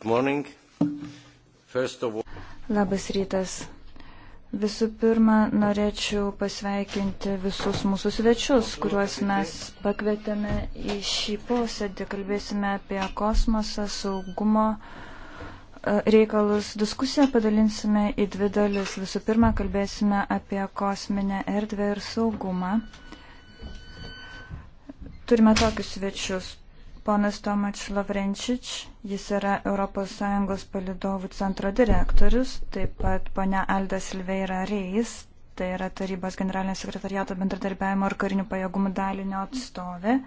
Good morning. First of all... Labas rytas. Visų pirma, norėčiau pasveikinti visus mūsų svečius, kuriuos mes pakvietėme į šį posėdį. Kalbėsime apie kosmosą, saugumo e, reikalus. Diskusiją padalinsime į dvi dalis. Visų pirma, kalbėsime apie kosminę erdvę ir saugumą. Turime tokius svečius. Ponas Tomač Lavrenčič, jis yra ES palidovų centro direktorius, taip pat ponia Alda Silveira Reis, tai yra tarybos generalinio sekretariato bendradarbiavimo ir karinių pajėgumų dalinio atstovė.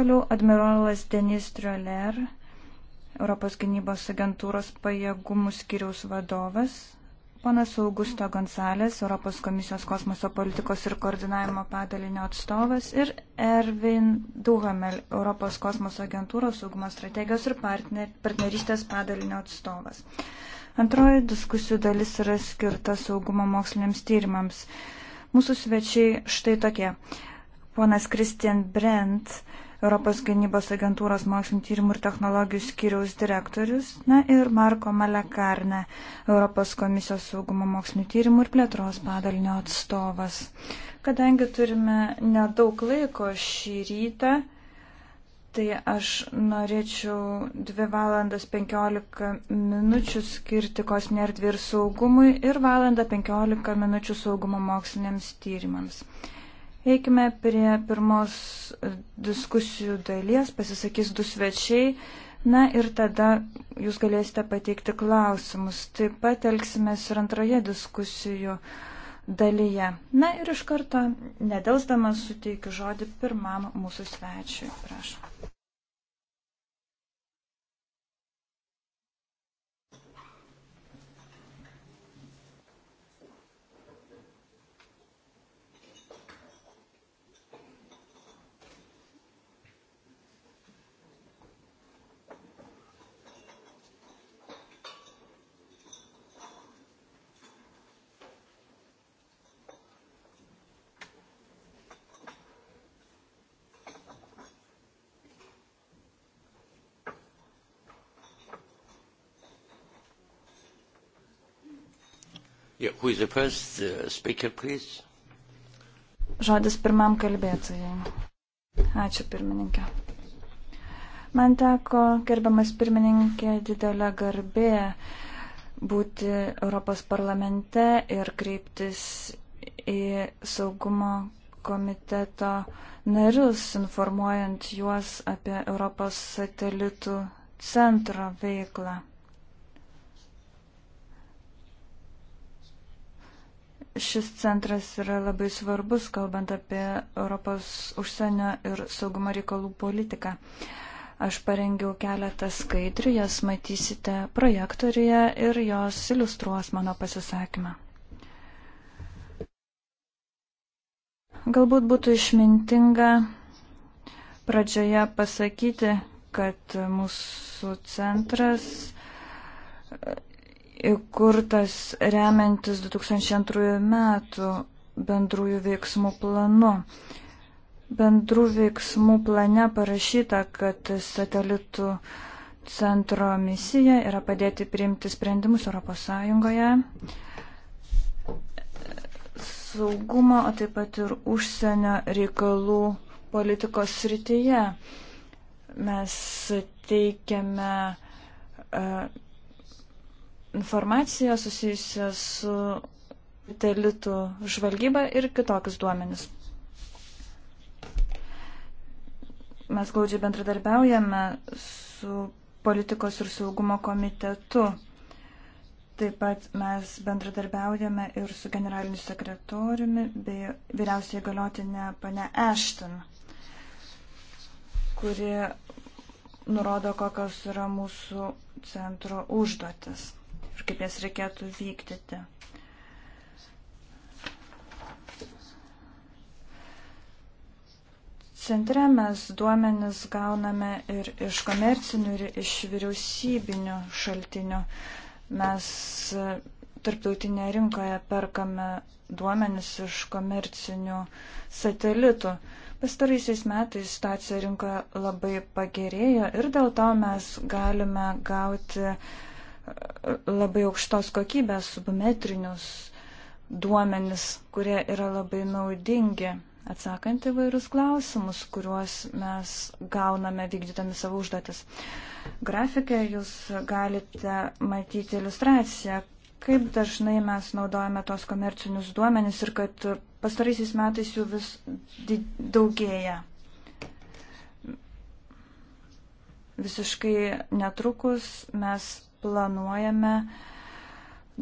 Toliau admirolas Denis Trioler, Europos gynybos agentūros pajėgumų skiriaus vadovas, Ponas Augusto Gonzalės, Europos komisijos kosmoso politikos ir koordinavimo padalinio atstovas ir Ervin Duhamel, Europos kosmoso agentūros saugumo strategijos ir partner, partnerystės padalinio atstovas. Antroji diskusijų dalis yra skirta saugumo moksliniams tyrimams. Mūsų svečiai štai tokie. Ponas Kristian Brent Europos gynybos agentūros mokslinio tyrimų ir technologijų skyriaus direktorius, na ir Marko Malekarne, Europos komisijos saugumo mokslinio tyrimų ir plėtros padalinio atstovas. Kadangi turime nedaug laiko šį rytą, tai aš norėčiau 2 valandas 15 minučių skirti kosminė erdvė ir saugumui ir valandą 15 minučių saugumo moksliniams tyrimams. Eikime prie pirmos diskusijų dalies, pasisakys du svečiai. Na ir tada jūs galėsite pateikti klausimus. Taip pat elgsimės ir antroje diskusijų dalyje. Na ir iš karto, nedelsdamas, suteikiu žodį pirmam mūsų svečiui. Prašau. Yeah, who is the first uh, speaker, please? Žodis pirmam kalbėtojai. Ačiū pirmininkė. Man teko, gerbiamas pirmininkė, didelė garbė būti Europos parlamente ir kreiptis į saugumo komiteto narius, informuojant juos apie Europos satelitų centro veiklą. Šis centras yra labai svarbus, kalbant apie Europos užsienio ir saugumo reikalų politiką. Aš parengiau keletą skaidrių, jas matysite projektoriuje ir jos iliustruos mano pasisakymą. Galbūt būtų išmintinga pradžioje pasakyti, kad mūsų centras įkurtas remiantis 2002 metų bendrųjų veiksmų planu. Bendrų veiksmų plane parašyta, kad satelitų centro misija yra padėti priimti sprendimus ES saugumo, o taip pat ir užsienio reikalų politikos srityje. Mes teikiame uh, informaciją susijusią su satelitų žvalgyba ir kitokius duomenis. Mes glaudžiai bendradarbiaujame su politikos ir saugumo komitetu. Taip pat mes bendradarbiaujame ir su generaliniu sekretoriumi bei vyriausiai galiotinė pane Ashton, kuri nurodo, kokios yra mūsų centro užduotis ir kaip jas reikėtų vykdyti. Centre mes duomenis gauname ir iš komercinių, ir iš vyriausybinių šaltinių. Mes tarptautinėje rinkoje perkame duomenis iš komercinių satelitų. Pastaraisiais metais situacija rinkoje labai pagerėjo ir dėl to mes galime gauti labai aukštos kokybės submetrinius duomenis, kurie yra labai naudingi, atsakant įvairius klausimus, kuriuos mes gauname vykdydami savo užduotis. Grafikė jūs galite matyti iliustraciją, kaip dažnai mes naudojame tos komercinius duomenis ir kad pastaraisiais metais jų vis daugėja. Visiškai netrukus mes planuojame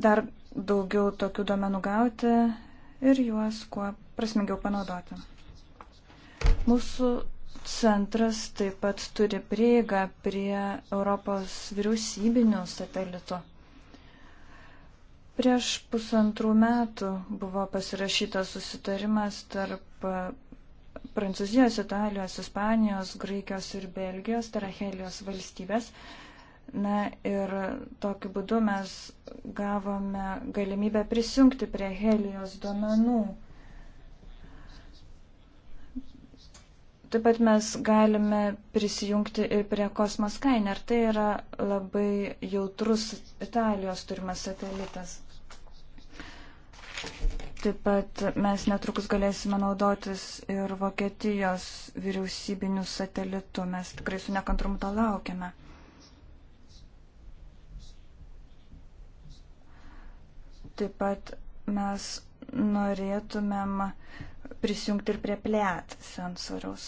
dar daugiau tokių duomenų gauti ir juos kuo prasmingiau panaudoti. Mūsų centras taip pat turi prieigą prie Europos vyriausybinių satelitų. Prieš pusantrų metų buvo pasirašytas susitarimas tarp Prancūzijos, Italijos, Ispanijos, Graikijos ir Belgijos, tai yra Helijos valstybės. Na ir tokiu būdu mes gavome galimybę prisijungti prie Helijos duomenų. Taip pat mes galime prisijungti ir prie Kosmos Kainer. Tai yra labai jautrus Italijos turimas satelitas. Taip pat mes netrukus galėsime naudotis ir Vokietijos vyriausybiniu satelitu. Mes tikrai su nekantrumu to laukiame. Taip pat mes norėtumėm prisijungti ir prie plėt e sensoriaus.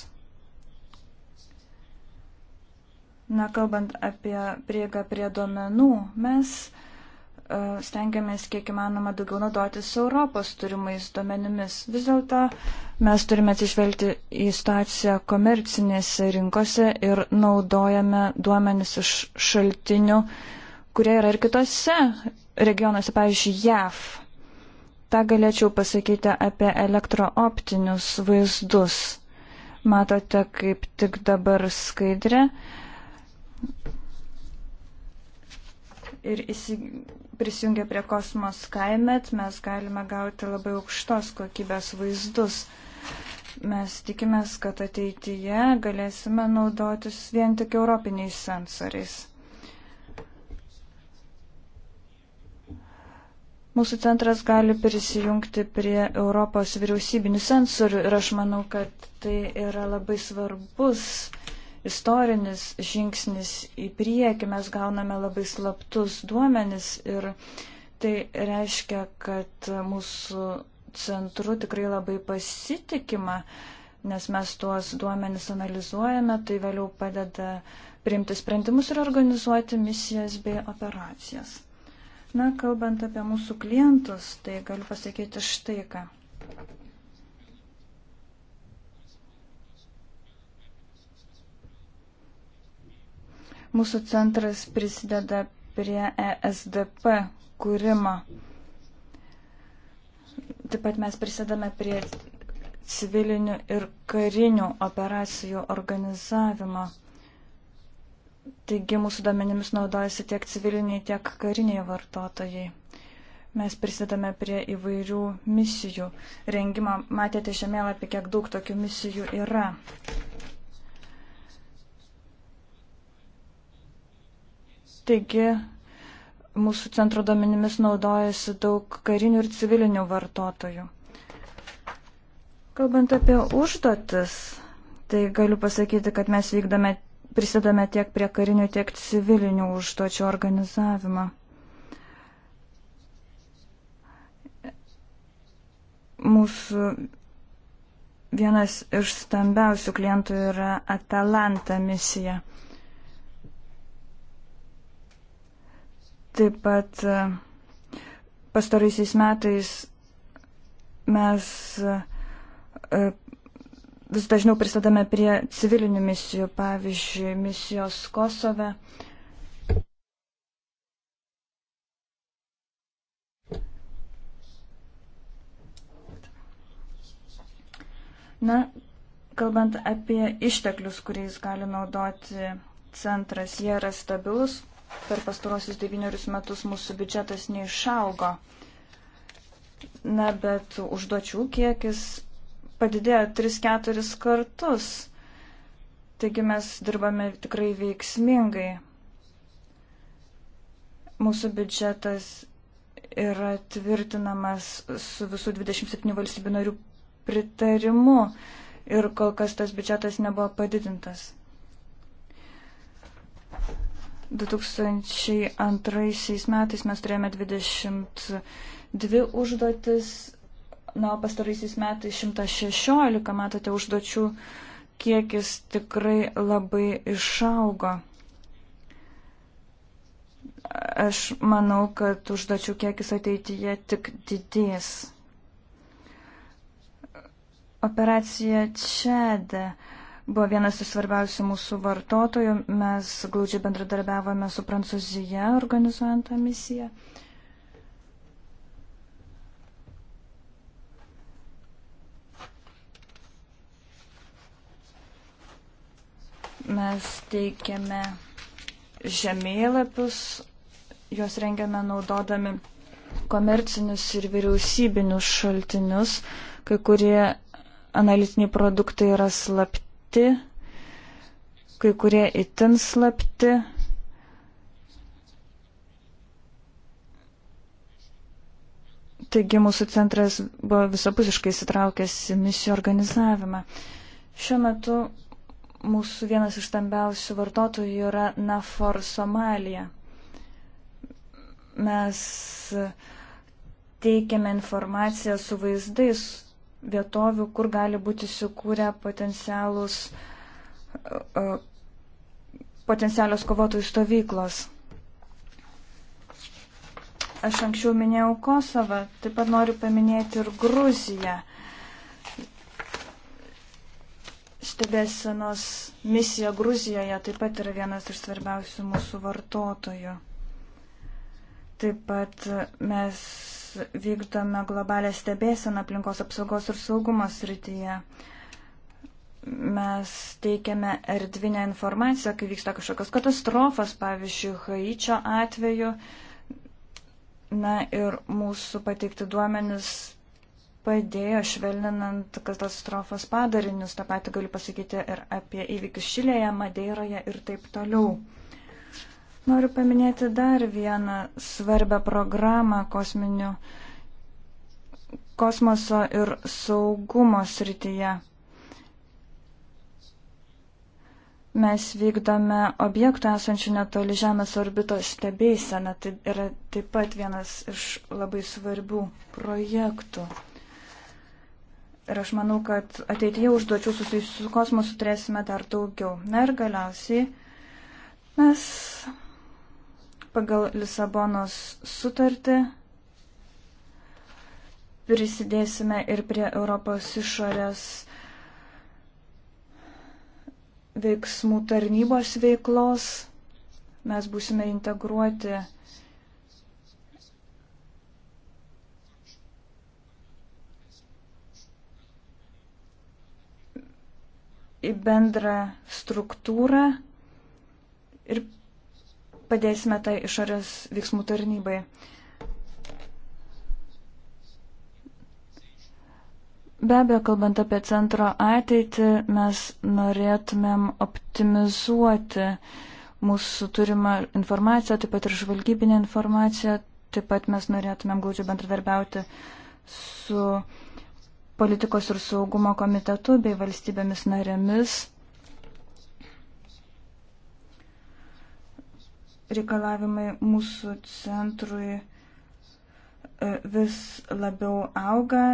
Na, kalbant apie prieigą prie duomenų, mes uh, stengiamės kiek įmanoma daugiau naudotis Europos turimais duomenimis. Vis dėlto mes turime atsižvelgti į situaciją komercinėse rinkose ir naudojame duomenis iš šaltinių, kurie yra ir kitose regionuose, pavyzdžiui, JAV. Ta galėčiau pasakyti apie elektrooptinius vaizdus. Matote kaip tik dabar skaidrė. Ir įsi... prisijungę prie kosmos kaimet mes galime gauti labai aukštos kokybės vaizdus. Mes tikimės, kad ateityje galėsime naudotis vien tik europiniais sensoriais. Mūsų centras gali prisijungti prie Europos vyriausybinių sensorių ir aš manau, kad tai yra labai svarbus istorinis žingsnis į priekį. Mes gauname labai slaptus duomenis ir tai reiškia, kad mūsų centru tikrai labai pasitikima, nes mes tuos duomenis analizuojame, tai vėliau padeda priimti sprendimus ir organizuoti misijas bei operacijas. Na, kalbant apie mūsų klientus, tai galiu pasakyti štai ką. Mūsų centras prisideda prie ESDP kūrimo. Taip pat mes prisidame prie civilinių ir karinių operacijų organizavimo. Taigi mūsų duomenimis naudojasi tiek civiliniai, tiek kariniai vartotojai. Mes prisidame prie įvairių misijų rengimo. Matėte žemėlapį, kiek daug tokių misijų yra. Taigi mūsų centro duomenimis naudojasi daug karinių ir civilinių vartotojų. Kalbant apie užduotis, tai galiu pasakyti, kad mes vykdome prisidame tiek prie karinių, tiek civilinių užduočių organizavimą. Mūsų vienas iš stambiausių klientų yra Atalanta misija. Taip pat e, pastaraisiais metais mes e, vis dažniau pristatome prie civilinių misijų, pavyzdžiui, misijos Kosove. Na, kalbant apie išteklius, kuriais gali naudoti centras, jie yra stabilus. Per pastarosius devynerius metus mūsų biudžetas neišaugo. Na, bet užduočių kiekis padidėjo 3-4 kartus. Taigi mes dirbame tikrai veiksmingai. Mūsų biudžetas yra tvirtinamas su visų 27 valstybių narių pritarimu ir kol kas tas biudžetas nebuvo padidintas. 2002 metais mes turėjome 22 užduotis na, o pastaraisiais metais 116, matote, užduočių kiekis tikrai labai išaugo. Aš manau, kad užduočių kiekis ateityje tik didės. Operacija Čede buvo vienas iš svarbiausių mūsų vartotojų. Mes glaudžiai bendradarbiavome su Prancūzija organizuojant tą misiją. Uh, Mes teikiame žemėlapius, juos rengiame naudodami komercinius ir vyriausybinius šaltinius. Kai kurie analitiniai produktai yra slapti, kai kurie itin slapti. Taigi mūsų centras buvo visapusiškai įsitraukęs į misijų organizavimą. Šiuo metu mūsų vienas iš stambiausių vartotojų yra Nafor Somalija. Mes e, teikiame informaciją su vaizdais vietovių, kur gali būti įsikūrę potencialus, e, e, potencialios kovotojų stovyklos. Aš anksčiau minėjau Kosovą, taip pat noriu paminėti ir Gruziją. stebėsenos misija Gruzijoje taip pat yra vienas iš svarbiausių mūsų vartotojų. Taip pat mes vykdome globalę stebėseną aplinkos apsaugos ir saugumo srityje. Mes teikiame erdvinę informaciją, kai vyksta kažkokios katastrofos, pavyzdžiui, Haičio atveju. Na ir mūsų pateikti duomenis padėjo švelninant katastrofos padarinius. Ta pati galiu pasakyti ir apie įvykius Šilėje, Madeiroje ir taip toliau. Noriu paminėti dar vieną svarbę programą kosminių kosmoso ir saugumo srityje. Mes vykdome objektų esančių netoli Žemės orbito stebėseną. Tai yra taip pat vienas iš labai svarbių projektų. Ir aš manau, kad ateityje užduočių susijusių su kosmosu turėsime dar daugiau. Na ir galiausiai mes pagal Lisabonos sutartį prisidėsime ir prie Europos išorės veiksmų tarnybos veiklos. Mes būsime integruoti į bendrą struktūrą ir padėsime tai išorės veiksmų tarnybai. Be abejo, kalbant apie centro ateitį, mes norėtumėm optimizuoti mūsų turimą informaciją, taip pat ir žvalgybinę informaciją, taip pat mes norėtumėm glaudžiai bendradarbiauti su politikos ir saugumo komitetu bei valstybėmis narėmis reikalavimai mūsų centrui e, vis labiau auga.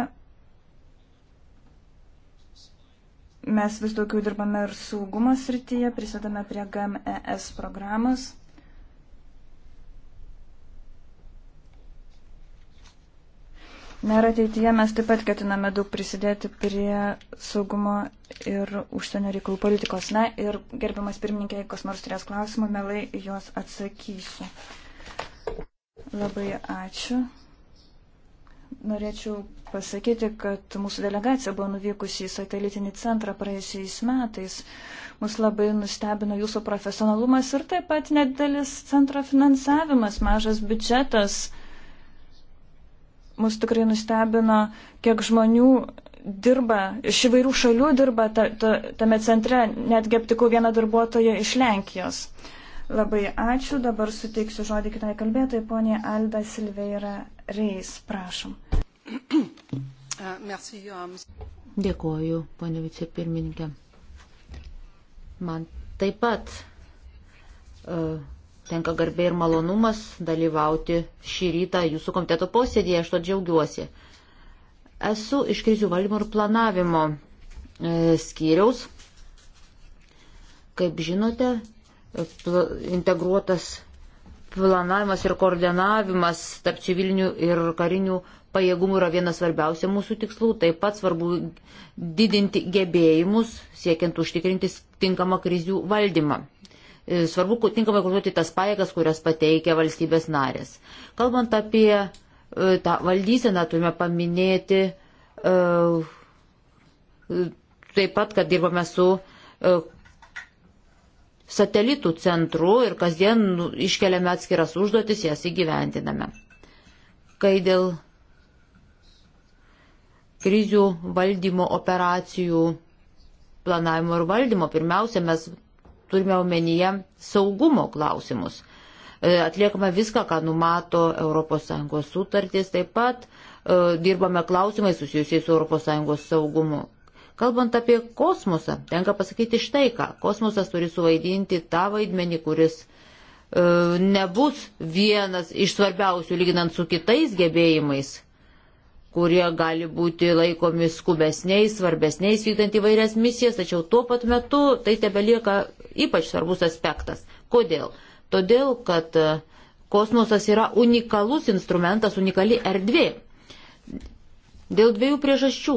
Mes vis daugiau dirbame ir saugumo srityje, prisidame prie GMES programos. Na ir ateityje mes taip pat ketiname daug prisidėti prie saugumo ir užsienio reikalų politikos. Na ir gerbiamas pirmininkė, jeigu kas nors turės klausimų, melai juos atsakysiu. Labai ačiū. Norėčiau pasakyti, kad mūsų delegacija buvo nuvykusi į satelitinį centrą praėjusiais metais. Mus labai nustebino jūsų profesionalumas ir taip pat nedidelis centro finansavimas, mažas biudžetas mus tikrai nustebino, kiek žmonių dirba, iš įvairių šalių dirba ta, ta, tame centre, netgi aptikau vieną darbuotoją iš Lenkijos. Labai ačiū, dabar suteiksiu žodį kitai kalbėtojai, ponė Alda Silveira Reis, prašom. Euh, Dėkuoju, ponė vicepirmininkė. Man taip pat uh, tenka garbė ir malonumas dalyvauti šį rytą jūsų komiteto posėdėje, aš to džiaugiuosi. Esu iš krizių valdymo ir planavimo e, skyriaus. Kaip žinote, pl integruotas planavimas ir koordinavimas tarp civilinių ir karinių pajėgumų yra vienas svarbiausia mūsų tikslų. Taip pat svarbu didinti gebėjimus, siekiant užtikrinti tinkamą krizių valdymą. E, svarbu tinkamai kursuoti tas pajėgas, kurias pateikia valstybės narės. Kalbant apie e, tą valdyseną, turime paminėti e, taip pat, kad dirbame su satelitų centru ir kasdien nu, iškeliame atskiras užduotis, jas įgyvendiname. Kai dėl krizių valdymo operacijų planavimo ir valdymo. Pirmiausia, mes turime omenyje saugumo klausimus. E, atliekame viską, ką numato ES sutartys, taip pat e, dirbame klausimai susijusiai su ES saugumu. Kalbant apie kosmosą, tenka pasakyti štai ką. Kosmosas turi suvaidinti tą vaidmenį, kuris e, nebus vienas iš svarbiausių lyginant su kitais gebėjimais, kurie gali būti laikomi skubesniais, svarbesniais vykdant įvairias misijas, tačiau tuo pat metu tai tebelieka ypač svarbus aspektas. Kodėl? Todėl, kad e, kosmosas yra unikalus instrumentas, unikali erdvė. Dėl dviejų priežasčių.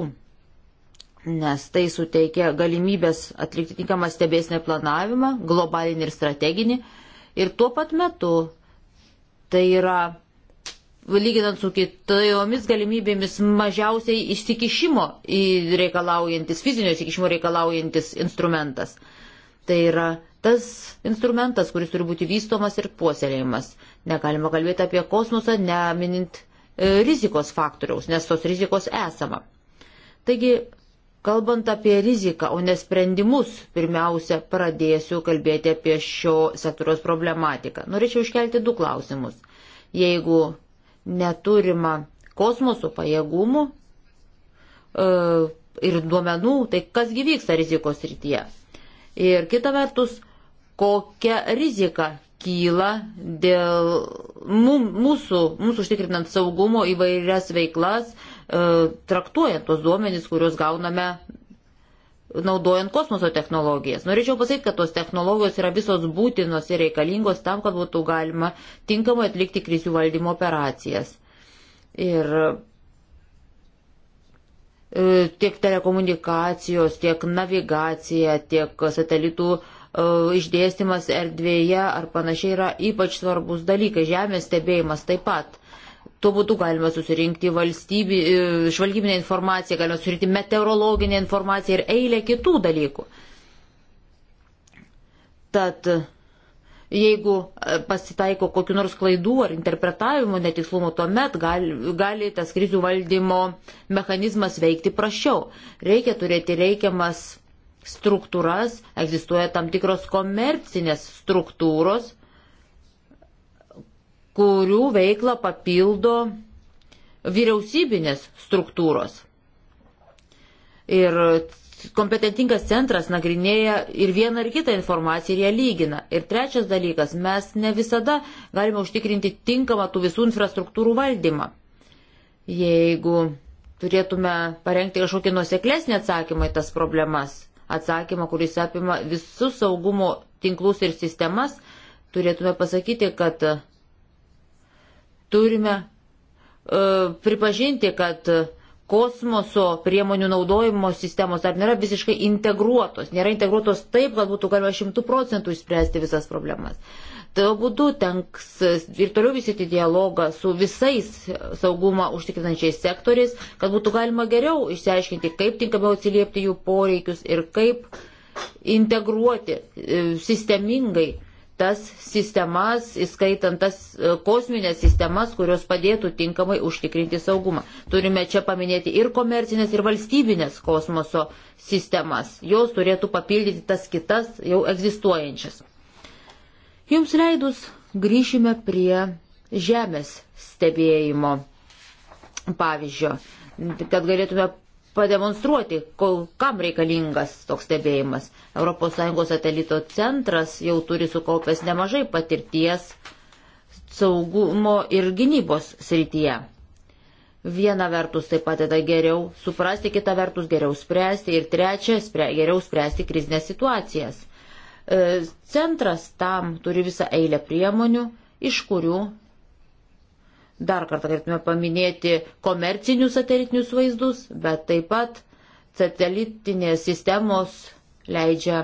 Nes tai suteikia galimybės atlikti tinkamą stebėsnį planavimą, globalinį ir strateginį. Ir tuo pat metu tai yra lyginant su kitomis galimybėmis, mažiausiai įsikišimo reikalaujantis, fizinio įsikišimo reikalaujantis instrumentas. Tai yra tas instrumentas, kuris turi būti vystomas ir puoselėjimas. Negalima kalbėti apie kosmosą, neminint e, rizikos faktoriaus, nes tos rizikos esama. Taigi, kalbant apie riziką, o nesprendimus, pirmiausia, pradėsiu kalbėti apie šio sektoriaus problematiką. Norėčiau iškelti du klausimus. Jeigu neturima kosmosų pajėgumų e, ir duomenų, tai kas gyvyksta rizikos rytyje. Ir kita vertus, kokia rizika kyla dėl mūsų, mūsų užtikrinant saugumo įvairias veiklas, e, traktuojant tos duomenys, kuriuos gauname naudojant kosmoso technologijas. Norėčiau pasakyti, kad tos technologijos yra visos būtinos ir reikalingos tam, kad būtų galima tinkamai atlikti krizių valdymo operacijas. Ir e, tiek telekomunikacijos, tiek navigacija, tiek satelitų e, išdėstymas erdvėje ar panašiai yra ypač svarbus dalykai. Žemės stebėjimas taip pat. Tuo būdu galime susirinkti valstybį, e, žvalgybinę informaciją, galime susirinkti meteorologinę informaciją ir eilę kitų dalykų. Tad jeigu e, pasitaiko kokiu nors klaidų ar interpretavimo netikslumo, tuomet gali, gali tas krizių valdymo mechanizmas veikti prašiau. Reikia turėti reikiamas struktūras, egzistuoja tam tikros komercinės struktūros, kurių veiklą papildo vyriausybinės struktūros. Ir kompetentingas centras nagrinėja ir vieną ir kitą informaciją ir ją lygina. Ir trečias dalykas, mes ne visada galime užtikrinti tinkamą tų visų infrastruktūrų valdymą. Jeigu turėtume parengti kažkokį nuseklesnį atsakymą į tas problemas, atsakymą, kuris apima visus saugumo tinklus ir sistemas, turėtume pasakyti, kad turime e, pripažinti, kad kosmoso priemonių naudojimo sistemos dar nėra visiškai integruotos, nėra integruotos taip, kad būtų galima šimtų procentų išspręsti visas problemas. Tuo būdu tenks ir toliau vystyti dialogą su visais saugumą užtikrinančiais sektoriais, kad būtų galima geriau išsiaiškinti, kaip tinkamiau atsiliepti jų poreikius ir kaip integruoti e, sistemingai tas sistemas, įskaitant tas e, kosminės sistemas, kurios padėtų tinkamai užtikrinti saugumą. Turime čia paminėti ir komercinės, ir valstybinės kosmoso sistemas. Jos turėtų papildyti tas kitas jau egzistuojančias. Jums leidus grįšime prie žemės stebėjimo pavyzdžio, kad galėtume pademonstruoti, kol, kam reikalingas toks stebėjimas. ES satelito centras jau turi sukaupęs nemažai patirties saugumo ir gynybos srityje. Viena vertus tai padeda geriau suprasti, kita vertus geriau spręsti ir trečia spre, geriau spręsti krizinės situacijas. E, centras tam turi visą eilę priemonių, iš kurių Dar kartą galėtume paminėti komercinius satelitinius vaizdus, bet taip pat satelitinės sistemos leidžia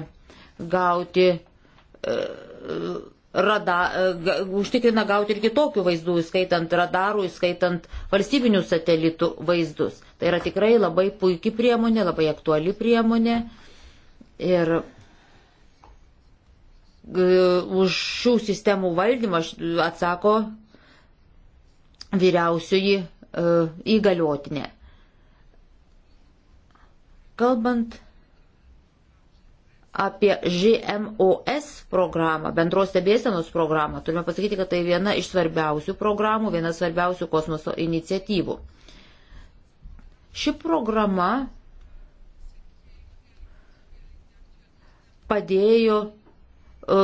gauti, e, rada, e, užtikrina gauti ir kitokių vaizdų, skaitant radarų, skaitant valstybinių satelitų vaizdus. Tai yra tikrai labai puikia priemonė, labai aktuali priemonė. Ir e, už šių sistemų valdymą atsako vyriausioji e, įgaliotinė. Kalbant apie GMOS programą, bendros stebėsenos programą, turime pasakyti, kad tai viena iš svarbiausių programų, viena svarbiausių kosmoso iniciatyvų. Ši programa padėjo e,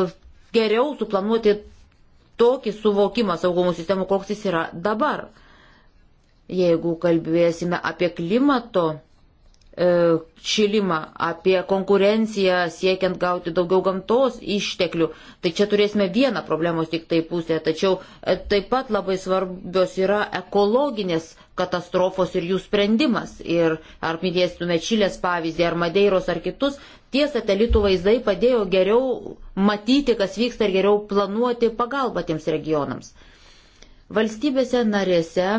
geriau suplanuoti tokį suvokimą saugumo sistemų, koks jis yra dabar. Jeigu kalbėsime apie klimato E, šilimą, apie konkurenciją siekiant gauti daugiau gamtos išteklių. Tai čia turėsime vieną problemos tik tai pusę, tačiau e, taip pat labai svarbios yra ekologinės katastrofos ir jų sprendimas. Ir ar minėsime Čilės pavyzdį, ar Madeiros, ar kitus, tie satelitų vaizdai padėjo geriau matyti, kas vyksta ir geriau planuoti pagalbą tiems regionams. Valstybėse narėse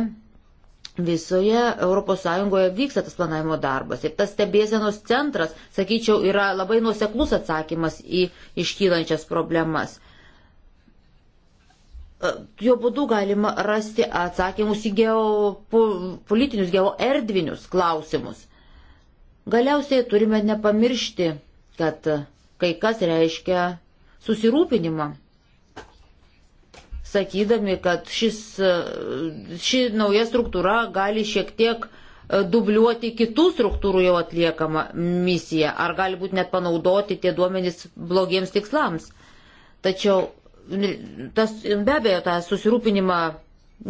Visoje ES vyksta tas planavimo darbas ir tas stebėsenos centras, sakyčiau, yra labai nuoseklus atsakymas į iškylančias problemas. E, jo būdu galima rasti atsakymus į geopolitinius, geoerdvinius klausimus. Galiausiai turime nepamiršti, kad kai kas reiškia susirūpinimą sakydami, kad šis, ši nauja struktūra gali šiek tiek e, dubliuoti kitų struktūrų jau atliekamą misiją, ar gali būti net panaudoti tie duomenys blogiems tikslams. Tačiau tas, be abejo, tą susirūpinimą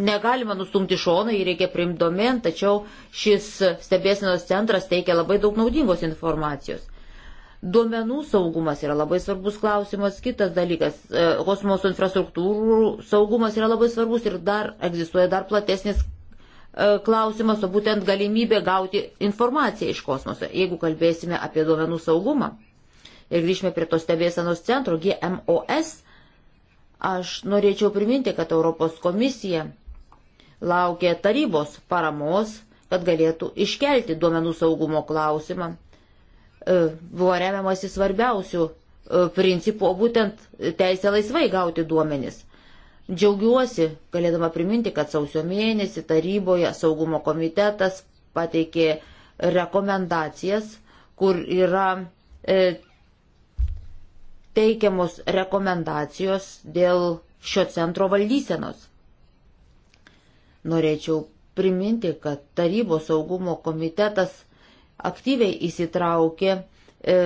negalima nustumti šoną, jį reikia primdomen, tačiau šis stebėsinos centras teikia labai daug naudingos informacijos. Duomenų saugumas yra labai svarbus klausimas. Kitas dalykas e, - kosmoso infrastruktūrų saugumas yra labai svarbus ir dar egzistuoja dar platesnis e, klausimas, o būtent galimybė gauti informaciją iš kosmoso. Jeigu kalbėsime apie duomenų saugumą ir grįžime prie tos stebėsenos centro GMOS, aš norėčiau priminti, kad Europos komisija laukia tarybos paramos, kad galėtų iškelti duomenų saugumo klausimą E, buvo remiamasi svarbiausių e, principų, o būtent teisė laisvai gauti duomenis. Džiaugiuosi, galėdama priminti, kad sausio mėnesį taryboje saugumo komitetas pateikė rekomendacijas, kur yra e, teikiamos rekomendacijos dėl šio centro valdysenos. Norėčiau priminti, kad tarybos saugumo komitetas aktyviai įsitraukė, e,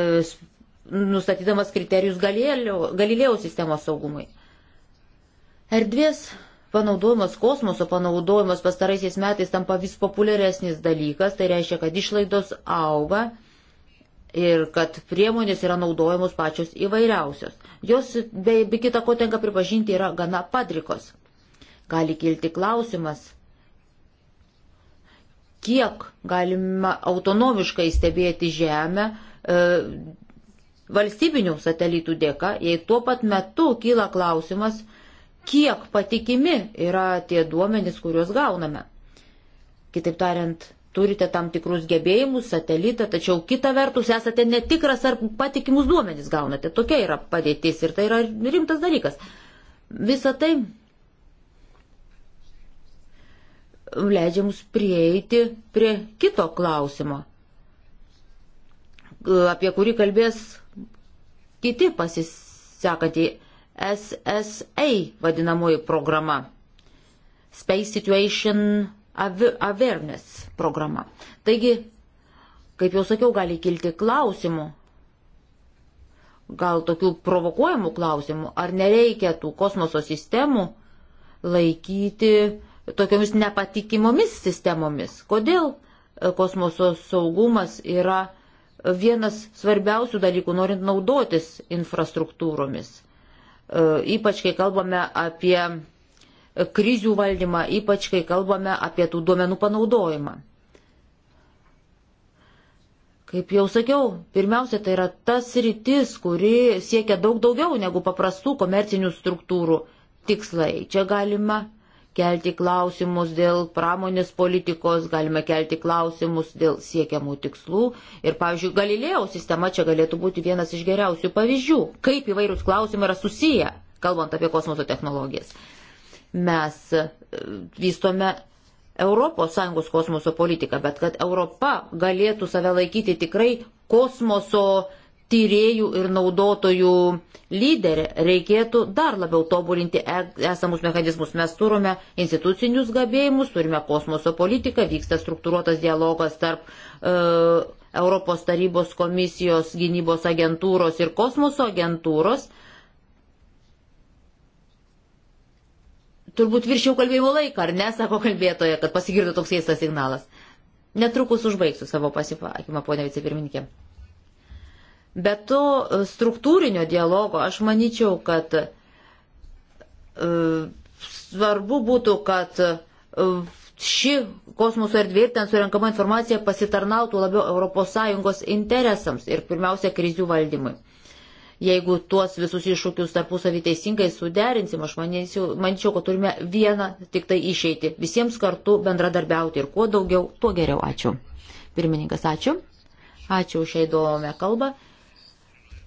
nustatydamas kriterijus Galilėjo sistemos saugumui. Erdvės panaudojimas, kosmoso panaudojimas pastaraisiais metais tampa vis populiaresnis dalykas, tai reiškia, kad išlaidos auga ir kad priemonės yra naudojamos pačios įvairiausios. Jos, be, be kita ko tenka pripažinti, yra gana padrikos. Gali kilti klausimas, kiek galima autonomiškai stebėti Žemę e, valstybinių satelitų dėka, jei tuo pat metu kyla klausimas, kiek patikimi yra tie duomenys, kuriuos gauname. Kitaip tariant, turite tam tikrus gebėjimus, satelitą, tačiau kita vertus esate netikras ar patikimus duomenys gaunate. Tokia yra padėtis ir tai yra rimtas dalykas. Visą tai leidžia mums prieiti prie kito klausimo, apie kurį kalbės kiti pasisekantį SSA vadinamoji programa. Space Situation Awareness programa. Taigi, kaip jau sakiau, gali kilti klausimų, gal tokių provokuojamų klausimų, ar nereikia tų kosmoso sistemų laikyti uh, tokiomis nepatikimomis sistemomis. Kodėl e, kosmoso saugumas yra vienas svarbiausių dalykų, norint naudotis infrastruktūromis. E, ypač kai kalbame apie krizių valdymą, ypač kai kalbame apie tų duomenų panaudojimą. Kaip jau sakiau, pirmiausia, tai yra tas rytis, kuri siekia daug daugiau negu paprastų komercinių struktūrų tikslai. Čia galima uh, kelti klausimus dėl pramonės politikos, galime kelti klausimus dėl siekiamų tikslų. Ir, pavyzdžiui, Galilėjo sistema čia galėtų būti vienas iš geriausių pavyzdžių, kaip įvairūs klausimai yra susiję, kalbant apie kosmoso technologijas. Mes e, vystome ES kosmoso politiką, bet kad Europa galėtų save laikyti tikrai kosmoso uh, tyriejų ir naudotojų lyderė. Reikėtų dar labiau tobulinti e, esamus mechanizmus. Mes turime institucinius gabėjimus, turime kosmoso politiką, vyksta struktūruotas dialogas tarp e, Europos tarybos komisijos gynybos agentūros ir kosmoso agentūros. Turbūt viršiau kalbėjimo laiką, ar ne, sako kalbėtoja, kad pasigirdo toks keistas signalas. Netrukus užbaigsiu savo pasipakymą, ponia vicepirmininkė. Be to e, struktūrinio dialogo aš manyčiau, kad e, svarbu būtų, kad e, ši kosmoso erdvė ir ten surinkama informacija pasitarnautų labiau ES interesams ir pirmiausia krizių valdymui. Jeigu tuos visus iššūkius tarpusavį teisingai suderinsim, aš manyčiau, manyčiau, kad turime vieną tik tai išeiti. Visiems kartu bendradarbiauti ir kuo daugiau, tuo geriau. Ačiū. Pirmininkas, ačiū. Ačiū už šią įdomią kalbą.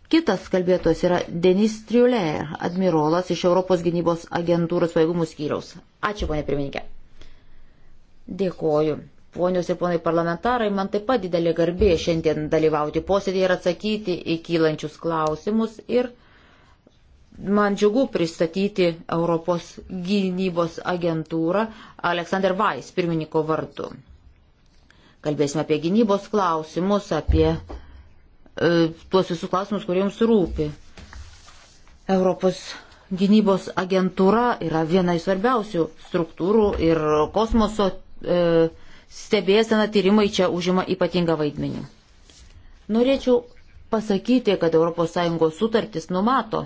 Kitas kalbėtojas yra Denis Triulė, admirolas iš Europos gynybos agentūros pajėgumų skyriaus. Ačiū, ponė pirmininkė. Dėkoju. Ponios ir ponai parlamentarai, man taip pat didelė garbė šiandien dalyvauti posėdėje ir atsakyti į kylančius klausimus ir man džiugu pristatyti Europos gynybos agentūrą Aleksander Vais pirmininko vardu. Kalbėsime apie gynybos klausimus, apie E, tuos visus klausimus, kurie jums rūpi. Europos gynybos agentūra yra viena iš svarbiausių struktūrų ir kosmoso e, stebėsena tyrimai čia užima ypatingą vaidmenį. Norėčiau pasakyti, kad ES sutartis numato,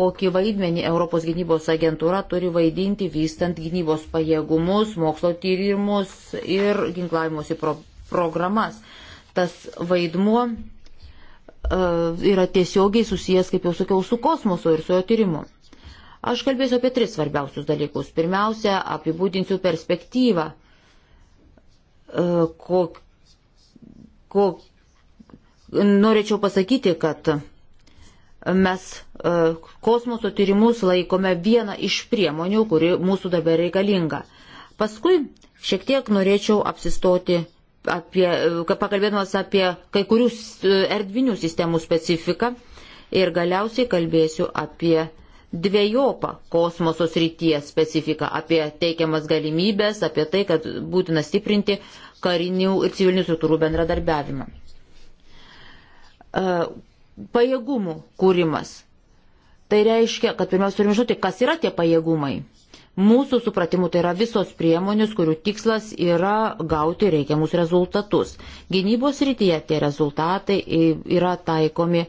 kokį vaidmenį Europos gynybos agentūra turi vaidinti vystant gynybos pajėgumus, mokslo tyrimus ir ginklavimuose pro programas. Tas vaidmuo E, yra tiesiogiai susijęs, kaip jau sakiau, su kosmosu ir su jo tyrimu. Aš kalbėsiu apie tris svarbiausius dalykus. Pirmiausia, apibūdinsiu perspektyvą, ko, e, ko norėčiau pasakyti, kad mes e, kosmoso tyrimus laikome vieną iš priemonių, kuri mūsų dabar reikalinga. Paskui šiek tiek norėčiau apsistoti apie, pakalbėdamas apie kai kurius e, erdvinių sistemų specifiką ir galiausiai kalbėsiu apie dviejopą kosmosos ryties specifiką, apie teikiamas galimybės, apie tai, kad būtina stiprinti karinių ir civilinių struktūrų bendradarbiavimą. E, pajėgumų kūrimas. Tai reiškia, kad pirmiausia turime žinoti, kas yra tie pajėgumai. Mūsų supratimu tai yra visos priemonės, kurių tikslas yra gauti reikiamus rezultatus. Gynybos rytyje tie rezultatai yra taikomi e,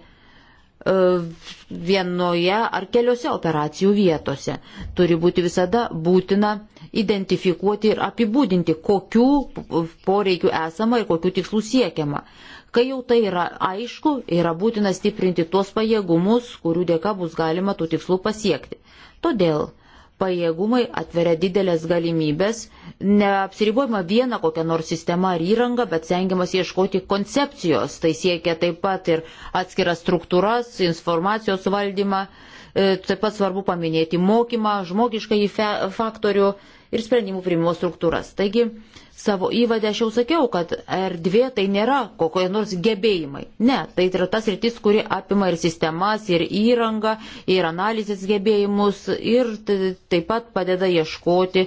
vienoje ar keliose operacijų vietose. Turi būti visada būtina identifikuoti ir apibūdinti, kokių poreikių esama ir kokių tikslų siekiama. Kai jau tai yra aišku, yra būtina stiprinti tuos pajėgumus, kurių dėka bus galima tų tikslų pasiekti. Todėl pajėgumai atveria didelės galimybės, neapsiribuojama viena kokia nors sistema ar įranga, bet stengiamas ieškoti koncepcijos, tai siekia taip pat ir atskiras struktūras, informacijos valdymą, e, taip pat svarbu paminėti mokymą, žmogišką faktorių, ir sprendimų priimimo struktūras. Taigi savo įvadę aš jau sakiau, kad erdvė tai nėra kokie nors gebėjimai. Ne, tai yra tas rytis, kuri apima ir sistemas, ir įrangą, ir analizės gebėjimus, ir taip pat padeda ieškoti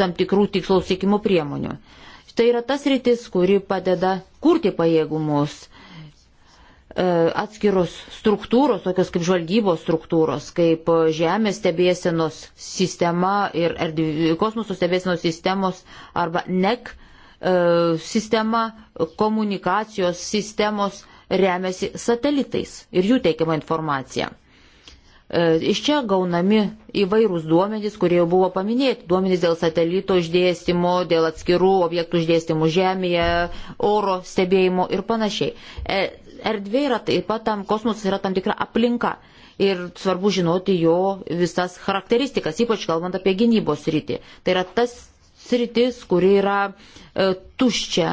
tam tikrų tikslaus siekimo priemonių. Tai yra tas rytis, kuri padeda kurti pajėgumus E, atskiros struktūros, tokios kaip žvalgybos struktūros, kaip Žemės stebėsenos sistema ir erdvė, kosmoso stebėsenos sistemos arba NEC e, sistema, komunikacijos sistemos remiasi satelitais ir jų teikiama informacija. E, iš čia gaunami įvairūs duomenys, kurie jau buvo paminėti. Duomenys dėl satelito išdėstymo, dėl atskirų objektų išdėstymų žemėje, oro stebėjimo ir panašiai erdvė yra taip pat tam, kosmosas yra tam tikra aplinka ir svarbu žinoti jo visas charakteristikas, ypač kalbant apie gynybos rytį. Tai yra tas sritis, kuri yra e, tuščia,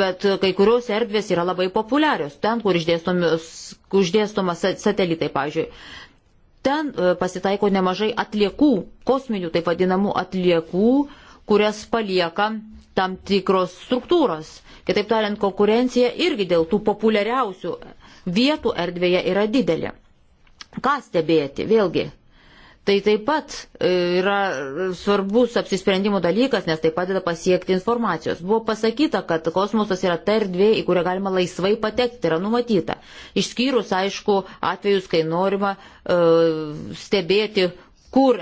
bet kai kurios erdvės yra labai populiarios. Ten, kur išdėstoma satelitai, pavyzdžiui, ten e, pasitaiko nemažai atliekų, kosminių taip vadinamų atliekų, kurias palieka tam tikros struktūros. Kitaip tariant, konkurencija irgi dėl tų populiariausių vietų erdvėje yra didelė. Ką stebėti? Vėlgi, tai taip pat e, yra svarbus apsisprendimo dalykas, nes tai padeda pasiekti informacijos. Buvo pasakyta, kad kosmosas yra ta erdvė, į kurią galima laisvai patekti, tai yra numatyta. Išskyrus, aišku, atvejus, kai norima uh, stebėti kur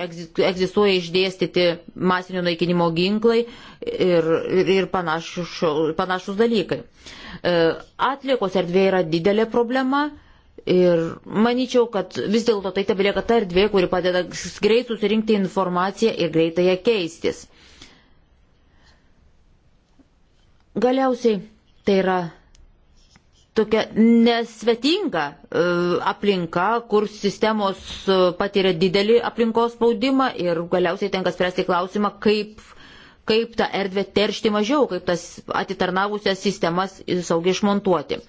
egzistuoja išdėstyti masinio naikinimo ginklai ir, ir panašus, panašus dalykai. E, atliekos erdvė yra didelė problema. Ir manyčiau, kad vis dėlto tai tebelieka ta erdvė, kuri padeda greit susirinkti informaciją ir greitai ją keistis. Galiausiai tai yra tokia nesvetinga e, aplinka, kur sistemos e, patiria didelį aplinkos spaudimą ir galiausiai tenka spręsti klausimą, kaip, kaip tą erdvę teršti mažiau, kaip tas atitarnavusias sistemas saugiai išmontuoti.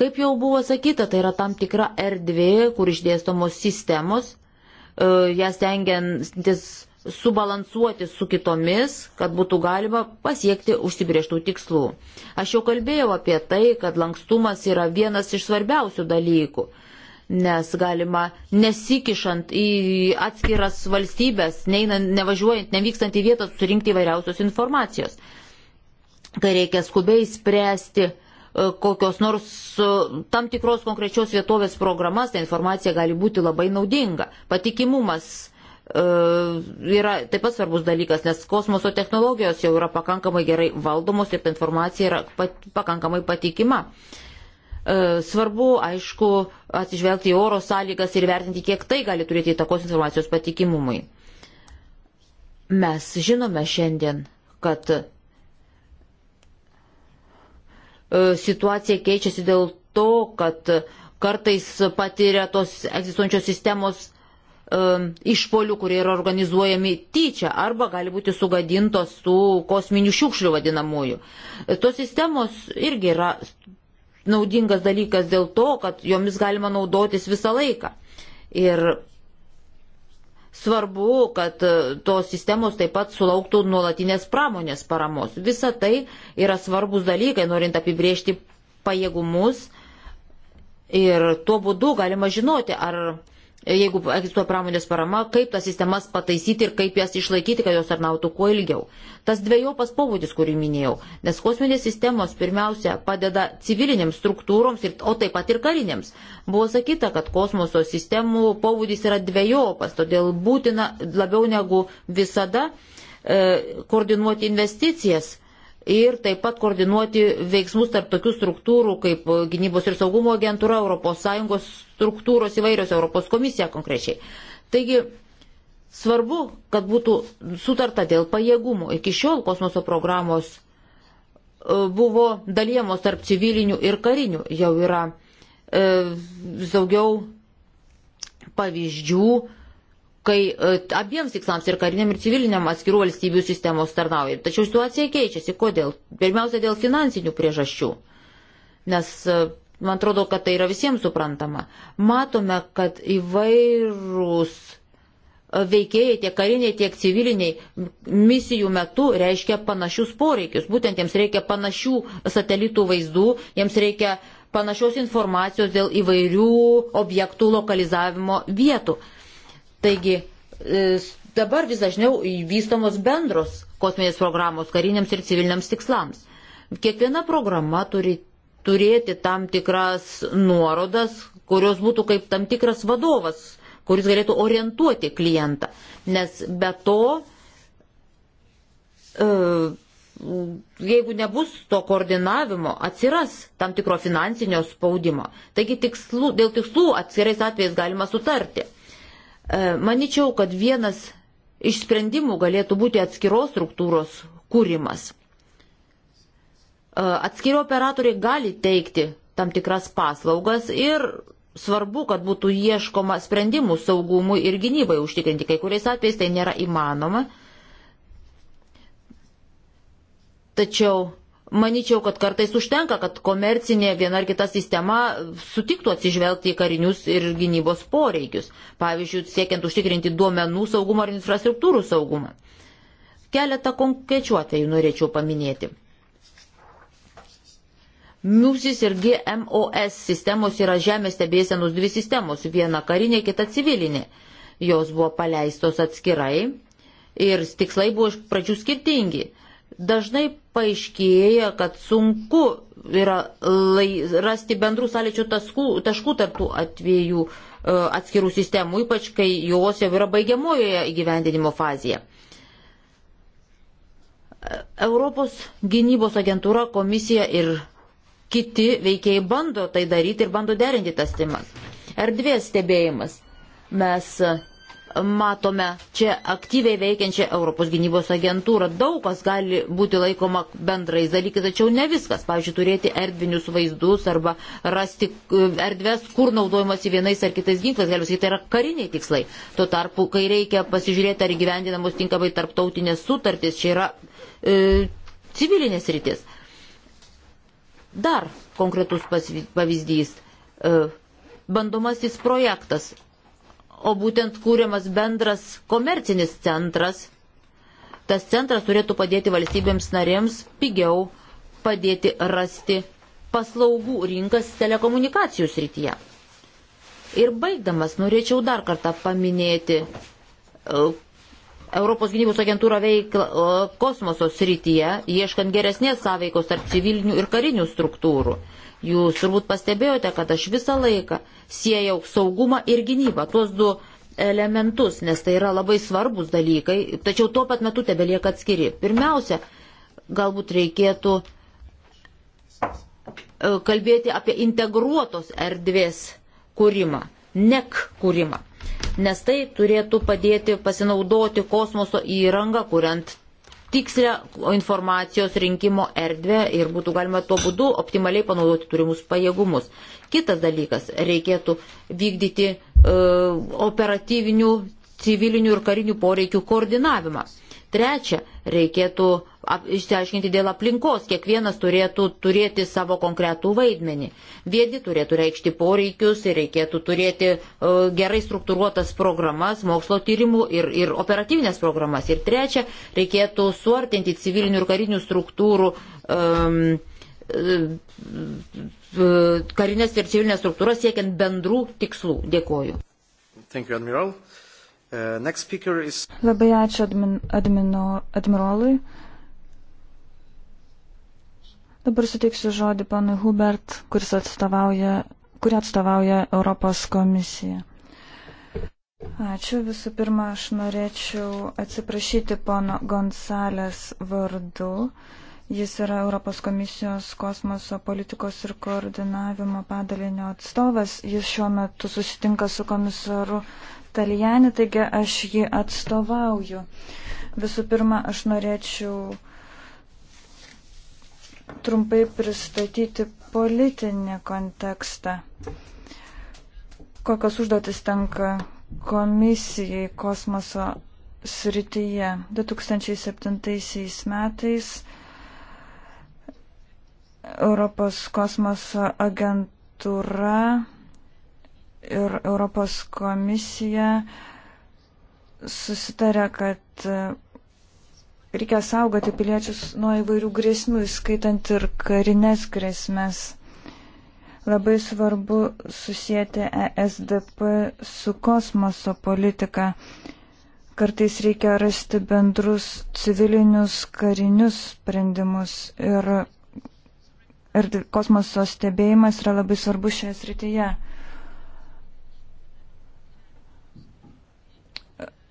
Kaip jau buvo sakyta, tai yra tam tikra erdvė, kur išdėstomos sistemos, e, jas tengiantis subalansuoti su kitomis, kad būtų galima pasiekti užsibrieštų tikslų. Aš jau kalbėjau apie tai, kad lankstumas yra vienas iš svarbiausių dalykų, nes galima nesikišant į atskiras valstybės, neinant, nevažiuojant, nevykstant į vietą, surinkti įvairiausios informacijos. Kai reikia skubiai spręsti e, kokios nors e, tam tikros konkrečios vietovės programas, ta informacija gali būti labai naudinga. Patikimumas E, yra taip pat svarbus dalykas, nes kosmoso technologijos jau yra pakankamai gerai valdomos ir ta informacija yra pat, pakankamai patikima. E, svarbu, aišku, atsižvelgti į oro sąlygas ir vertinti, kiek tai gali turėti įtakos informacijos patikimumui. Mes žinome šiandien, kad e, situacija keičiasi dėl to, kad kartais patiria tos egzistuojančios sistemos um, išpolių, kurie yra organizuojami tyčia arba gali būti sugadintos tų kosminių šiukšlių vadinamųjų. Tos sistemos irgi yra naudingas dalykas dėl to, kad jomis galima naudotis visą laiką. Ir svarbu, kad uh, tos sistemos taip pat sulauktų nuolatinės pramonės paramos. Visa tai yra svarbus dalykai, norint apibriežti pajėgumus ir tuo būdu galima žinoti, ar jeigu egzistuoja pramonės parama, kaip tas sistemas pataisyti ir kaip jas išlaikyti, kad jos tarnautų kuo ilgiau. Tas dviejopas pobūdis, kurį minėjau, nes kosminės sistemos pirmiausia padeda civilinėms struktūroms, ir, o taip pat ir karinėms. Buvo sakyta, kad kosmoso sistemų pobūdis yra dviejopas, todėl būtina labiau negu visada e, koordinuoti investicijas ir taip pat koordinuoti veiksmus tarp tokių struktūrų kaip gynybos ir saugumo agentūra, ES struktūros įvairios, ES komisija konkrečiai. Taigi svarbu, kad būtų sutarta dėl pajėgumų. Iki šiol kosmoso programos e, buvo dalyjamos tarp civilinių ir karinių. Jau yra e, daugiau pavyzdžių, kai e, abiems tikslams ir kariniam ir civiliniam atskirų valstybių sistemos tarnauja. Tačiau situacija keičiasi. Kodėl? Pirmiausia, dėl finansinių priežasčių. Nes e, man atrodo, kad tai yra visiems suprantama. Matome, kad įvairūs e, veikėjai, tiek kariniai, tiek civiliniai misijų metu reiškia panašius poreikius. Būtent jiems reikia panašių satelitų vaizdų, jiems reikia panašios informacijos dėl įvairių objektų lokalizavimo vietų. Taigi e, dabar vis dažniau vystomos bendros kosminės programos kariniams ir civiliniams tikslams. Kiekviena programa turi turėti tam tikras nuorodas, kurios būtų kaip tam tikras vadovas, kuris galėtų orientuoti klientą. Nes be to, e, jeigu nebus to koordinavimo, atsiras tam tikro finansinio spaudimo. Taigi tikslų, dėl tikslų atskirais atvejais galima sutarti. E, Maničiau, kad vienas iš sprendimų galėtų būti atskiros struktūros kūrimas. E, atskiri operatoriai gali teikti tam tikras paslaugas ir svarbu, kad būtų ieškoma sprendimų saugumui ir gynybai užtikrinti. Kai kuriais atvejais tai nėra įmanoma. Tačiau Maničiau, kad kartais užtenka, kad komercinė viena ar kita sistema sutiktų atsižvelgti į karinius ir gynybos poreikius, pavyzdžiui, siekiant užtikrinti duomenų saugumą ar infrastruktūrų saugumą. Keletą konkrečių atvejų norėčiau paminėti. MUSIS ir GMOS sistemos yra žemės stebėsenos dvi sistemos, viena karinė, kita civilinė. Jos buvo paleistos atskirai ir tikslai buvo iš pradžių skirtingi. Dažnai paaiškėja, kad sunku yra lai, rasti bendrų sąlyčio taškų, taškų tarptų atvejų e, atskirų sistemų, ypač kai jos jau yra baigiamojoje įgyvendinimo fazėje. Europos gynybos agentūra, komisija ir kiti veikiai bando tai daryti ir bando derinti tas temas. Erdvės stebėjimas. Mes matome čia aktyviai veikiančią Europos gynybos agentūrą. Daug kas gali būti laikoma bendrais dalykais, tačiau ne viskas. Pavyzdžiui, turėti erdvinius vaizdus arba rasti e, erdves, kur naudojamasi vienais ar kitais ginklais, galima sakyti, tai yra kariniai tikslai. Tuo tarpu, kai reikia pasižiūrėti, ar gyvendinamos tinkamai tarptautinės sutartys, čia yra e, civilinės rytis. Dar konkretus pavyzdys. E, bandomasis projektas o būtent kūriamas bendras komercinis centras. Tas centras turėtų padėti valstybėms narėms pigiau padėti rasti paslaugų rinkas telekomunikacijų srityje. Ir baigdamas norėčiau dar kartą paminėti e, Europos gynybos agentūra veiklą e, kosmoso srityje, ieškant geresnės sąveikos tarp civilinių ir karinių struktūrų. Jūs turbūt pastebėjote, kad aš visą laiką siejau saugumą ir gynybą, tuos du elementus, nes tai yra labai svarbus dalykai, tačiau tuo pat metu tebelieka atskiri. Pirmiausia, galbūt reikėtų e, kalbėti apie integruotos erdvės kūrimą, nek kūrimą, nes tai turėtų padėti pasinaudoti kosmoso įrangą, kuriant tikslę informacijos rinkimo erdvę ir būtų galima tuo būdu optimaliai panaudoti turimus pajėgumus. Kitas dalykas - reikėtų vykdyti e, operatyvinių, civilinių ir karinių poreikių koordinavimą. Trečia, reikėtų išsiaiškinti dėl aplinkos. Kiekvienas turėtų turėti savo konkretų vaidmenį. Vieni turėtų reikšti poreikius ir reikėtų turėti e, gerai struktūruotas programas, mokslo tyrimų ir, ir operatyvinės programas. Ir trečia, reikėtų suartinti civilinių ir karinių struktūrų. Um, karinės ir civilinės struktūros siekiant bendrų tikslų. Dėkoju. Thank you, Admiral. Uh, is... Labai ačiū admin, admino, admirolui. Dabar suteiksiu žodį panui Hubert, kuris atstovauja, kuri atstovauja Europos komisiją. Ačiū. Visų pirma, aš norėčiau atsiprašyti pono Gonsalės vardu. Jis yra Europos komisijos kosmoso politikos ir koordinavimo padalinio atstovas. Jis šiuo metu susitinka su komisaru Talijani, taigi aš jį atstovauju. Visų pirma, aš norėčiau trumpai pristatyti politinį kontekstą. Kokios užduotis tenka komisijai kosmoso srityje 2007 metais Europos kosmoso agentūra ir Europos komisija susitarė, kad e, reikia saugoti piliečius nuo įvairių grėsmių, skaitant ir karinės grėsmės. Labai svarbu susijęti ESDP su kosmoso politika. Kartais reikia rasti bendrus civilinius karinius sprendimus ir, ir kosmoso stebėjimas yra labai svarbus šioje srityje.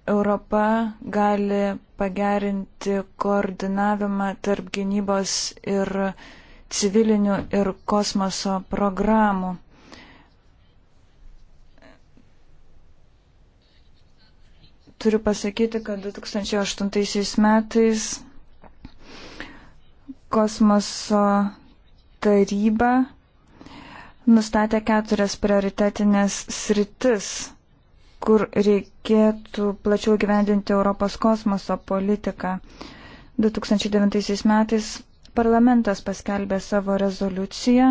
Europa gali pagerinti koordinavimą tarp gynybos ir civilinių ir kosmoso programų. Turiu pasakyti, kad 2008 metais kosmoso taryba nustatė keturias prioritetinės sritis kur reikėtų plačiau gyvendinti Europos kosmoso politiką. 2009 metais parlamentas paskelbė savo rezoliuciją,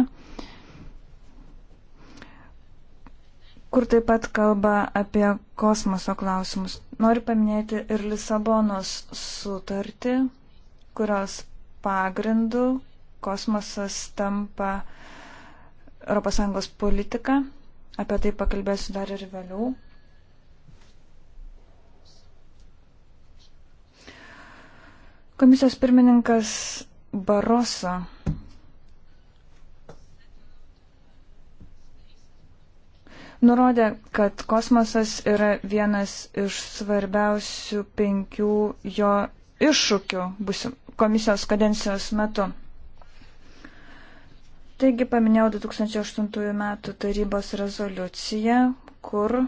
kur taip pat kalba apie kosmoso klausimus. Noriu paminėti ir Lisabonos sutartį, kurios pagrindų kosmosas tampa ES politika. Apie tai pakalbėsiu dar ir vėliau. Komisijos pirmininkas Baroso nurodė, kad kosmosas yra vienas iš svarbiausių penkių jo iššūkių komisijos kadencijos metu. Taigi paminėjau 2008 metų tarybos rezoliuciją, kur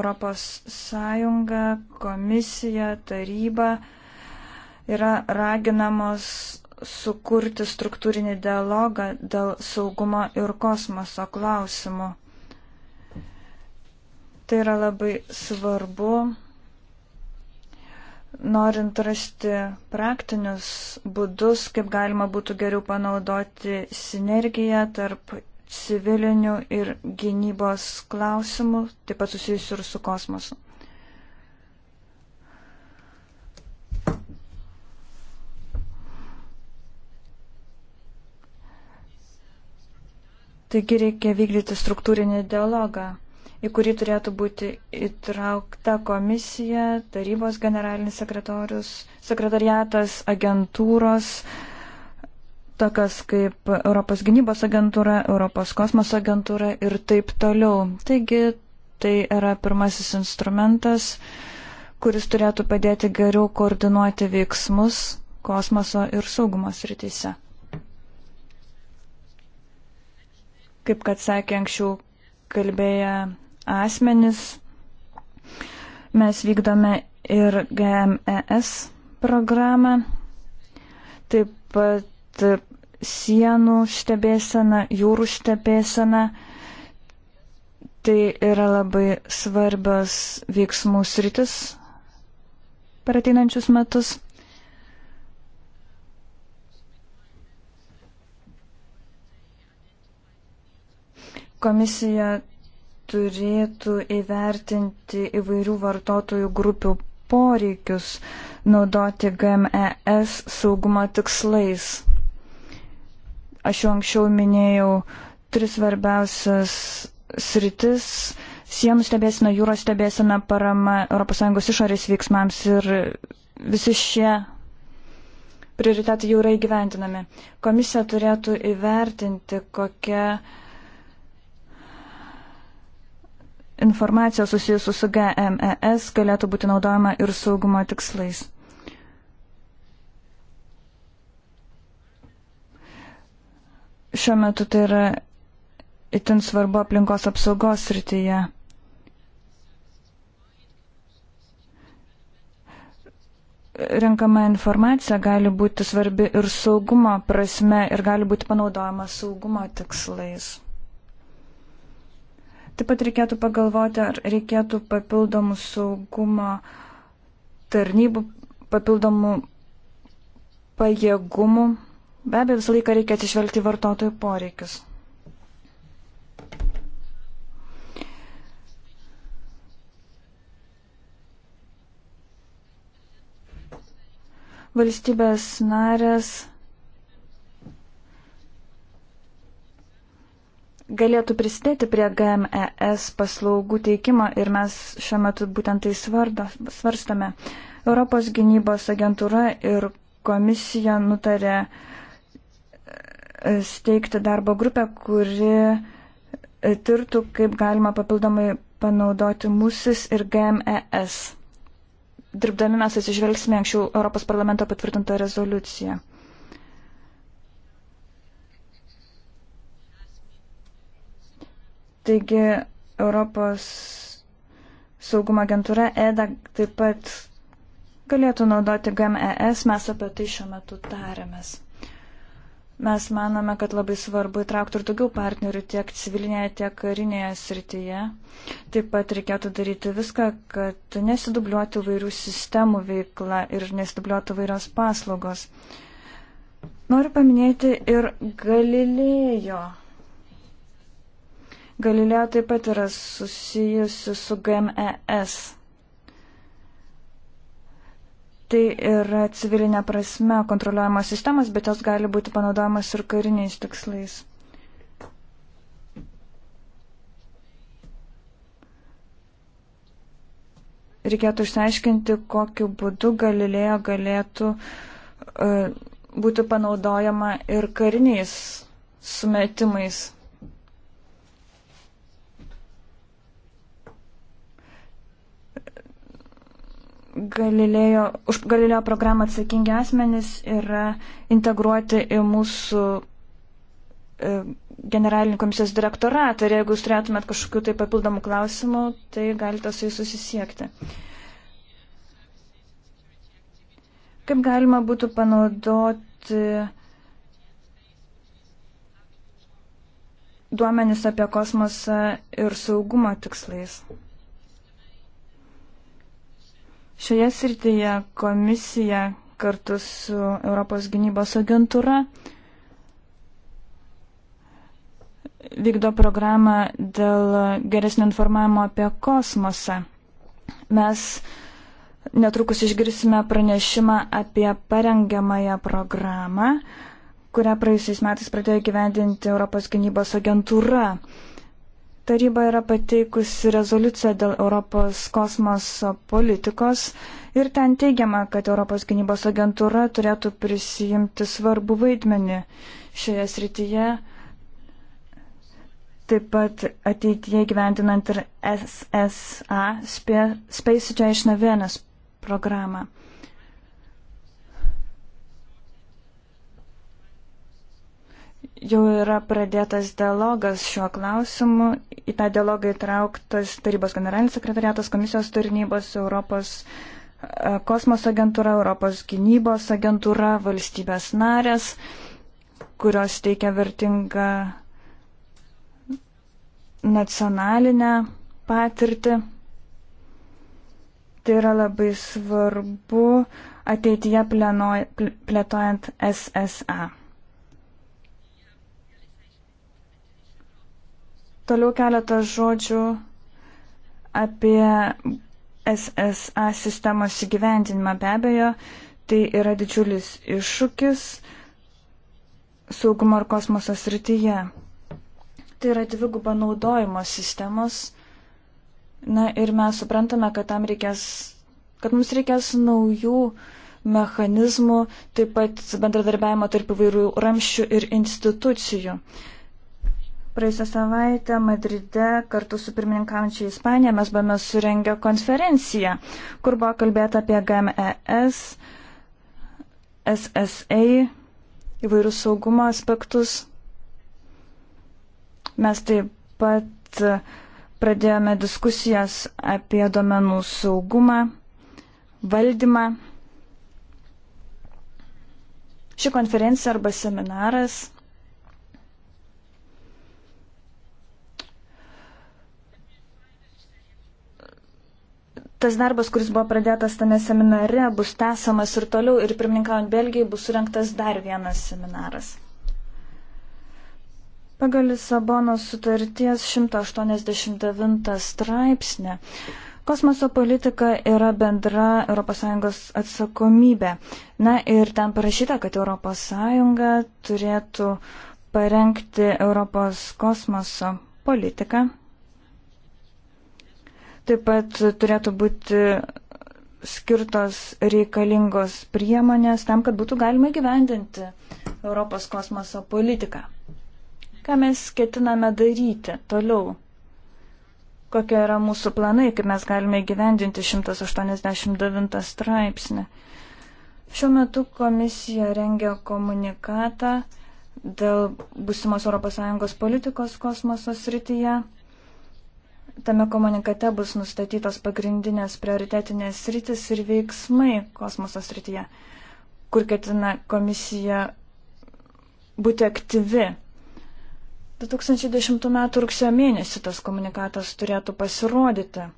Europos Sąjunga, komisija, taryba yra raginamos sukurti struktūrinį dialogą dėl saugumo ir kosmoso klausimų. Tai yra labai svarbu, norint rasti praktinius būdus, kaip galima būtų geriau panaudoti sinergiją tarp civilinių ir gynybos klausimų, taip pat susijusių ir su kosmosu. Taigi reikia vykdyti struktūrinį dialogą, į kurį turėtų būti įtraukta komisija, tarybos generalinis sekretorius, sekretariatas, agentūros, tokios kaip Europos gynybos agentūra, Europos kosmoso agentūra ir taip toliau. Taigi tai yra pirmasis instrumentas, kuris turėtų padėti geriau koordinuoti veiksmus kosmoso ir saugumos rytise. kaip kad sakė anksčiau kalbėję asmenys, mes vykdome ir GMES programą, taip pat sienų stebėsena, jūrų stebėsena. Tai yra labai svarbios veiksmų sritis per ateinančius metus. Komisija turėtų įvertinti įvairių vartotojų grupių poreikius naudoti GMES saugumo tikslais. Aš jau anksčiau minėjau tris svarbiausias sritis - sienų stebėsina, jūros stebėsina, parama ES išorės veiksmams ir visi šie prioritetai jau yra įgyventinami. Komisija turėtų įvertinti, kokia informacija susijusi su GMES galėtų būti naudojama ir saugumo tikslais. Šiuo metu tai yra itin svarbu aplinkos apsaugos srityje. renkama informacija gali būti svarbi ir saugumo prasme ir gali būti panaudojama saugumo tikslais. Taip pat reikėtų pagalvoti, ar reikėtų papildomų saugumo tarnybų, papildomų pajėgumų. Be abejo, visą laiką reikia atsižvelgti vartotojų poreikius. Valstybės narės galėtų prisidėti prie GMES paslaugų teikimo ir mes šiuo metu būtent tai svardo, svarstame. Europos gynybos agentūra ir komisija nutarė e, steigti darbo grupę, kuri e, tirtų, kaip galima papildomai panaudoti musis ir GMES. Dirbdami mes atsižvelgsime anksčiau Europos parlamento patvirtintą rezoliuciją. Taigi Europos saugumo agentūra EDA taip pat galėtų naudoti GMES, mes apie tai šiuo metu tarėmės. Mes manome, kad labai svarbu įtraukti ir daugiau partnerių tiek civilinėje, tiek karinėje srityje. Taip pat reikėtų daryti viską, kad nesidubliuotų vairių sistemų veikla ir nesidubliuotų vairios paslaugos. Noriu paminėti ir Galilėjo Galileo taip pat yra susijusi su GMES. Tai yra civilinė prasme kontroliuojamos sistemas, bet jos gali būti panaudojamas ir kariniais tikslais. Reikėtų išsiaiškinti, kokiu būdu Galilėjo galėtų uh, būti panaudojama ir kariniais sumetimais. Galilėjo, už Galilėjo programą atsakingi asmenys yra integruoti į mūsų e, generalinį komisijos direktoratą ir jeigu jūs turėtumėt kažkokių tai papildomų klausimų, tai galite su jais susisiekti. Kaip galima būtų panaudoti duomenis apie kosmosą ir saugumo tikslais? Šioje srityje komisija kartu su Europos gynybos agentūra vykdo programą dėl geresnio informavimo apie kosmosą. Mes netrukus išgirsime pranešimą apie parengiamąją programą, kurią praėjusiais metais pradėjo gyvendinti Europos gynybos agentūra. Taryba yra pateikusi rezoliuciją dėl Europos kosmoso politikos ir ten teigiama, kad Europos gynybos agentūra turėtų prisijimti svarbų vaidmenį šioje srityje, taip pat ateityje gyventinant ir SSA Space Situation Awareness programą. jau yra pradėtas dialogas šiuo klausimu. Į tą dialogą įtrauktas tarybos generalinis sekretariatas, komisijos tarnybos, Europos e, kosmoso agentūra, Europos gynybos agentūra, valstybės narės, kurios teikia vertingą nacionalinę patirtį. Tai yra labai svarbu ateityje plėtojant SSA. Toliau keletą žodžių apie SSA sistemos įgyvendinimą. Be abejo, tai yra didžiulis iššūkis saugumo ir kosmoso srityje. Tai yra dviguba naudojimo sistemos. Na ir mes suprantame, kad, reikės, kad mums reikės naujų mechanizmų, taip pat bendradarbiavimo tarp įvairių ramščių ir institucijų. Praėjusią savaitę Madride kartu su pirmininkaujančia Ispanija mes buvome surengę konferenciją, kur buvo kalbėta apie GMES, SSA, įvairius saugumo aspektus. Mes taip pat pradėjome diskusijas apie domenų saugumą, valdymą. Ši konferencija arba seminaras tas darbas, kuris buvo pradėtas tame seminare, bus tęsiamas ir toliau ir pirmininkaujant Belgijai bus surinktas dar vienas seminaras. Pagal Lisabono sutarties 189 straipsnė kosmoso politika yra bendra ES atsakomybė. Na ir ten parašyta, kad ES turėtų parengti Europos kosmoso politiką Taip pat turėtų būti skirtos reikalingos priemonės tam, kad būtų galima gyvendinti Europos kosmoso politiką. Ką mes ketiname daryti toliau? Kokie yra mūsų planai, kaip mes galime gyvendinti 189 straipsnį? Šiuo metu komisija rengia komunikatą dėl būsimos ES politikos kosmoso srityje. Tame komunikate bus nustatytos pagrindinės prioritetinės sritis ir veiksmai kosmoso srityje, kur ketina komisija būti aktyvi. 2010 m. rugsėjo mėnesį tas komunikatas turėtų pasirodyti.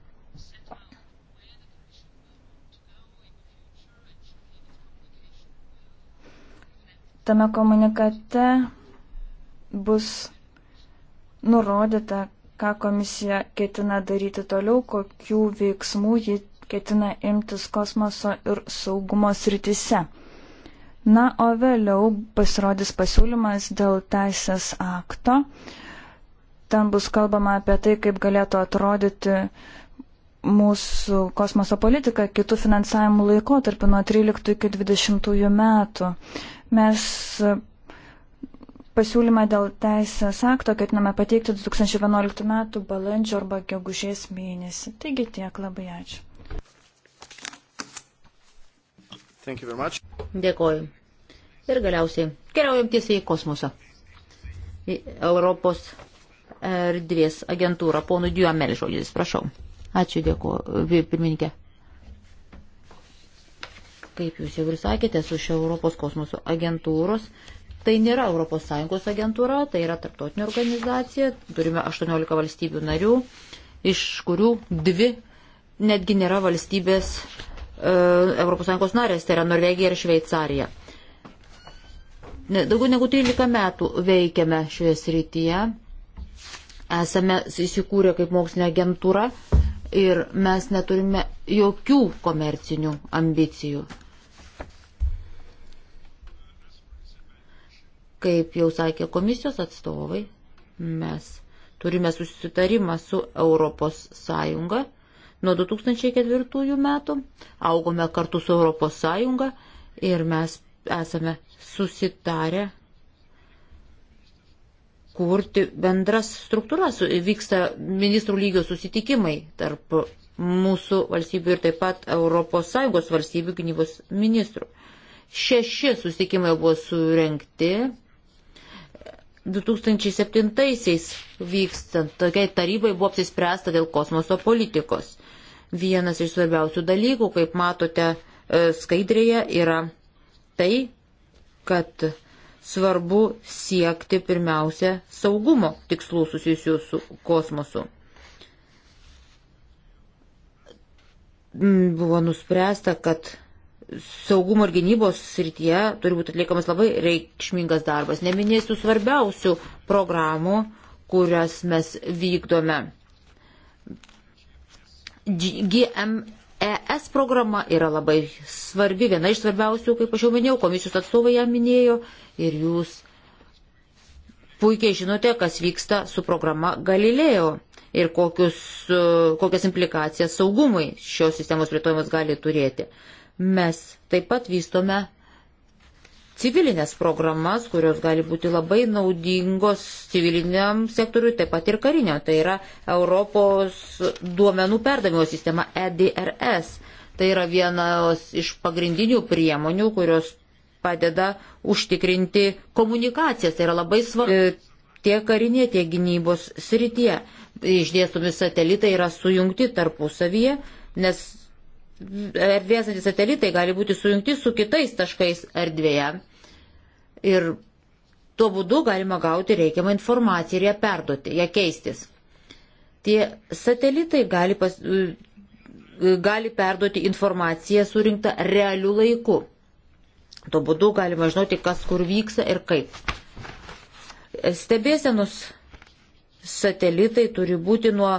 Tame komunikate bus nurodyta, ką komisija ketina daryti toliau, kokių veiksmų ji ketina imtis kosmoso ir saugumo srityse. Na, o vėliau pasirodys pasiūlymas dėl teisės akto. Ten bus kalbama apie tai, kaip galėtų atrodyti mūsų kosmoso politika kitų finansavimų laikotarpių nuo 13 iki 20 metų. Mes Pasiūlymą dėl teisės akto ketiname pateikti 2011 m. balandžio arba gegužės mėnesį. Taigi tiek, labai ačiū. Dėkoju. Ir galiausiai keliaujam tiesiai į kosmosą. Į Europos erdvės agentūrą. Ponų Diuamel žodis, prašau. Ačiū, dėkoju, pirmininkė. Kaip jūs jau ir sakėte, su šio Europos kosmoso agentūros Tai nėra ES agentūra, tai yra tarptautinė organizacija, turime 18 valstybių narių, iš kurių dvi netgi nėra valstybės ES narės, tai yra Norvegija ir Šveicarija. Daugiau negu 13 metų veikiame šioje srityje, esame įsikūrę kaip mokslinė agentūra ir mes neturime jokių komercinių ambicijų. Kaip jau sakė komisijos atstovai, mes turime susitarimą su Europos Sąjunga. Nuo 2004 metų augome kartu su Europos Sąjunga ir mes esame susitarę kurti bendras struktūras. Vyksta ministrų lygio susitikimai tarp mūsų valstybių ir taip pat ES valstybių gynybos ministrų. Šeši susitikimai buvo surenkti 2007-aisiais vykstant tokiai tarybai buvo apsispręsta dėl kosmoso politikos. Vienas iš svarbiausių dalykų, kaip matote e, skaidrėje, yra tai, kad svarbu siekti pirmiausia saugumo tikslų susijusių su kosmosu. Buvo nuspręsta, kad saugumo ir gynybos srityje turi būti atliekamas labai reikšmingas darbas. Neminėsiu svarbiausių programų, kurias mes vykdome. GMES programa yra labai svarbi, viena iš svarbiausių, kaip aš jau minėjau, komisijos atstovai ją minėjo ir jūs puikiai žinote, kas vyksta su programa Galilėjo ir kokius, kokias implikacijas saugumui šios sistemos plėtojimas gali turėti. Mes taip pat vystome civilinės programas, kurios gali būti labai naudingos civiliniam sektoriui, taip pat ir karinio. Tai yra Europos duomenų perdavimo sistema EDRS. Tai yra vienas iš pagrindinių priemonių, kurios padeda užtikrinti komunikacijas. Tai yra labai svarbu e, tiek karinė, tiek gynybos srityje. Išdėstomi satelitai yra sujungti tarpusavyje, nes erdvės satelitai gali būti sujungti su kitais taškais erdvėje. Ir tuo būdu galima gauti reikiamą informaciją ir ją perduoti, ją keistis. Tie satelitai gali, pas, e, gali perduoti informaciją surinktą realių laikų. Tuo būdu galima žinoti, kas kur vyksta ir kaip. Stebėsenus satelitai turi būti nuo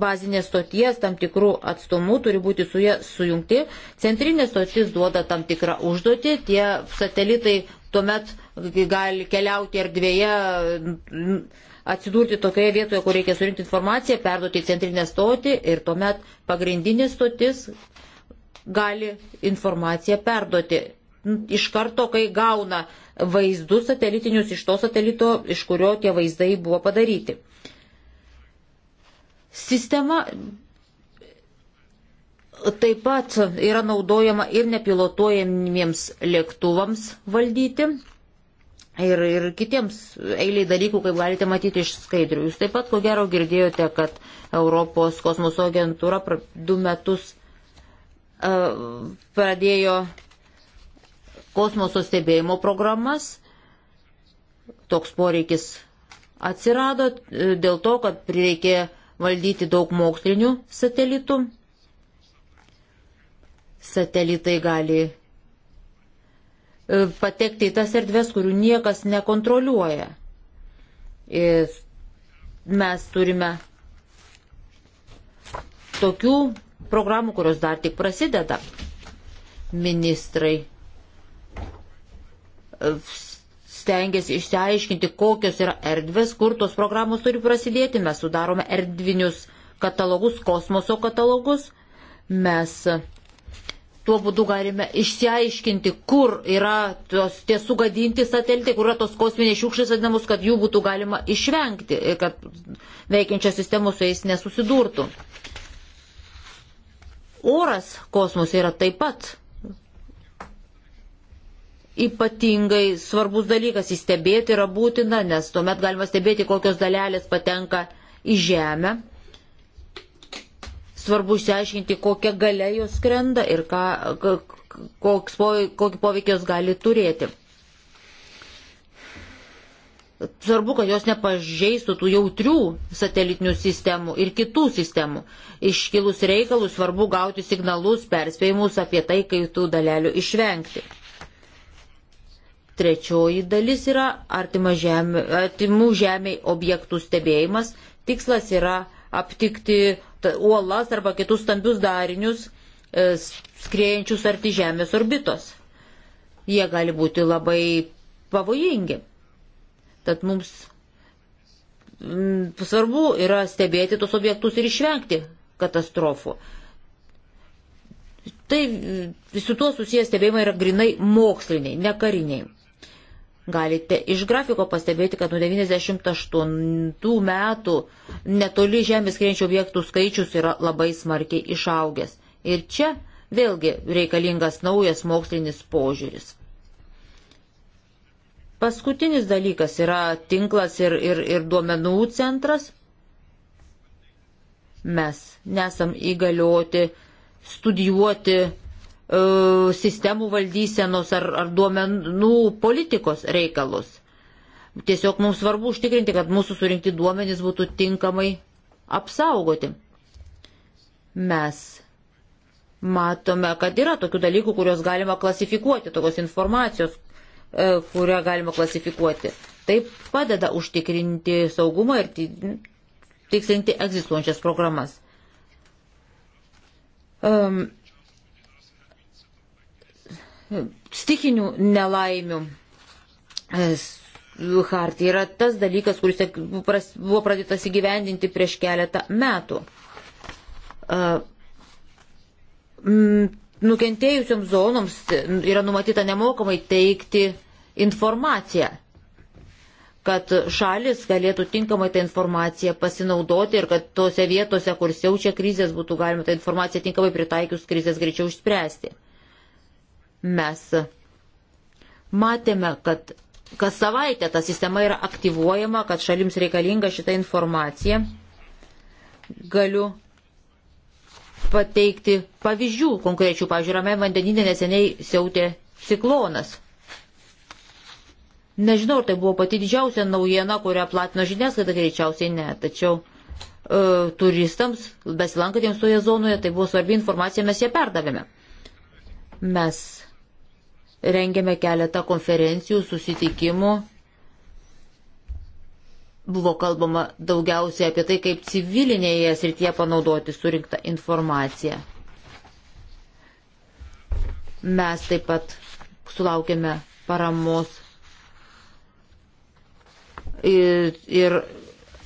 bazinės stoties tam tikrų atstumų turi būti su jie sujungti. Centrinė stotis duoda tam tikrą užduotį, tie satelitai tuomet gali keliauti erdvėje, atsidurti tokioje vietoje, kur reikia surinkti informaciją, perduoti į centrinę stotį ir tuomet pagrindinė stotis gali informaciją perduoti iš karto, kai gauna vaizdus satelitinius iš to satelito, iš kurio tie vaizdai buvo padaryti. Sistema taip pat yra naudojama ir nepilotuojamiems lėktuvams valdyti. Ir, ir kitiems eiliai dalykų, kaip galite matyti iš skaidrių. Jūs taip pat, ko gero, girdėjote, kad Europos kosmoso agentūra du metus uh, pradėjo kosmoso stebėjimo programas. Toks poreikis atsirado e, dėl to, kad prireikė uh, valdyti daug mokslinių satelitų. Satelitai gali e, patekti į tas erdves, kurių niekas nekontroliuoja. Ir mes turime tokių programų, kurios dar tik prasideda. Ministrai e, stengiasi išsiaiškinti, kokios yra erdvės, kur tos programos turi prasidėti. Mes sudarome erdvinius katalogus, kosmoso katalogus. Mes tuo būdu galime išsiaiškinti, kur yra tos, tie sugadinti satelitai, kur yra tos kosminės šiukšlės vadinamos, kad jų būtų galima išvengti ir kad veikiančios sistemos su jais nesusidurtų. Oras kosmose yra taip pat ypatingai svarbus dalykas, įstebėti yra būtina, nes tuomet galima stebėti, kokios dalelės patenka į žemę. Svarbu išsiaiškinti, kokia galia jos skrenda ir ką, koks, kokį poveikį jos gali turėti. Svarbu, kad jos nepažeistų tų jautrių satelitinių sistemų ir kitų sistemų. Iškilus reikalus svarbu gauti signalus, perspėjimus apie tai, kaip tų dalelių išvengti. Trečioji dalis yra artimų žemė, žemiai objektų stebėjimas. Tikslas yra aptikti uolas arba kitus stambius darinius e, skriejančius arti Žemės orbitos. Jie gali būti labai pavojingi. Tad mums mm, svarbu yra stebėti tos objektus ir išvengti katastrofų. Tai su tuo susijęs stebėjimai yra grinai moksliniai, ne kariniai. Galite iš grafiko pastebėti, kad nuo 98 metų netoli žemės skrienčių objektų skaičius yra labai smarkiai išaugęs. Ir čia vėlgi reikalingas naujas mokslinis požiūris. Paskutinis dalykas yra tinklas ir, ir, ir duomenų centras. Mes nesam įgalioti studijuoti E, sistemų valdysenos ar, ar duomenų politikos reikalus. Tiesiog mums svarbu užtikrinti, kad mūsų surinkti duomenys būtų tinkamai apsaugoti. Mes matome, kad yra tokių dalykų, kuriuos galima klasifikuoti, tokios informacijos, e, kurią galima klasifikuoti. Tai padeda užtikrinti saugumą ir tikslinti egzistuojančias programas. Um, stikinių nelaimių. E, Hartija yra tas dalykas, kuris buvo pradėtas įgyvendinti prieš keletą metų. E, Nukentėjusioms zonoms yra numatyta nemokamai teikti informaciją kad šalis galėtų tinkamai tą informaciją pasinaudoti ir kad tose vietose, kur siaučia krizės, būtų galima tą informaciją tinkamai pritaikius krizės greičiau išspręsti. Mes matėme, kad kas savaitę ta sistema yra aktyvuojama, kad šalims reikalinga šita informacija. Galiu pateikti pavyzdžių konkrečių. Pavyzdžiui, ramiai vandeninė neseniai siautė ciklonas. Nežinau, ar tai buvo pati didžiausia naujiena, kurią platino žiniasklaida, greičiausiai ne. Tačiau e, turistams, besilankantiems toje zonoje, tai buvo svarbi informacija, mes ją perdavėme. Mes rengėme keletą konferencijų, susitikimų. Buvo kalbama daugiausiai apie tai, kaip civilinėje srityje panaudoti surinktą informaciją. Mes taip pat sulaukėme paramos ir, ir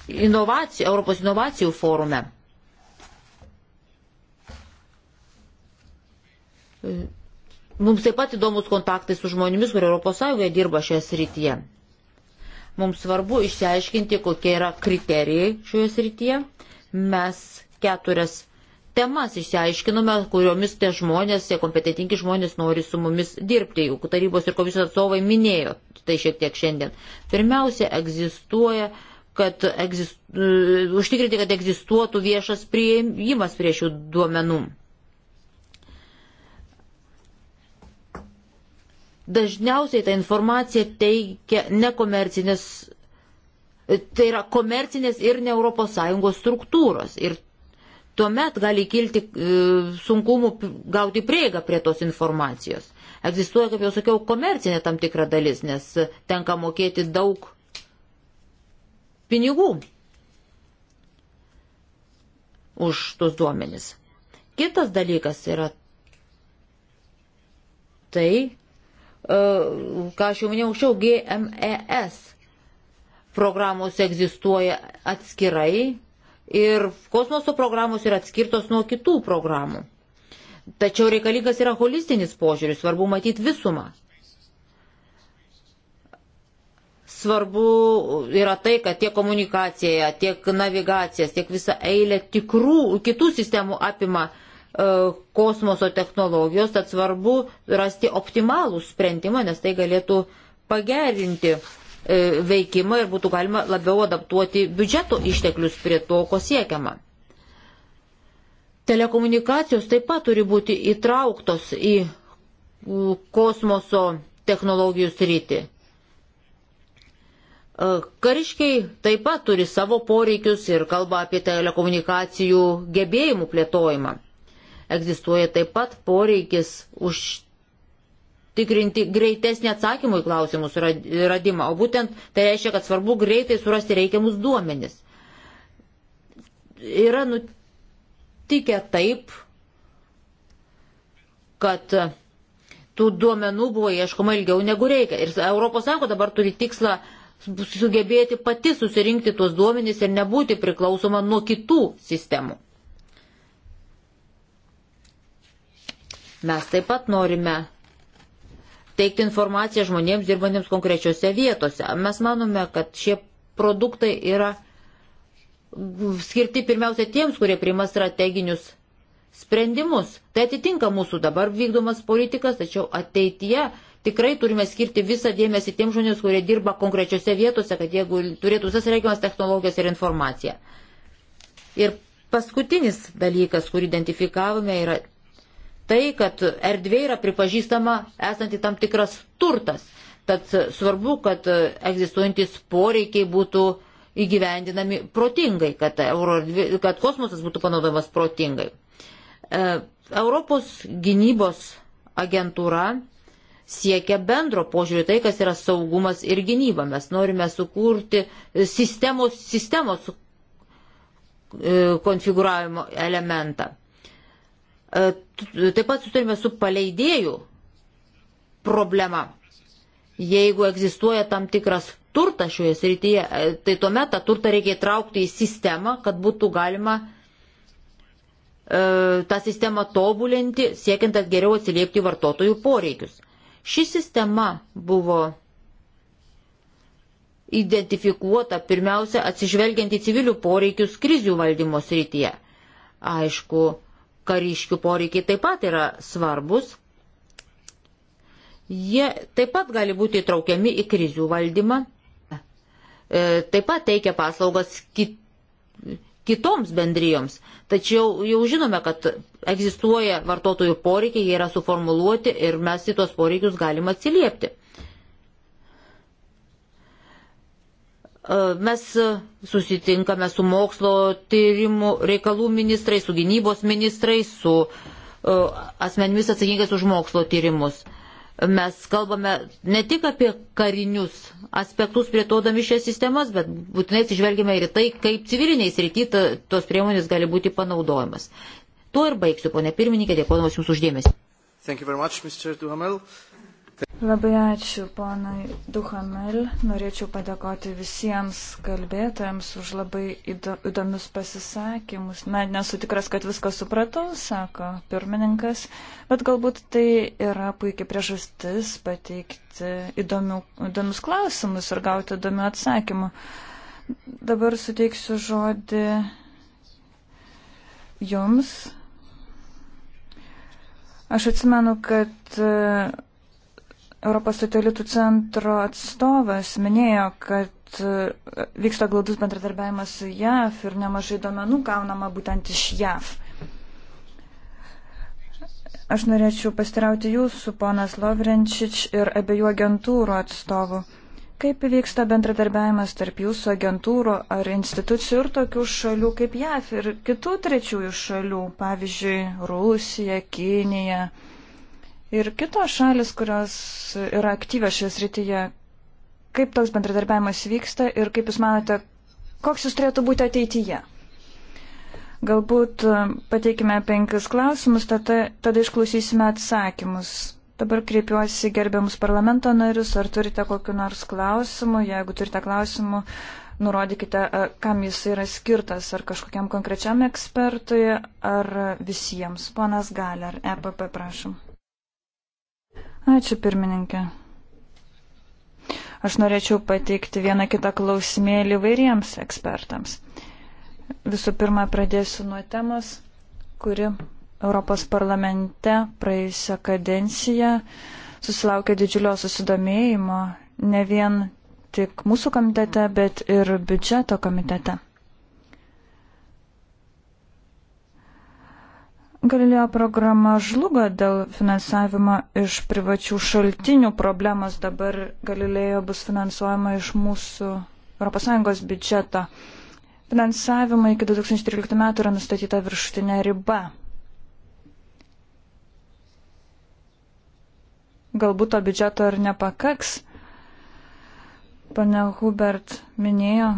inovacijų, Europos inovacijų forume. Mums taip pat įdomus kontaktai su žmonėmis, kurie ES dirba šioje srityje. Mums svarbu išsiaiškinti, kokie yra kriterijai šioje srityje. Mes keturias temas išsiaiškinome, kuriomis tie žmonės, tie kompetitingi žmonės nori su mumis dirbti. Juk tarybos ir komisijos atstovai minėjo tai šiek tiek šiandien. Pirmiausia, egzistuoja, kad egzist, uh, užtikrinti, kad egzistuotų viešas prieimas prie šių duomenų. dažniausiai tą informaciją teikia nekomercinės, tai yra komercinės ir ne ES struktūros. Ir tuomet gali kilti e, sunkumų gauti prieigą prie tos informacijos. Egzistuoja, kaip jau sakiau, komercinė tam tikra dalis, nes tenka mokėti daug pinigų už tos duomenis. Kitas dalykas yra tai, ką aš jau minėjau anksčiau, GMES programos egzistuoja atskirai ir kosmoso programos yra atskirtos nuo kitų programų. Tačiau reikalingas yra holistinis požiūris, svarbu matyti visumą. Svarbu yra tai, kad tiek komunikacija, tiek navigacijas, tiek visa eilė tikrų kitų sistemų apima uh, kosmoso technologijos, tad svarbu rasti optimalų sprendimą, nes tai galėtų pagerinti e, veikimą ir būtų galima labiau adaptuoti biudžeto išteklius prie to, ko siekiama. Telekomunikacijos taip pat turi būti įtrauktos į kosmoso technologijų sritį. E, kariškiai taip pat turi savo poreikius ir kalba apie telekomunikacijų gebėjimų plėtojimą. Egzistuoja taip pat poreikis užtikrinti greitesnį atsakymų į klausimus radimą, o būtent tai reiškia, kad svarbu greitai surasti reikiamus duomenis. Yra nutikę taip, kad tų duomenų buvo ieškoma ilgiau negu reikia. Ir ES dabar turi tikslą sugebėti pati susirinkti tuos duomenys ir nebūti priklausoma nuo kitų sistemų. Mes taip pat norime teikti informaciją žmonėms dirbantiems konkrečiose vietose. Mes manome, kad šie produktai yra skirti pirmiausia tiems, kurie priima strateginius sprendimus. Tai atitinka mūsų dabar vykdomas politikas, tačiau ateityje tikrai turime skirti visą dėmesį tiem žmonėms, kurie dirba konkrečiose vietose, kad jie turėtų visas reikiamas technologijas ir informaciją. Ir paskutinis dalykas, kurį identifikavome, yra tai, kad erdvė yra pripažįstama esanti tam tikras turtas. Tad svarbu, kad egzistuojantis poreikiai būtų įgyvendinami protingai, kad, euro, kad kosmosas būtų panaudojamas protingai. E, Europos gynybos agentūra siekia bendro požiūrį tai, kas yra saugumas ir gynyba. Mes norime sukurti sistemos, sistemos e, konfiguravimo elementą. E, taip pat turime su paleidėjų problema. Jeigu egzistuoja tam tikras turtas šioje srityje, e, tai tuomet tą turtą reikia įtraukti į sistemą, kad būtų galima e, tą sistemą tobulinti, siekiant geriau atsiliepti vartotojų poreikius. Ši sistema buvo identifikuota pirmiausia atsižvelgiant į civilių poreikius krizių valdymo srityje. Aišku, kariškių poreikiai taip pat yra svarbus. Jie taip pat gali būti įtraukiami į krizių valdymą, e, taip pat teikia paslaugas kit, kitoms bendrijoms. Tačiau jau žinome, kad egzistuoja vartotojų poreikiai, jie yra suformuluoti ir mes į tuos poreikius galime atsiliepti. Mes susitinkame su mokslo tyrimų reikalų ministrais, su gynybos ministrais, su e, asmenimis atsakingais už mokslo tyrimus. Mes kalbame ne tik apie karinius aspektus plėtodami šias sistemas, bet būtinai atsižvelgime ir tai, kaip civiliniai srity tos priemonės gali būti panaudojamas. Tuo ir baigsiu, ponė pirmininkė, dėkodamas Jums uždėmesi. Much, Labai ačiū ponai Duhamel. Norėčiau padėkoti visiems kalbėtojams už labai įdomius pasisakymus. Na, nesu tikras, kad viską supratau, sako pirmininkas, bet galbūt tai yra puikia priežastis pateikti įdomių, įdomius klausimus ir gauti įdomių atsakymų. Dabar suteiksiu žodį jums. Aš atsimenu, kad Europos satelitų centro atstovas minėjo, kad e, vyksta glaudus bendradarbiavimas su JAV ir nemažai domenų gaunama būtent iš JAV. Aš norėčiau pastirauti jūsų, ponas Lovrenčič ir abiejų agentūrų atstovų. Kaip vyksta bendradarbiavimas tarp jūsų agentūrų ar institucijų ir tokių šalių kaip JAF ir kitų trečiųjų šalių, pavyzdžiui, Rusija, Kinija? ir kitos šalis, kurios yra aktyvios šioje srityje. Kaip toks bendradarbiavimas vyksta ir kaip Jūs manote, koks jis turėtų būti ateityje? Galbūt e, pateikime penkis klausimus, tada, tada išklausysime atsakymus. Dabar kreipiuosi gerbiamus parlamento narius, ar turite kokiu nors klausimu. Jeigu turite klausimų, nurodykite, e, kam jis yra skirtas, ar kažkokiam konkrečiam ekspertui, ar visiems. Ponas Galer, EPP, prašom. Ačiū pirmininkė. Aš norėčiau pateikti vieną kitą klausimėlį vairiems ekspertams. Visų pirma, pradėsiu nuo temos, kuri Europos parlamente praėjusią kadenciją susilaukė didžiulio susidomėjimo ne vien tik mūsų komitete, bet ir biudžeto komitete. Galilėjo programa žlugo dėl finansavimo iš privačių šaltinių problemos. Dabar Galilėjo bus finansuojama iš mūsų ES biudžeto. Finansavimą iki 2013 metų yra nustatyta viršutinė riba. Galbūt to biudžeto ir nepakaks. Pane Hubert minėjo,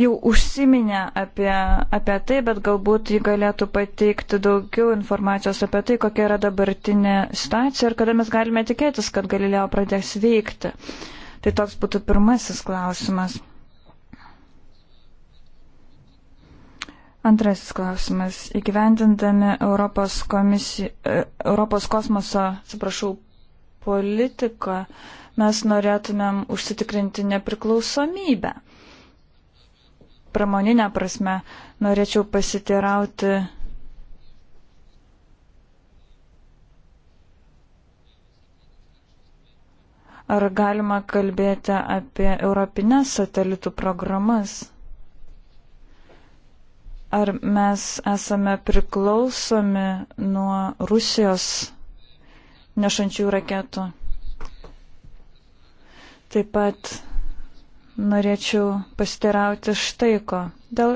jau užsiminė apie, apie tai, bet galbūt jį galėtų pateikti daugiau informacijos apie tai, kokia yra dabartinė situacija ir kada mes galime tikėtis, kad Galileo pradės veikti. Tai toks būtų pirmasis klausimas. Antrasis klausimas. Įgyvendindami Europos, komisiją, e, Europos kosmoso, atsiprašau, politiką, mes norėtumėm užsitikrinti nepriklausomybę pramoninę prasme. Norėčiau pasitirauti. Ar galima kalbėti apie europinės satelitų programas? Ar mes esame priklausomi nuo Rusijos nešančių raketų? Taip pat norėčiau pastirauti štai ko. Dėl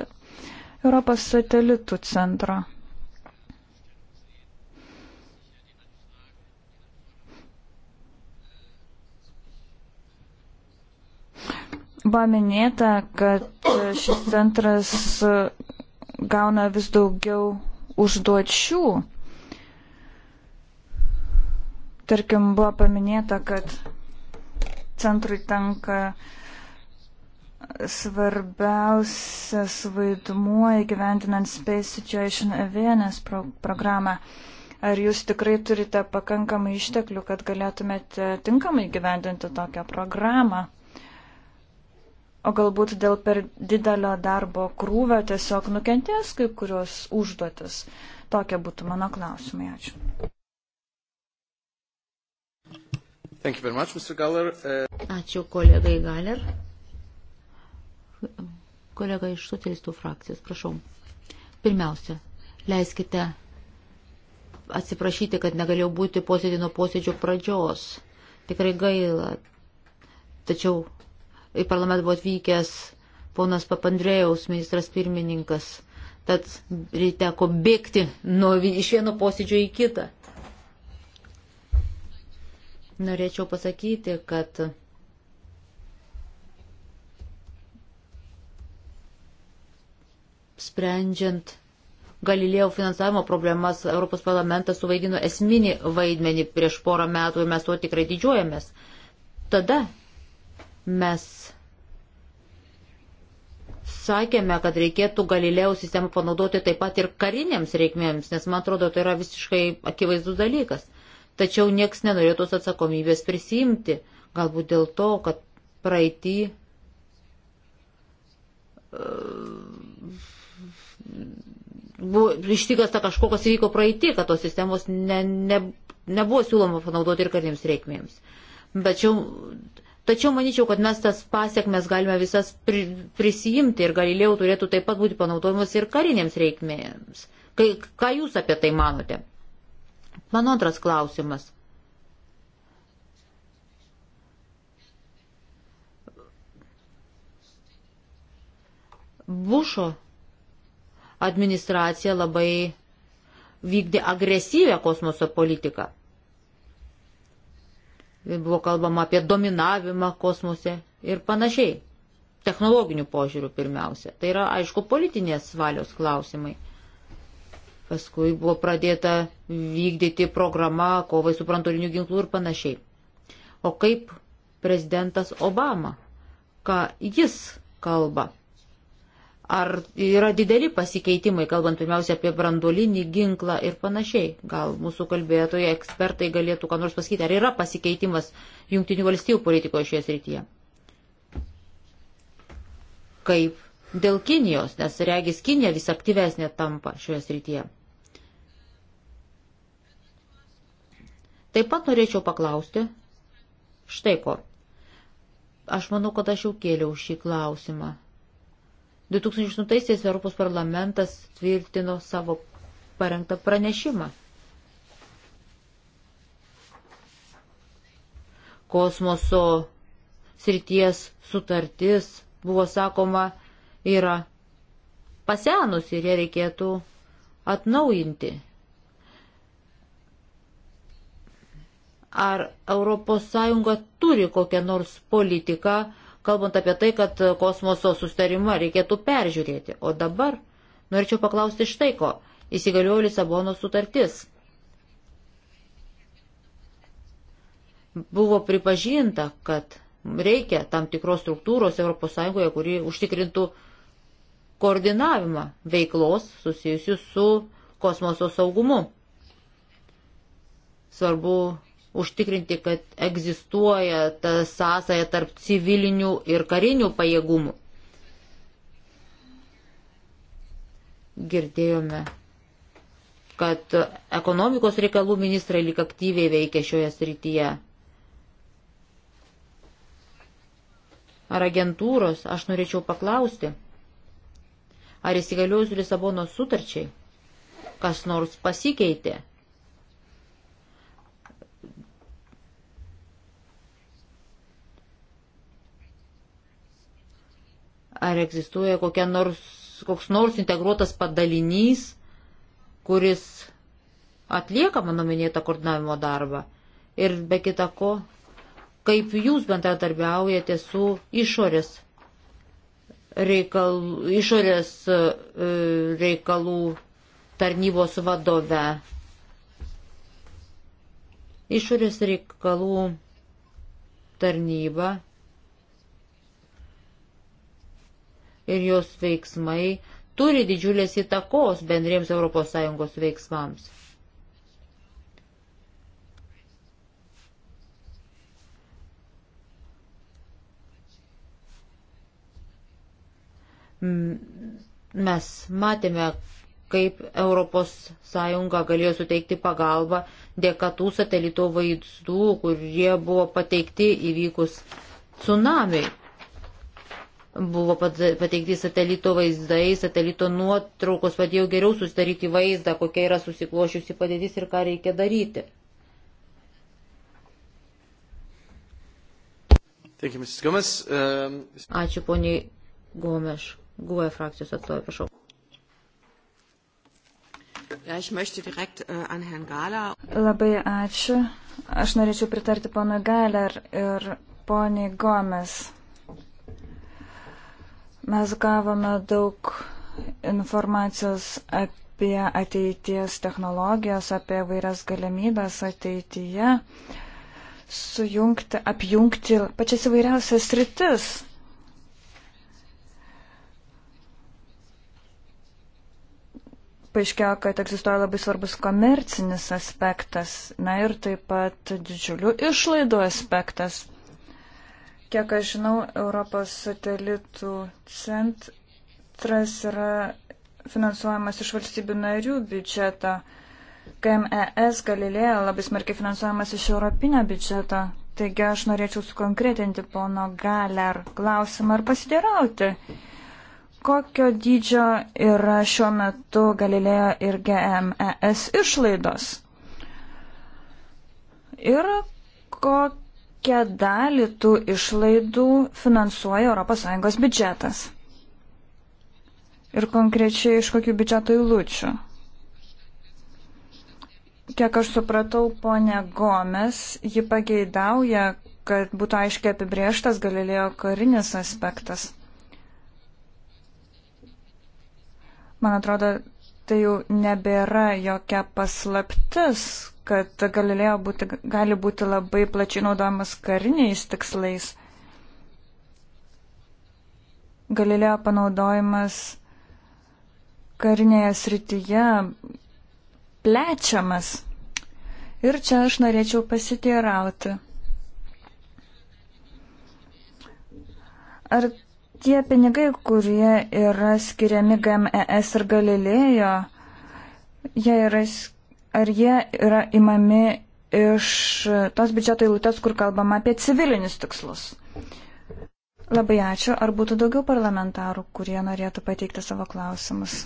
Europos satelitų centro. Buvo minėta, kad šis centras gauna vis daugiau užduočių. Tarkim, buvo paminėta, kad centrui tenka uh, svarbiausias vaidmuo įgyventinant Space Situation Awareness pro programą. Ar jūs tikrai turite pakankamai išteklių, kad galėtumėte tinkamai gyvendinti tokią programą? O galbūt dėl per didelio darbo krūvio tiesiog nukentės kai kurios užduotis. Tokie būtų mano klausimai. Ačiū. Much, uh, Ačiū kolegai Galer kolega iš socialistų frakcijos, prašau. Pirmiausia, leiskite atsiprašyti, kad negalėjau būti posėdį nuo posėdžio pradžios. Tikrai gaila. Tačiau į parlamentą buvo atvykęs ponas Papandrėjaus, ministras pirmininkas. Tad reiteko bėgti nuo, iš vieno posėdžio į kitą. Norėčiau pasakyti, kad sprendžiant Galilėjo finansavimo problemas Europos parlamentas suvaidino esminį vaidmenį prieš porą metų ir mes tuo tikrai didžiuojamės. Tada mes sakėme, kad reikėtų Galilėjo sistemą panaudoti taip pat ir karinėms reikmėms, nes man atrodo, tai yra visiškai akivaizdus dalykas. Tačiau nieks nenorėjo tos atsakomybės prisimti, galbūt dėl to, kad praeitį. Uh, ištikasta kažkokas įvyko praeitį, kad tos sistemos ne, ne, nebuvo siūloma panaudoti ir karinėms reikmėms. Tačiau, tačiau manyčiau, kad mes tas pasiekmes galime visas pri, prisijimti ir galilėjau turėtų taip pat būti panaudojamas ir karinėms reikmėms. Kai, ką jūs apie tai manote? Mano antras klausimas. Bušo administracija labai vykdė agresyvę kosmoso politiką. Buvo kalbama apie dominavimą kosmose ir panašiai. Technologinių požiūrių pirmiausia. Tai yra, aišku, politinės valios klausimai. Paskui buvo pradėta vykdyti programa kovai su brantoliniu ginklu ir panašiai. O kaip prezidentas Obama, ką jis kalba Ar yra dideli pasikeitimai, kalbant pirmiausia apie brandolinį ginklą ir panašiai? Gal mūsų kalbėtojai, ekspertai galėtų ką nors pasakyti, ar yra pasikeitimas Junktinių valstybių politikoje šioje srityje? Kaip dėl Kinijos, nes regis Kinija vis aktyvesnė tampa šioje srityje. Taip pat norėčiau paklausti štai ko. Aš manau, kad aš jau kėliau šį klausimą 2008-aisiais Europos parlamentas tvirtino savo parengtą pranešimą. Kosmoso srities sutartis, buvo sakoma, yra pasenus ir ją reikėtų atnaujinti. Ar ES turi kokią nors politiką, kalbant apie tai, kad kosmoso sustarimą reikėtų peržiūrėti. O dabar norėčiau paklausti štai ko. Įsigaliojo Lisabono sutartis. Buvo pripažinta, kad reikia tam tikros struktūros ES, kuri užtikrintų koordinavimą veiklos susijusių su kosmoso saugumu. Svarbu užtikrinti, kad egzistuoja ta sąsaja tarp civilinių ir karinių pajėgumų. Girdėjome, kad ekonomikos reikalų ministrai lik aktyviai veikia šioje srityje. Ar agentūros, aš norėčiau paklausti, ar įsigaliojus Lisabonos sutarčiai kas nors pasikeitė? Ar egzistuoja nors, koks nors integruotas padalinys, kuris atlieka mano minėtą koordinavimo darbą? Ir be kita ko, kaip jūs bendradarbiaujate su išorės reikalų, išorės e, reikalų tarnybos vadove? Išorės reikalų tarnyba ir jos veiksmai turi didžiulės įtakos bendriems ES veiksmams. Mes matėme, kaip ES galėjo suteikti pagalbą dėka tų satelito vaizdų, kurie buvo pateikti įvykus tsunamiai. Buvo pateikti satelito vaizdai, satelito nuotraukos padėjo geriau susidaryti vaizdą, kokia yra susiklošiusi padėtis ir ką reikia daryti. You, um... Ačiū poniai Gomeš. Guoja frakcijos atstovė, prašau. Ja, direkt, uh, Labai ačiū. Aš norėčiau pritarti pono Galer ir poniai Gomes. Mes gavome daug informacijos apie ateities technologijas, apie vairias galimybės ateityje sujungti, apjungti pačias įvairiausias rytis. paaiškėjo, kad egzistuoja labai svarbus komercinis aspektas, na ir taip pat didžiulių išlaidų aspektas. Kiek aš žinau, Europos satelitų centras yra finansuojamas iš valstybių narių biudžeto. KMES Galilėja labai smarkiai finansuojamas iš europinio biudžeto. Taigi aš norėčiau sukonkretinti pono Galer klausimą ir pasidėrauti, kokio dydžio yra šiuo metu Galilėjo ir GMES išlaidos. Ir kokio kokią dalį tų išlaidų finansuoja ES biudžetas. Ir konkrečiai iš kokių biudžeto įlūčių. Kiek aš supratau, ponė Gomes, ji pageidauja, kad būtų aiškiai apibrieštas galilėjo karinis aspektas. Man atrodo, tai jau nebėra jokia paslaptis, kad Galilėjo būti, gali būti labai plačiai naudojamas kariniais tikslais. Galilėjo panaudojimas karinėje srityje plečiamas. Ir čia aš norėčiau pasiteirauti. Ar tie pinigai, kurie yra skiriami GMES ir Galilėjo, jie yra skiriami? ar jie yra imami iš tos biudžeto eilutės, kur kalbama apie civilinius tikslus. Labai ačiū. Ar būtų daugiau parlamentarų, kurie norėtų pateikti savo klausimus?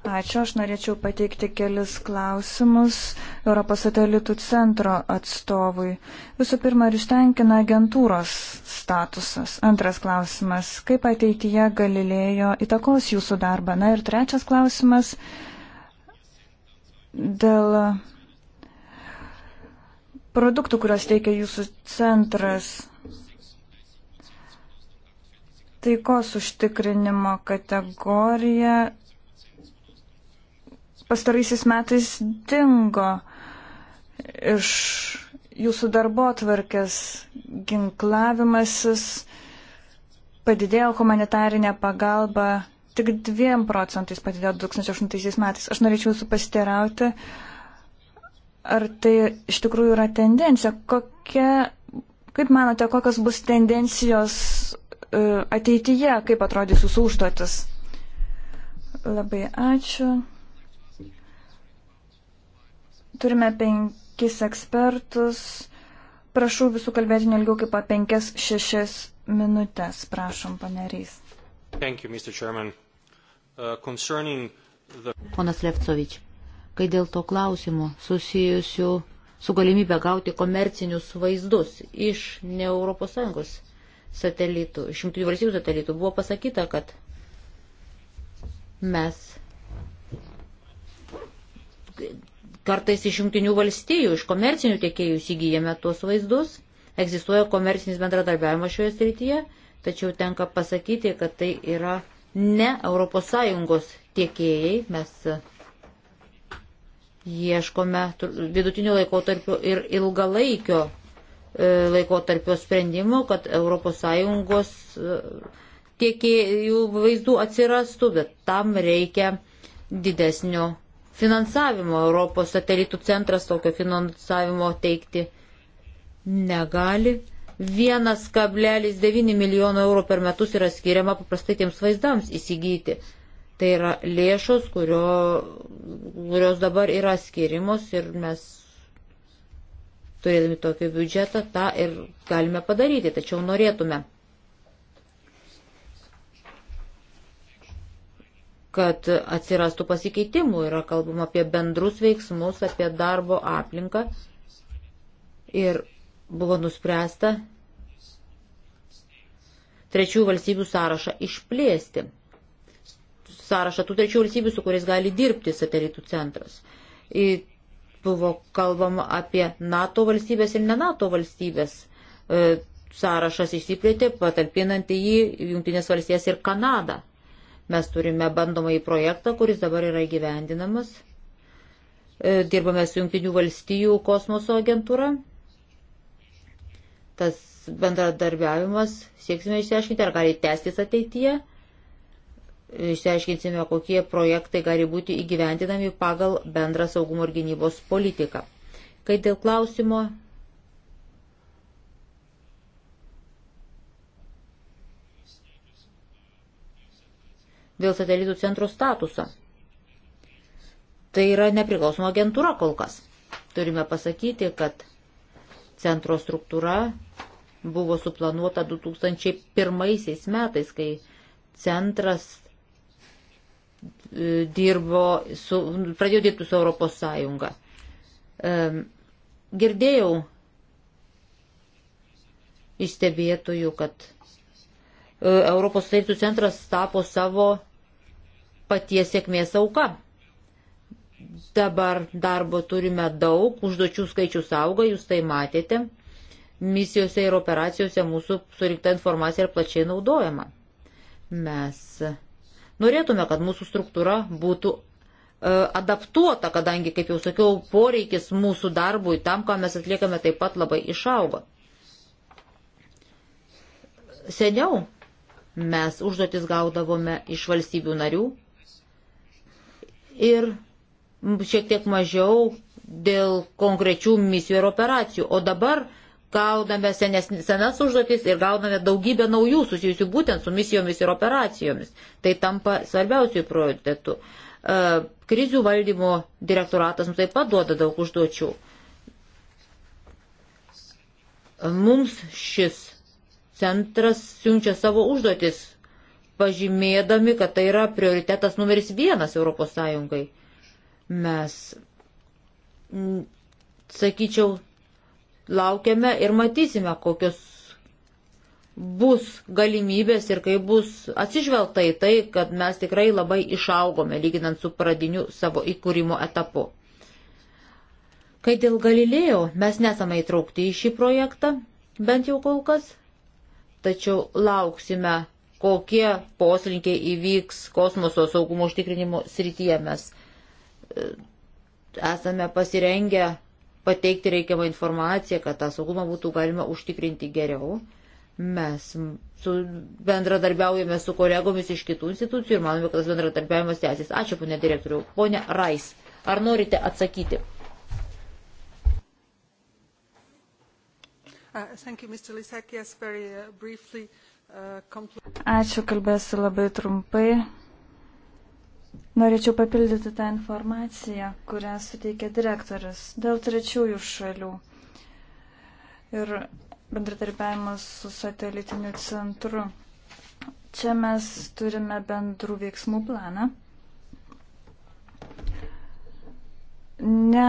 Ačiū. Aš norėčiau pateikti kelis klausimus Europos satelitų centro atstovui. Visų pirma, ar ištenkina agentūros statusas? Antras klausimas. Kaip ateityje galilėjo įtakos jūsų darbą? Na ir trečias klausimas. Dėl produktų, kuriuos teikia jūsų centras, taikos užtikrinimo kategorija pastaraisiais metais dingo iš jūsų darbo atvarkės ginklavimasis, padidėjo humanitarinė pagalba tik 2 procentais padidėjo 2008 metais. Aš norėčiau jūsų pasiterauti, ar tai iš tikrųjų yra tendencija. Kokia, kaip manote, kokios bus tendencijos e, ateityje, kaip atrodys jūsų užduotis? Labai ačiū. Turime penkis ekspertus. Prašau visų kalbėti nelgiau kaip po penkias, šešias minutės. Prašom, panerys. Thank you, Mr. Chairman. Uh, the... Ponas Levcovič, kai dėl to klausimų susijusių su galimybė gauti komercinius vaizdus iš ne ES satelitų, iš jungtinių valstybių satelitų, buvo pasakyta, kad mes kartais iš jungtinių valstybių, iš komercinių tiekėjų įsigijame tuos vaizdus, egzistuoja komercinis bendradarbiavimas šioje srityje, tačiau tenka pasakyti, kad tai yra ne ES tiekėjai, mes ieškome vidutinio laikotarpio ir ilgalaikio e, laikotarpio sprendimų, kad ES e, tiekėjų vaizdų atsirastų, bet tam reikia didesnio finansavimo. Europos satelitų centras tokio finansavimo teikti negali. 1,9 milijono eurų per metus yra skiriama paprastai tiems vaizdams įsigyti. Tai yra lėšos, kurio, kurios dabar yra skirimos ir mes turėdami tokį biudžetą tą ir galime padaryti, tačiau norėtume, kad atsirastų pasikeitimų, yra kalbama apie bendrus veiksmus, apie darbo aplinką ir buvo nuspręsta trečių valstybių sąrašą išplėsti. Sąrašą tų trečių valstybių, su kuriais gali dirbti satelitų centras. Ir buvo kalbama apie NATO valstybės ir ne NATO valstybės. E, sąrašas išsiplėtė, patalpinant į jį Junktinės valstijas ir Kanadą. Mes turime bandomąjį projektą, kuris dabar yra įgyvendinamas. E, dirbame su Junktinių valstijų kosmoso agentūra tas bendradarbiavimas, sieksime išsiaiškinti, ar gali tęstis ateityje. Išsiaiškinsime, kokie projektai gali būti įgyventinami pagal bendrą saugumo ir gynybos politiką. Kai dėl klausimo. Dėl satelitų centro statuso. Tai yra nepriklausoma agentūra kol kas. Turime pasakyti, kad Centro struktūra buvo suplanuota 2001 metais, kai centras e, dirbo su, pradėjo dirbti su Europos Sąjunga. E, girdėjau iš stebėtojų, kad e, Europos Sąjungų centras tapo savo paties sėkmės auka. Dabar darbo turime daug, užduočių skaičius auga, jūs tai matėte. Misijose ir operacijose mūsų surinkta informacija yra plačiai naudojama. Mes norėtume, kad mūsų struktūra būtų e, adaptuota, kadangi, kaip jau sakiau, poreikis mūsų darbui tam, ką mes atliekame, taip pat labai išaugo. Seniau mes užduotis gaudavome iš valstybių narių ir šiek tiek mažiau dėl konkrečių misijų ir operacijų. O dabar gauname senes, senas užduotis ir gauname daugybę naujų susijusių būtent su misijomis ir operacijomis. Tai tampa svarbiausių prioritetų. E, krizių valdymo direktoratas mums taip pat duoda daug užduočių. Mums šis centras siunčia savo užduotis, pažymėdami, kad tai yra prioritetas numeris vienas Europos Sąjungai Mes, sakyčiau, laukiame ir matysime, kokios bus galimybės ir kaip bus atsižvelgta į tai, kad mes tikrai labai išaugome, lyginant su pradiniu savo įkūrimo etapu. Kai dėl Galilėjo mes nesame įtraukti į šį projektą, bent jau kol kas, tačiau lauksime, kokie poslinkiai įvyks kosmoso saugumo užtikrinimo srityje. Mes esame pasirengę pateikti reikiamą informaciją, kad tą saugumą būtų galima užtikrinti geriau. Mes su, bendradarbiaujame su kolegomis iš kitų institucijų ir manome, kad tas bendradarbiavimas tęsis. Ačiū, ponė direktoriau. Pone Rais, ar norite atsakyti? Uh, uh, uh, Ačiū, kalbėsiu labai trumpai. Norėčiau papildyti tą informaciją, kurią suteikė direktorius dėl trečiųjų šalių ir bendradarbiavimas su satelitiniu centru. Čia mes turime bendrų veiksmų planą. Ne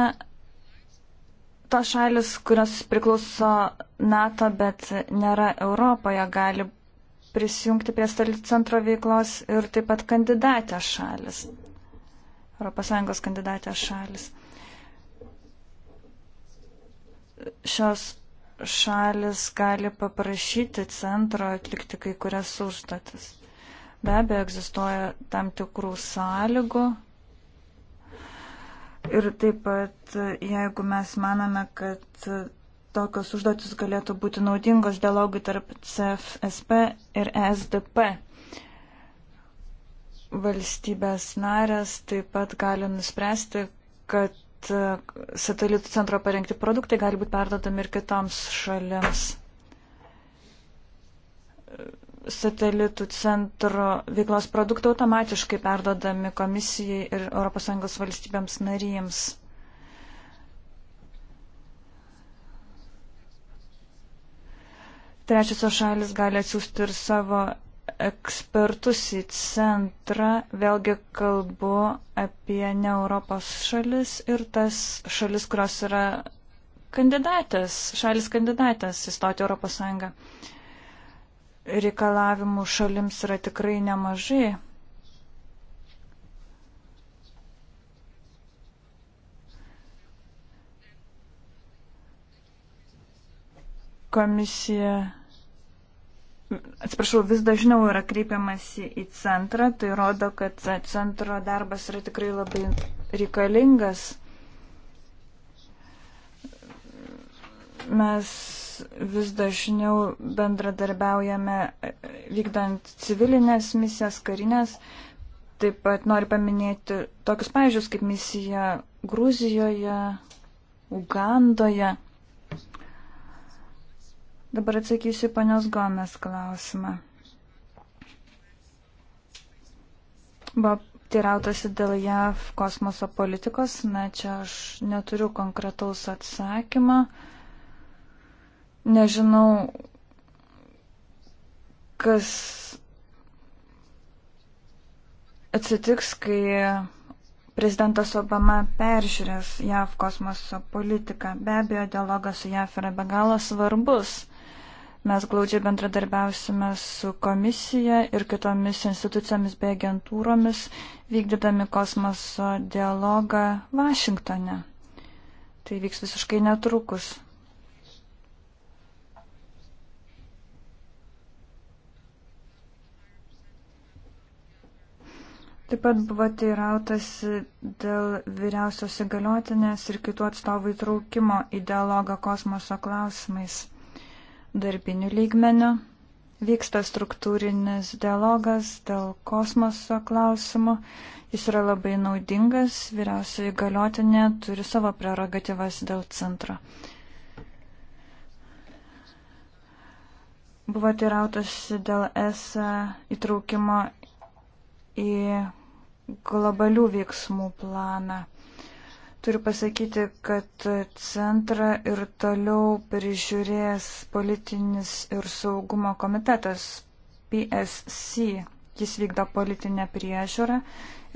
tos šalis, kurios priklauso NATO, bet nėra Europoje, gali prisijungti prie centro veiklos ir taip pat kandidatės šalis, ES kandidatės šalis. Šios šalis gali paprašyti centro atlikti kai kurias užduotis. Be abejo, egzistuoja tam tikrų sąlygų. Ir taip pat, jeigu mes manome, kad tokios užduotis galėtų būti naudingos dialogui tarp CFSP ir ESDP. Valstybės narės taip pat gali nuspręsti, kad e, satelitų centro parengti produktai gali būti perdodami ir kitoms šalims. Satelitų centro veiklos produktai automatiškai perdodami komisijai ir ES valstybėms narėms. Trečiosios šalis gali atsiųsti ir savo ekspertus į centrą. Vėlgi kalbu apie ne Europos šalis ir tas šalis, kurios yra kandidatės, šalis kandidatės įstoti Europos Sąjungą. Reikalavimų šalims yra tikrai nemažai. Komisija atsiprašau, vis dažniau yra kreipiamasi į centrą, tai rodo, kad centro darbas yra tikrai labai reikalingas. Mes vis dažniau bendradarbiaujame vykdant civilinės misijas, karinės. Taip pat noriu paminėti tokius pavyzdžius kaip misija Gruzijoje, Ugandoje. Dabar atsakysiu panios Gomes klausimą. Buvo teirautasi dėl JAV kosmoso politikos, na čia aš neturiu konkretaus atsakymą. Nežinau, kas atsitiks, kai prezidentas Obama peržiūrės JAV kosmoso politiką. Be abejo, dialogas su JAV yra be galo svarbus. Mes glaudžiai bendradarbiausime su komisija ir kitomis institucijomis bei agentūromis, vykdydami kosmoso dialogą Vašingtone. Tai vyks visiškai netrukus. Taip pat buvo teirautas dėl vyriausios įgaliotinės ir kitų atstovų įtraukimo į dialogą kosmoso klausimais darbinių lygmenių. Vyksta struktūrinis dialogas dėl kosmoso klausimų. Jis yra labai naudingas. Vyriausioji galiotinė turi savo prerogatyvas dėl centro. Buvo teirautas dėl ESA įtraukimo į globalių veiksmų planą. Turiu pasakyti, kad centrą ir toliau prižiūrės politinis ir saugumo komitetas PSC. Jis vykdo politinę priežiūrą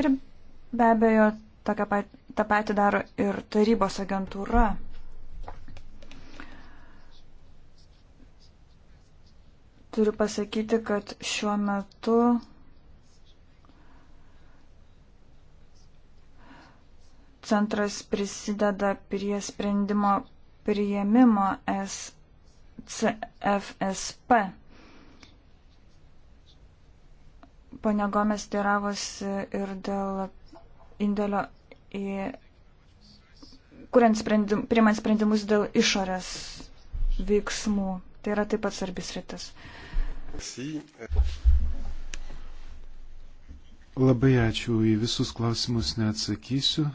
ir be abejo pat, tą patį daro ir tarybos agentūra. Turiu pasakyti, kad šiuo metu centras prisideda prie sprendimo priėmimo SCFSP. Pane Gomes teravosi ir dėl indėlio į, kuriant sprendim, priimant sprendimus dėl išorės veiksmų. Tai yra taip pat svarbis rytis. Labai ačiū, į visus klausimus neatsakysiu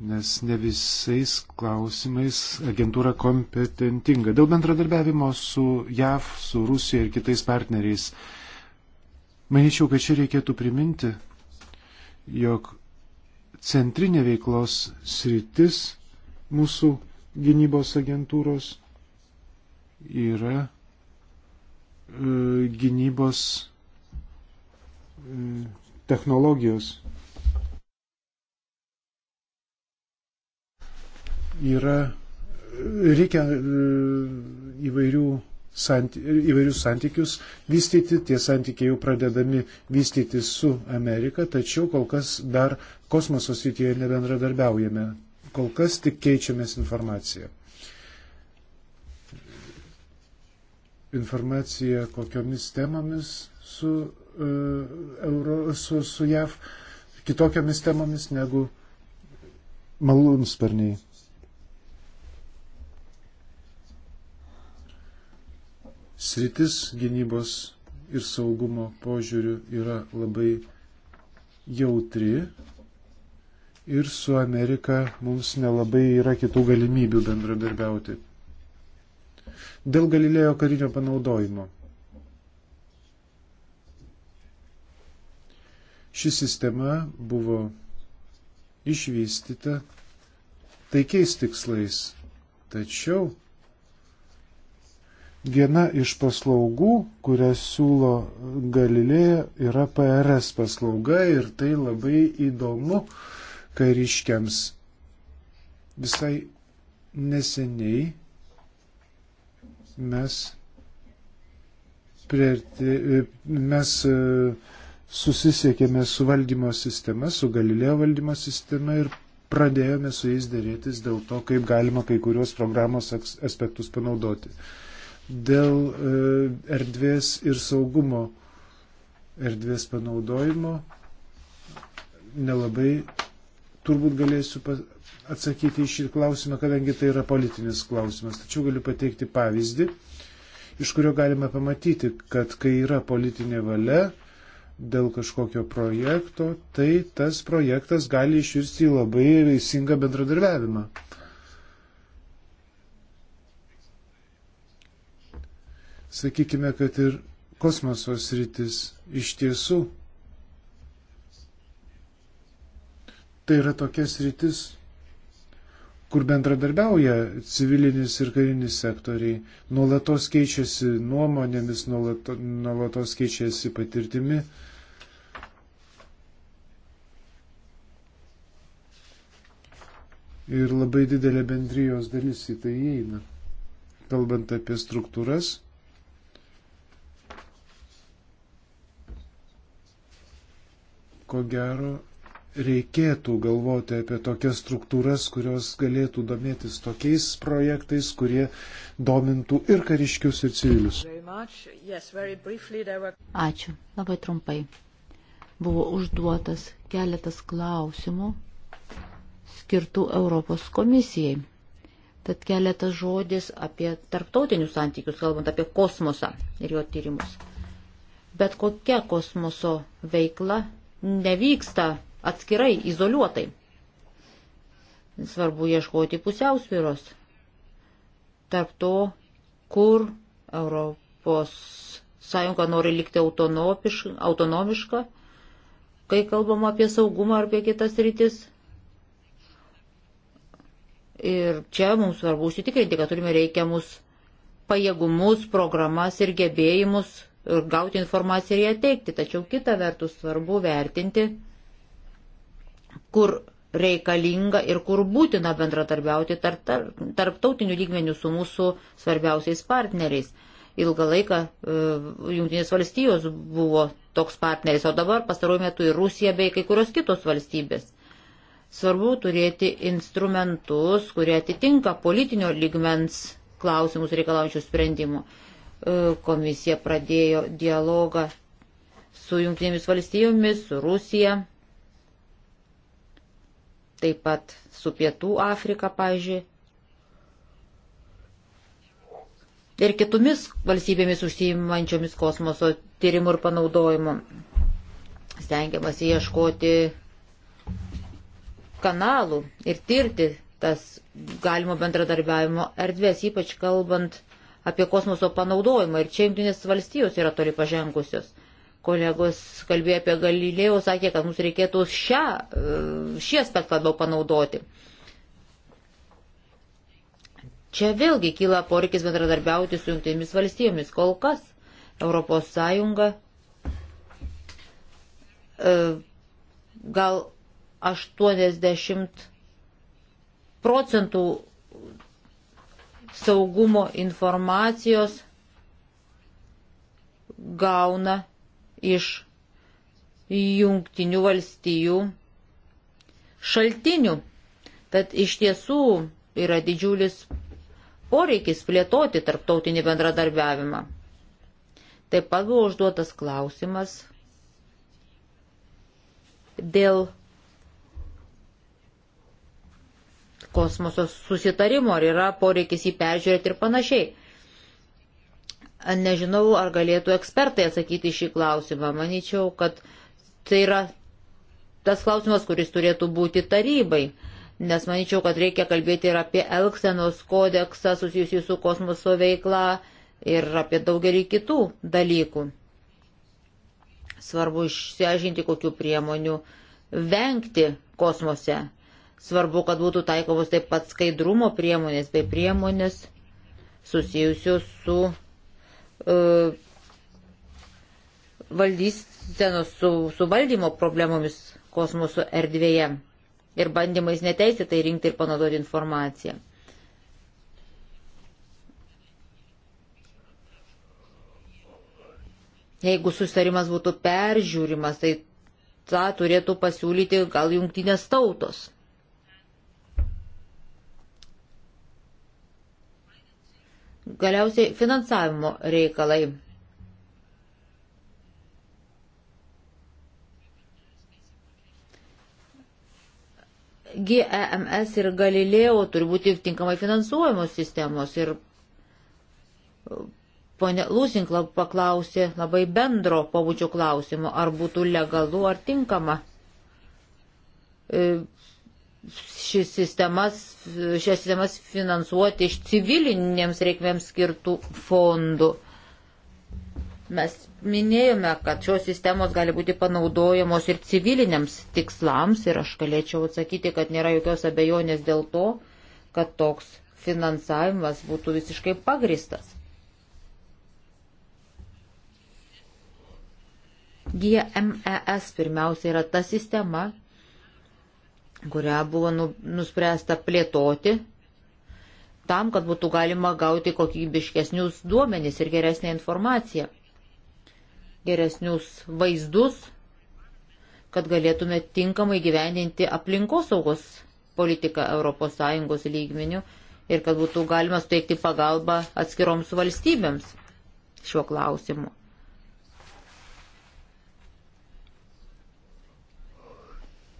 nes ne visais klausimais agentūra kompetentinga. Dėl bendradarbiavimo su JAV, su Rusija ir kitais partneriais. Manyčiau, kad čia reikėtų priminti, jog centrinė veiklos sritis mūsų gynybos agentūros yra e, gynybos e, technologijos. yra, reikia e, įvairių santy, įvairius santykius vystyti. Tie santykiai jau pradedami vystyti su Amerika, tačiau kol kas dar kosmoso srityje nebendradarbiaujame. Kol kas tik keičiamės informaciją. Informacija kokiomis temomis su, uh, Euro, su, su JAV, kitokiamis temomis negu malūnsparniai. sritis gynybos ir saugumo požiūrių yra labai jautri ir su Amerika mums nelabai yra kitų galimybių bendradarbiauti. Dėl Galilėjo karinio panaudojimo. Ši sistema buvo išvystyta taikiais tikslais, tačiau Viena iš paslaugų, kurias siūlo Galilėja, yra PRS paslauga ir tai labai įdomu kariškiams. Visai neseniai mes, priartė, mes e, susisiekėme su valdymo sistema, su Galilėjo valdymo sistema ir pradėjome su jais dėrėtis dėl to, kaip galima kai kuriuos programos aspektus panaudoti dėl e, erdvės ir saugumo erdvės panaudojimo nelabai turbūt galėsiu atsakyti į šį klausimą, kadangi tai yra politinis klausimas. Tačiau galiu pateikti pavyzdį, iš kurio galime pamatyti, kad kai yra politinė valia dėl kažkokio projekto, tai tas projektas gali išvirsti į labai veisingą bendradarbiavimą. Sakykime, kad ir kosmosos rytis iš tiesų tai yra tokias rytis, kur bendradarbiauja civilinis ir karinis sektoriai, nuolatos keičiasi nuomonėmis, nuolatos, nuolatos keičiasi patirtimi. Ir labai didelė bendrijos dalis į tai įeina. Kalbant apie struktūras, ko gero reikėtų galvoti apie tokias struktūras, kurios galėtų domėtis tokiais projektais, kurie domintų ir kariškius, ir civilius. Ačiū. Labai trumpai. Buvo užduotas keletas klausimų skirtų Europos komisijai. Tad keletas žodis apie tarptautinius santykius, kalbant apie kosmosą ir jo tyrimus. Bet kokia kosmoso veikla nevyksta atskirai, izoliuotai. Svarbu ieškoti pusiausvyros tarp to, kur Europos Sąjunga nori likti autonomišką, kai kalbama apie saugumą ar apie kitas rytis. Ir čia mums svarbu užsitikrinti, kad turime reikiamus pajėgumus, programas ir gebėjimus, gauti informaciją ir ją teikti. Tačiau kita vertus svarbu vertinti, kur reikalinga ir kur būtina bendradarbiauti tarp, tarp, tarptautinių lygmenių su mūsų svarbiausiais partneriais. Ilgą laiką e, Junktinės valstijos buvo toks partneris, o dabar pastaruoju metu ir Rusija bei kai kurios kitos valstybės. Svarbu turėti instrumentus, kurie atitinka politinio lygmens klausimus reikalaujančių sprendimų. E, komisija pradėjo dialogą su Junktinėmis valstijomis, su Rusija, taip pat su Pietų Afrika, pažiūrėjau, ir kitomis valstybėmis užsiimančiomis kosmoso tyrimų ir panaudojimu. Stengiamasi ieškoti kanalų ir tirti tas galimo bendradarbiavimo erdvės, ypač kalbant apie kosmoso panaudojimą ir čia jungtinės valstijos yra toli pažengusios. Kolegos kalbėjo apie Galilėjo, sakė, kad mums reikėtų šią, e, šį aspektą labiau panaudoti. Čia vėlgi kyla poreikis bendradarbiauti su jungtinėmis valstijomis. Kol kas Europos Sąjunga e, gal 80 procentų saugumo informacijos gauna iš jungtinių valstijų šaltinių. Tad iš tiesų yra didžiulis poreikis plėtoti tarptautinį bendradarbiavimą. Taip pat buvo užduotas klausimas dėl kosmoso susitarimo, ar yra poreikis jį peržiūrėti ir panašiai. Nežinau, ar galėtų ekspertai atsakyti šį klausimą. Manyčiau, kad tai yra tas klausimas, kuris turėtų būti tarybai. Nes manyčiau, kad reikia kalbėti ir apie Elksenos kodeksą susijusiu su kosmoso veikla ir apie daugelį kitų dalykų. Svarbu išsiaiškinti, kokiu priemoniu vengti kosmose. Svarbu, kad būtų taikomos taip pat skaidrumo priemonės bei priemonės susijusios su uh, e, valdysenos, su, su valdymo problemomis kosmoso erdvėje ir bandymais neteisėtai rinkti ir panaudoti informaciją. Jeigu susitarimas būtų peržiūrimas, tai tą turėtų pasiūlyti gal jungtinės tautos. Galiausiai finansavimo reikalai. GEMS ir Galileo turi būti tinkamai finansuojamos sistemos. Ir uh, ponė Lūsinkla paklausė labai bendro pabudžio klausimo, ar būtų legalu ar tinkama uh, šis sistemas, šias sistemas finansuoti iš civilinėms reikmėms skirtų fondų. Mes minėjome, kad šios sistemos gali būti panaudojamos ir civiliniams tikslams ir aš galėčiau atsakyti, kad nėra jokios abejonės dėl to, kad toks finansavimas būtų visiškai pagristas. GMES pirmiausia yra ta sistema, kurią buvo nu, nuspręsta plėtoti tam, kad būtų galima gauti kokybiškesnius duomenys ir geresnę informaciją, geresnius vaizdus, kad galėtume tinkamai gyveninti aplinkosaugos politiką ES lygmenių ir kad būtų galima suteikti pagalbą atskiroms valstybėms šiuo klausimu.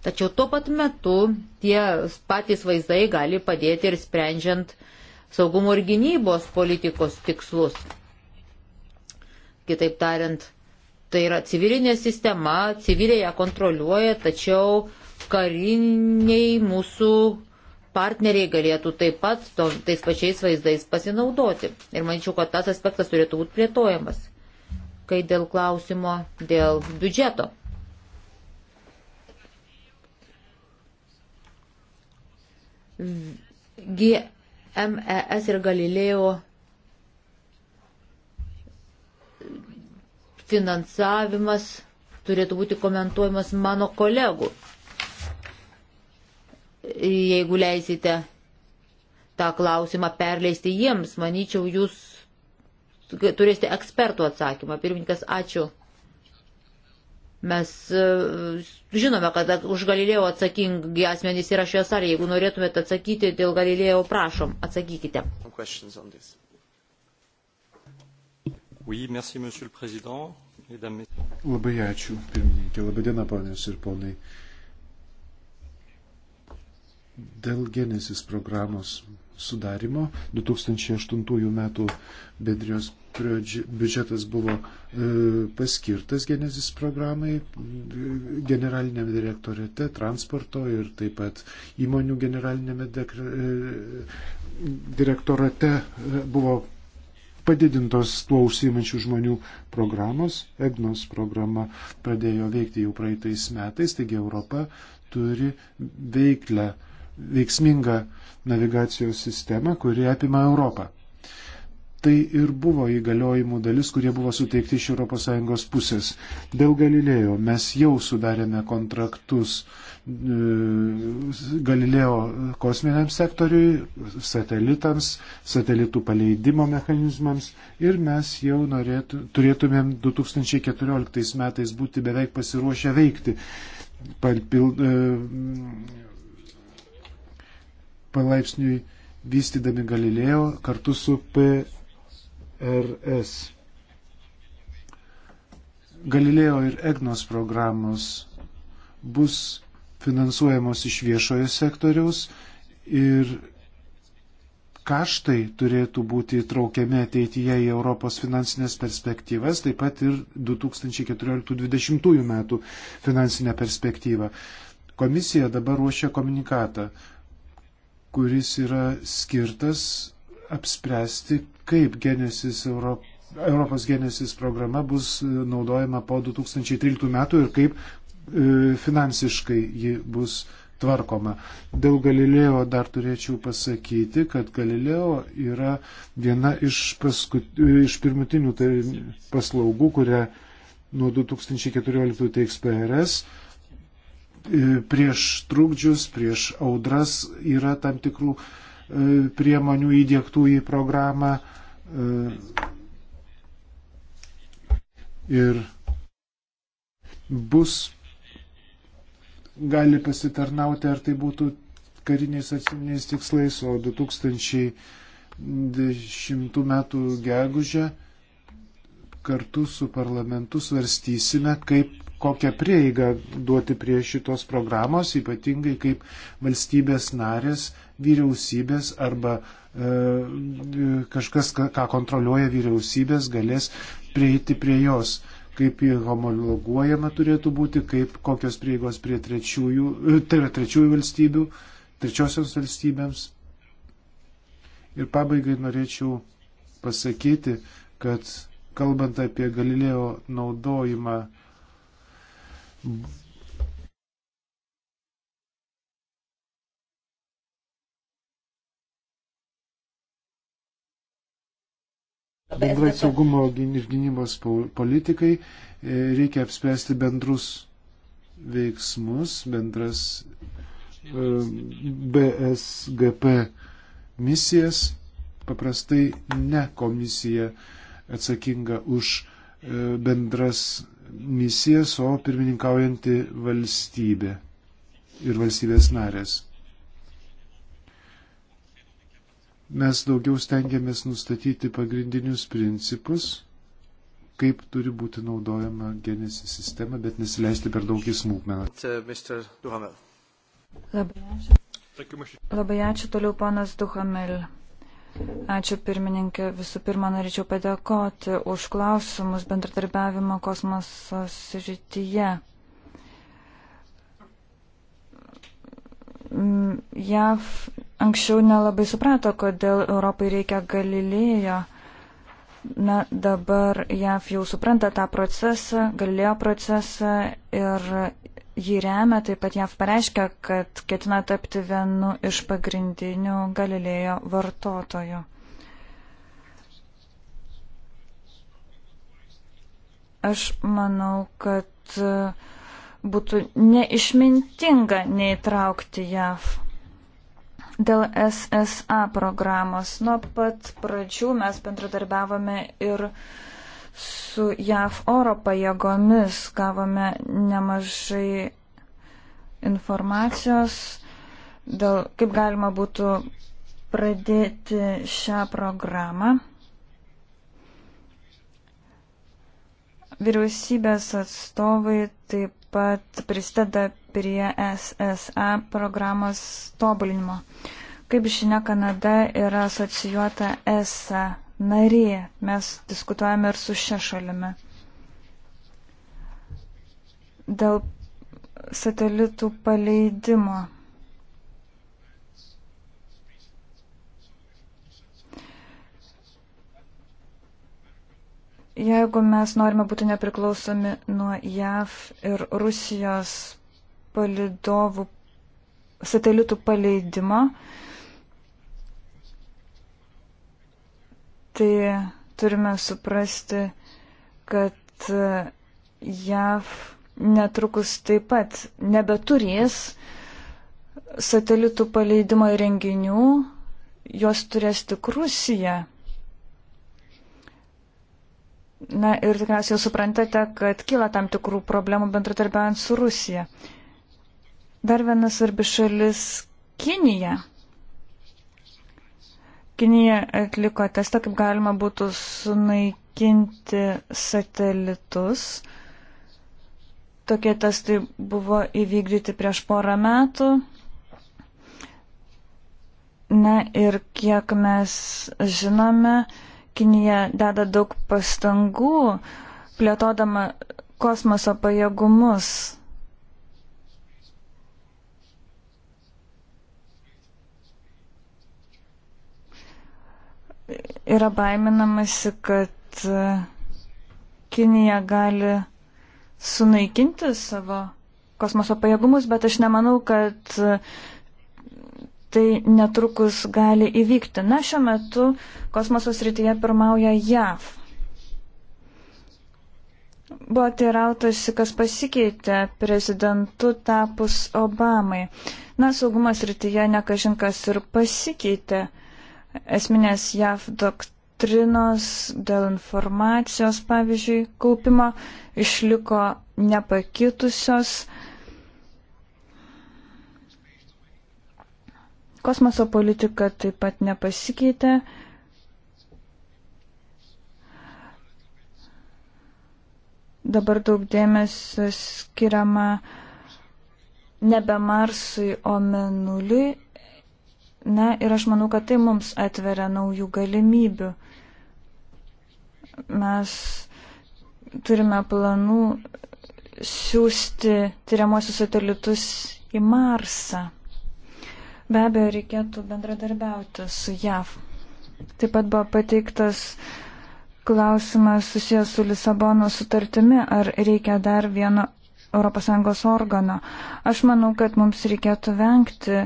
Tačiau tuo pat metu tie patys vaizdai gali padėti ir sprendžiant saugumo ir gynybos politikos tikslus. Kitaip tariant, tai yra civilinė sistema, civiliai ją kontroliuoja, tačiau kariniai mūsų partneriai galėtų taip pat to, tais pačiais vaizdais pasinaudoti. Ir manyčiau, kad tas aspektas turėtų būti plėtojamas. Kai dėl klausimo, dėl biudžeto. GMES ir Galilėjo finansavimas turėtų būti komentuojamas mano kolegų. Jeigu leisite tą klausimą perleisti jiems, manyčiau, jūs turėsite ekspertų atsakymą. Pirmininkas, ačiū Mes e, žinome, kad už Galilėjo atsakingi asmenys yra šioje salėje. Jeigu norėtumėte atsakyti dėl Galilėjo, prašom, atsakykite. Oui, merci, Labai ačiū, pirmininkė. Labai diena, ponios ir ponai. Dėl Genesis programos sudarimo 2008 m. bendrijos biudžetas buvo e, paskirtas Genezis programai generalinėme direktorete, transporto ir taip pat įmonių generalinėme e, direktorate e, buvo padidintos tuo užsiimančių žmonių programos. EGNOS programa pradėjo veikti jau praeitais metais, taigi Europa turi veiklę, veiksmingą navigacijos sistemą, kuri apima Europą tai ir buvo įgaliojimų dalis, kurie buvo suteikti iš ES pusės. Dėl Galilėjo mes jau sudarėme kontraktus e, Galilėjo kosminiam sektoriui, satelitams, satelitų paleidimo mechanizmams ir mes jau norėtų, turėtumėm 2014 metais būti beveik pasiruošę veikti. Palpil, e, palaipsniui vystydami Galilėjo kartu su P RS. Galilėjo ir EGNOS programos bus finansuojamos iš viešojo sektoriaus ir kaštai turėtų būti įtraukiami ateityje į Europos finansinės perspektyvas, taip pat ir 2014-2020 metų finansinę perspektyvą. Komisija dabar ruošia komunikatą, kuris yra skirtas apspręsti, kaip Genesis Europa, Europos Genesis programa bus e, naudojama po 2013 metų ir kaip e, finansiškai ji bus tvarkoma. Dėl Galilėjo dar turėčiau pasakyti, kad Galilėjo yra viena iš, paskut, e, iš pirmutinių tai paslaugų, kurią nuo 2014 teiks PRS. Prieš trukdžius, prieš audras yra tam tikrų uh, priemonių įdėktų į programą. Ir bus gali pasitarnauti, ar tai būtų kariniais atsiminiais tikslais, o 2010 metų gegužę kartu su parlamentu svarstysime, kaip kokią prieigą duoti prie šitos programos, ypatingai kaip valstybės narės, vyriausybės arba e, kažkas, ką kontroliuoja vyriausybės, galės prieiti prie jos kaip jį homologuojama turėtų būti, kaip kokios prieigos prie trečiųjų, e, tai yra trečiųjų valstybių, trečiosios valstybėms. Ir pabaigai norėčiau pasakyti, kad kalbant apie Galilėjo naudojimą Bendrai saugumo ir gynybos politikai e, reikia apspręsti bendrus veiksmus, bendras e, BSGP misijas. Paprastai ne komisija atsakinga už E, bendras misijas, o pirmininkaujanti valstybė ir valstybės narės. Mes daugiau stengiamės nustatyti pagrindinius principus, kaip turi būti naudojama genesi sistema, bet nesileisti per daug į smulkmeną. Uh, Labai ačiū. Labai ačiū toliau panas Duhamel. Ačiū pirmininkė. Visų pirma, norėčiau padėkoti už klausimus bendradarbiavimo kosmoso srityje. Mm, JAV anksčiau nelabai suprato, kodėl Europai reikia Galilėjo. Na, dabar JAV jau supranta tą procesą, Galilėjo procesą ir jį remia, taip pat JAV pareiškia, kad ketina tapti vienu iš pagrindinių Galilėjo vartotojų. Aš manau, kad e, būtų neišmintinga neįtraukti JAV. Dėl SSA programos nuo pat pradžių mes bendradarbiavome ir uh, Su JAV oro pajėgomis gavome nemažai informacijos, dėl, kaip galima būtų pradėti šią programą. Vyriausybės atstovai taip pat prisideda prie SSA programos tobulinimo. Kaip žinia, Kanada yra asocijuota ESA narė. Mes diskutuojame ir su šia šalimi. Dėl satelitų paleidimo. Jeigu mes norime būti nepriklausomi nuo JAV ir Rusijos palidovų satelitų paleidimo, tai turime suprasti, kad e, JAV netrukus taip pat nebeturės satelitų paleidimo įrenginių, jos turės tik Rusija. Na ir tikriausiai suprantate, kad kyla tam tikrų problemų bendratarbiaujant su Rusija. Dar viena svarbi šalis - Kinija. Kinija atliko testą, kaip galima būtų sunaikinti satelitus. Tokie testai buvo įvykdyti prieš porą metų. Na ir kiek mes žinome, Kinija deda daug pastangų plėtodama kosmoso pajėgumus yra baiminamasi, kad e, Kinija gali sunaikinti savo kosmoso pajėgumus, bet aš nemanau, kad e, tai netrukus gali įvykti. Na, šiuo metu kosmoso srityje pirmauja JAV. Buvo teirautasi, kas pasikeitė prezidentu tapus Obamai. Na, saugumas rytyje nekažinkas ir pasikeitė. Uh, esminės JAV doktrinos dėl informacijos, pavyzdžiui, kaupimo išliko nepakitusios. Kosmoso politika taip pat nepasikeitė. Dabar daug dėmesio skiriama nebe Marsui, o Menuliui Na ir aš manau, kad tai mums atveria naujų galimybių. Mes turime planų siūsti tyriamosius satelitus į Marsą. Be abejo, reikėtų bendradarbiauti su JAV. Taip pat buvo pateiktas klausimas susijęs su Lisabono sutartimi, ar reikia dar vieno ES organo. Aš manau, kad mums reikėtų vengti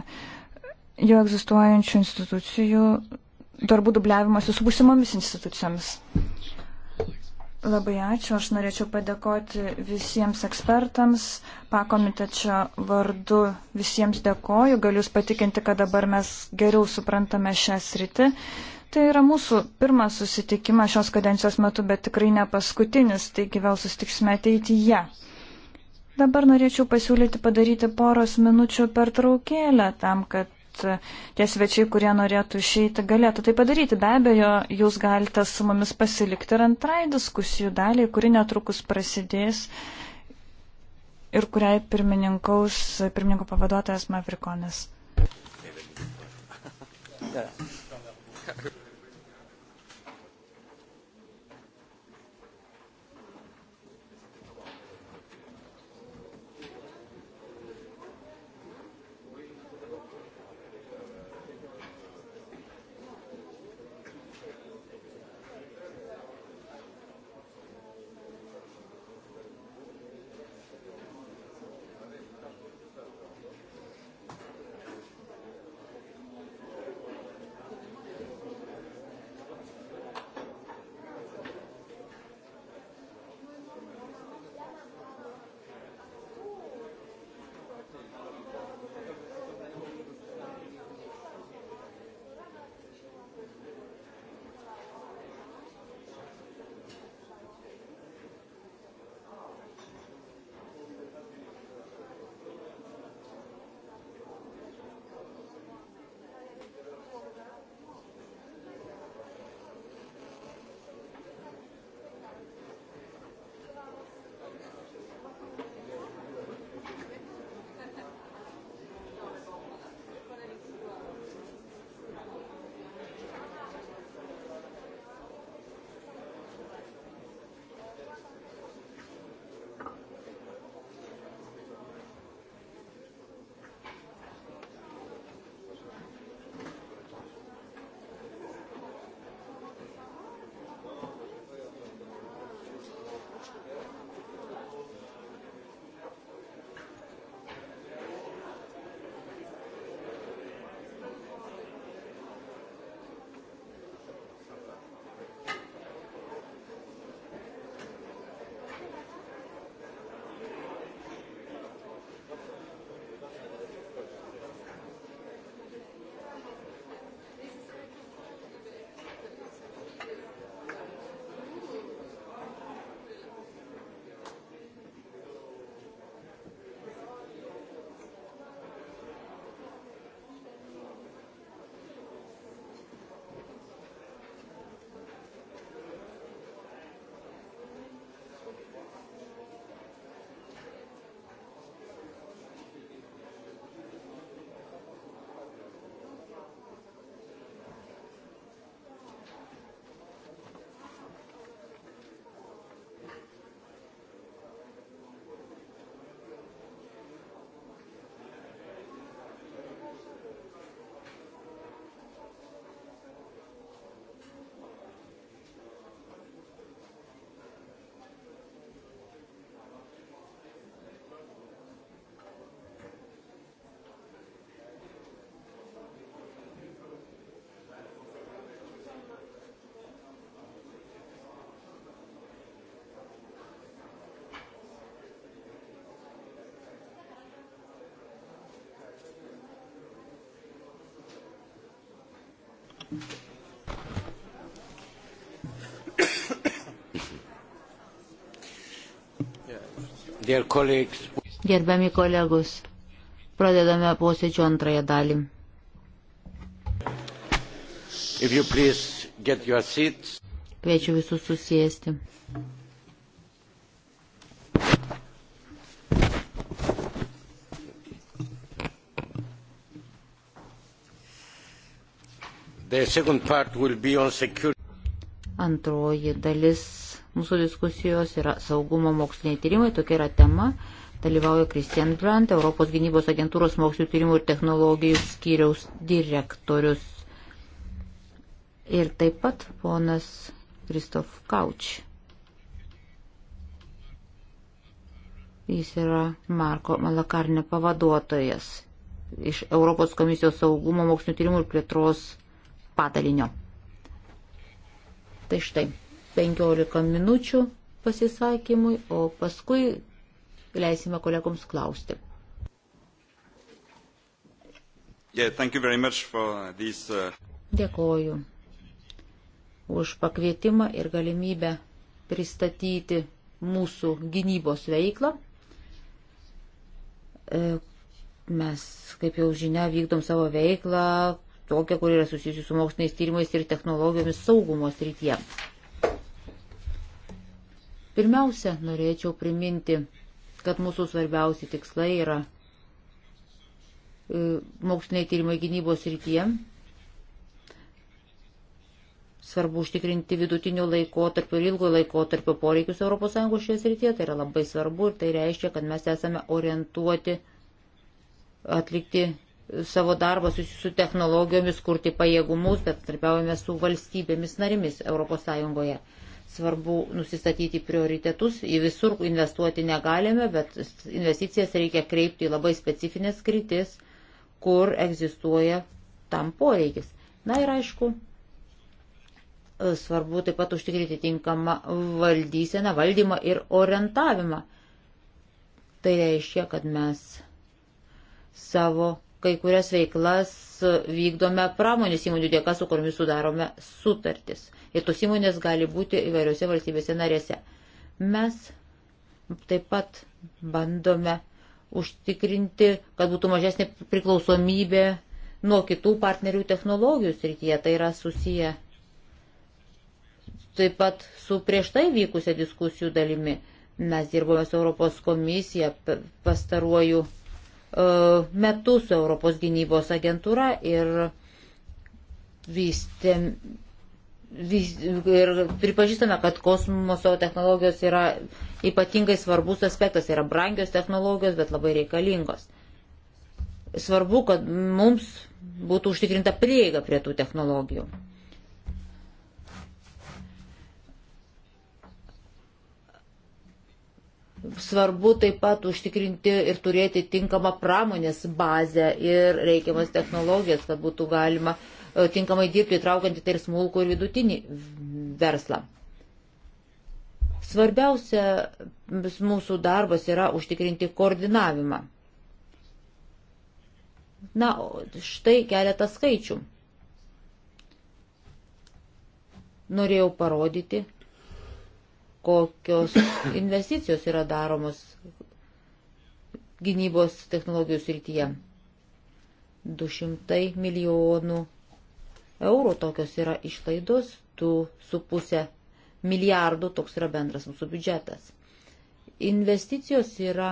jau egzistuojančių institucijų darbų dubliavimuose su būsimomis institucijomis. Labai ačiū. Aš norėčiau padėkoti visiems ekspertams. Pakomitečio vardu visiems dėkoju. Galiu jūs patikinti, kad dabar mes geriau suprantame šią sritį. Tai yra mūsų pirmas susitikimas šios kadencijos metu, bet tikrai ne paskutinis, taigi vėl susitiksime ateityje. Dabar norėčiau pasiūlyti padaryti poros minučių per traukėlę tam, kad tie svečiai, kurie norėtų išeiti, galėtų tai padaryti. Be abejo, jūs galite su mumis pasilikti ir antrai diskusijų daliai, kuri netrukus prasidės ir kuriai pirmininkaus, pirmininko pavaduotojas Mavrikonis. Yeah. Gerbiami kolegos, pradedame posėdžio antrąją dalį. Kviečiu visus susėsti. Antroji dalis mūsų diskusijos yra saugumo moksliniai tyrimai, tokia yra tema. Dalyvauja Christian Brandt, Europos gynybos agentūros mokslių tyrimų ir technologijų skyriaus direktorius. Ir taip pat ponas Kristof Kauč. Jis yra Marko Malakarne pavaduotojas iš Europos komisijos saugumo mokslinio tyrimų ir plėtros padalinio. Tai štai, 15 minučių pasisakymui, o paskui leisime kolegoms klausti. Yeah, this, uh... Dėkoju už pakvietimą ir galimybę pristatyti mūsų gynybos veiklą. E, mes, kaip jau žinia, vykdom savo veiklą tokią, kur yra susijusi su moksliniais tyrimais ir technologijomis saugumo srityje. Pirmiausia, norėčiau priminti, kad mūsų svarbiausi tikslai yra e, moksliniai tyrimai gynybos srityje. Svarbu užtikrinti vidutinio laikotarpio ir ilgo laikotarpio poreikius ES šioje srityje. Tai yra labai svarbu ir tai reiškia, kad mes esame orientuoti atlikti savo darbą su technologijomis, kurti pajėgumus, bet tarpiaujame su valstybėmis narimis ES. Svarbu nusistatyti prioritetus, į visur investuoti negalime, bet investicijas reikia kreipti į labai specifines kritis, kur egzistuoja tam poreikis. Na ir aišku, svarbu taip pat užtikrinti tinkamą valdyseną, valdymą ir orientavimą. Tai reiškia, kad mes savo kai kurias veiklas vykdome pramonės įmonių dėka, su kuriomis sudarome sutartis. Ir tos įmonės gali būti įvairiose valstybėse narėse. Mes taip pat bandome užtikrinti, kad būtų mažesnė priklausomybė nuo kitų partnerių technologijų srityje. Tai yra susiję taip pat su prieš tai vykusią diskusijų dalimi. Mes dirbome su Europos komisija pastaruoju E, metus su Europos gynybos agentūra ir vystėm. Vis, ir pripažįstame, kad kosmoso technologijos yra ypatingai svarbus aspektas, yra brangios technologijos, bet labai reikalingos. Svarbu, kad mums būtų užtikrinta prieiga prie tų technologijų. Svarbu taip pat užtikrinti ir turėti tinkamą pramonės bazę ir reikiamas technologijas, kad būtų galima e, tinkamai dirbti, traukiant į tai ir smulkų ir vidutinį verslą. Svarbiausia mūsų darbas yra užtikrinti koordinavimą. Na, štai keletą skaičių. Norėjau parodyti, kokios investicijos yra daromos gynybos technologijų srityje. 200 milijonų eurų tokios yra išlaidos, 2,5 milijardų toks yra bendras mūsų biudžetas. Investicijos yra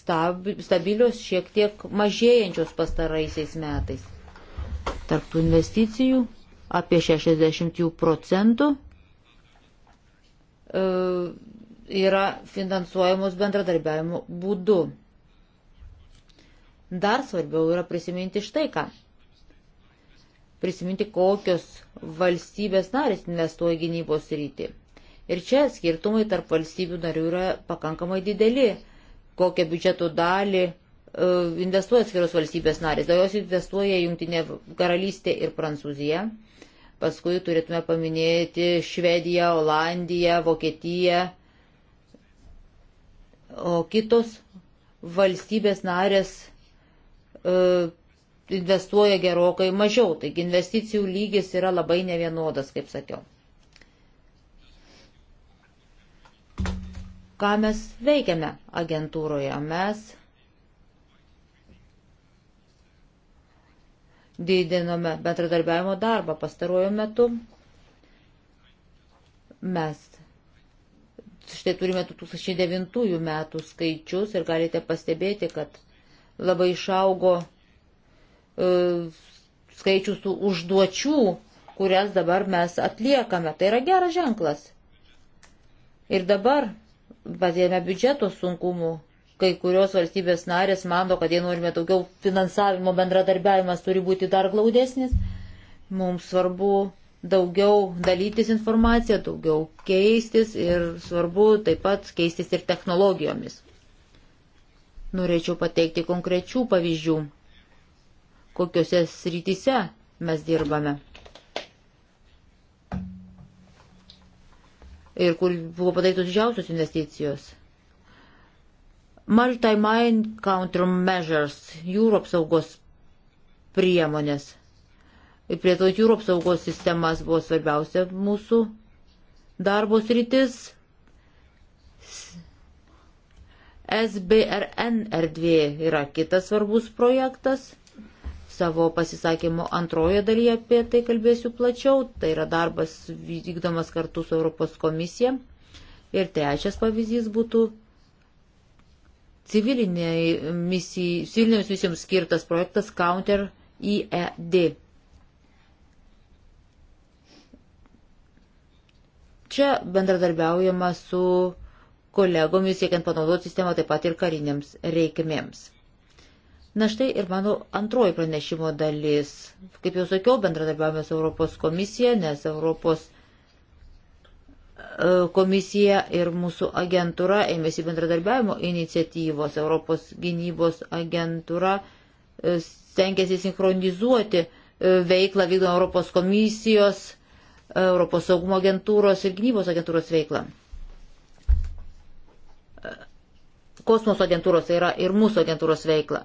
stabilios, šiek tiek mažėjančios pastaraisiais metais. Tarptų investicijų apie 60 procentų E, yra finansuojamos bendradarbiavimo būdu. Dar svarbiau yra prisiminti štai ką. Prisiminti, kokios valstybės narės investuoja gynybos rytį. Ir čia skirtumai tarp valstybių narių yra pakankamai dideli. Kokią biudžeto dalį e, investuoja atskiros valstybės narės. Daugiausiai investuoja Junktinė karalystė ir Prancūzija. Paskui turėtume paminėti Švediją, Olandiją, Vokietiją. O kitos valstybės narės e, investuoja gerokai mažiau, taigi investicijų lygis yra labai nevienodas, kaip sakiau. Ką mes veikiame agentūroje? Mes didinome bendradarbiavimo darbą pastaruoju metu. Mes štai turime 2009 metų skaičius ir galite pastebėti, kad labai išaugo e, skaičius tų užduočių, kurias dabar mes atliekame. Tai yra geras ženklas. Ir dabar, vadėjame biudžeto sunkumų kai kurios valstybės narės mano, kad jei norime daugiau finansavimo bendradarbiavimas turi būti dar glaudesnis. Mums svarbu daugiau dalytis informaciją, daugiau keistis ir svarbu taip pat keistis ir technologijomis. Norėčiau pateikti konkrečių pavyzdžių, kokiuose srityse mes dirbame. Ir kur buvo padarytos didžiausios investicijos. Maritime Countermeasures, jūrų apsaugos priemonės. Plėtojant jūrų apsaugos sistemas buvo svarbiausia mūsų darbos rytis. SBRN erdvė yra kitas svarbus projektas. Savo pasisakymo antroje dalyje apie tai kalbėsiu plačiau. Tai yra darbas vykdomas kartu su Europos komisija. Ir trečias pavyzdys būtų misij, civilinėms misijoms skirtas projektas Counter IED. Čia bendradarbiaujama su kolegomis siekiant panaudoti sistemą taip pat ir kariniams reikmėms. Na štai ir mano antroji pranešimo dalis. Kaip jau sakiau, bendradarbiavame su Europos komisija, nes Europos komisija E, komisija ir mūsų agentūra ėmėsi bendradarbiavimo iniciatyvos. Europos gynybos agentūra e, stengiasi sinchronizuoti e, veiklą vykdomą Europos komisijos, Europos saugumo agentūros ir gynybos agentūros veiklą. Kosmoso agentūros tai yra ir mūsų agentūros veikla.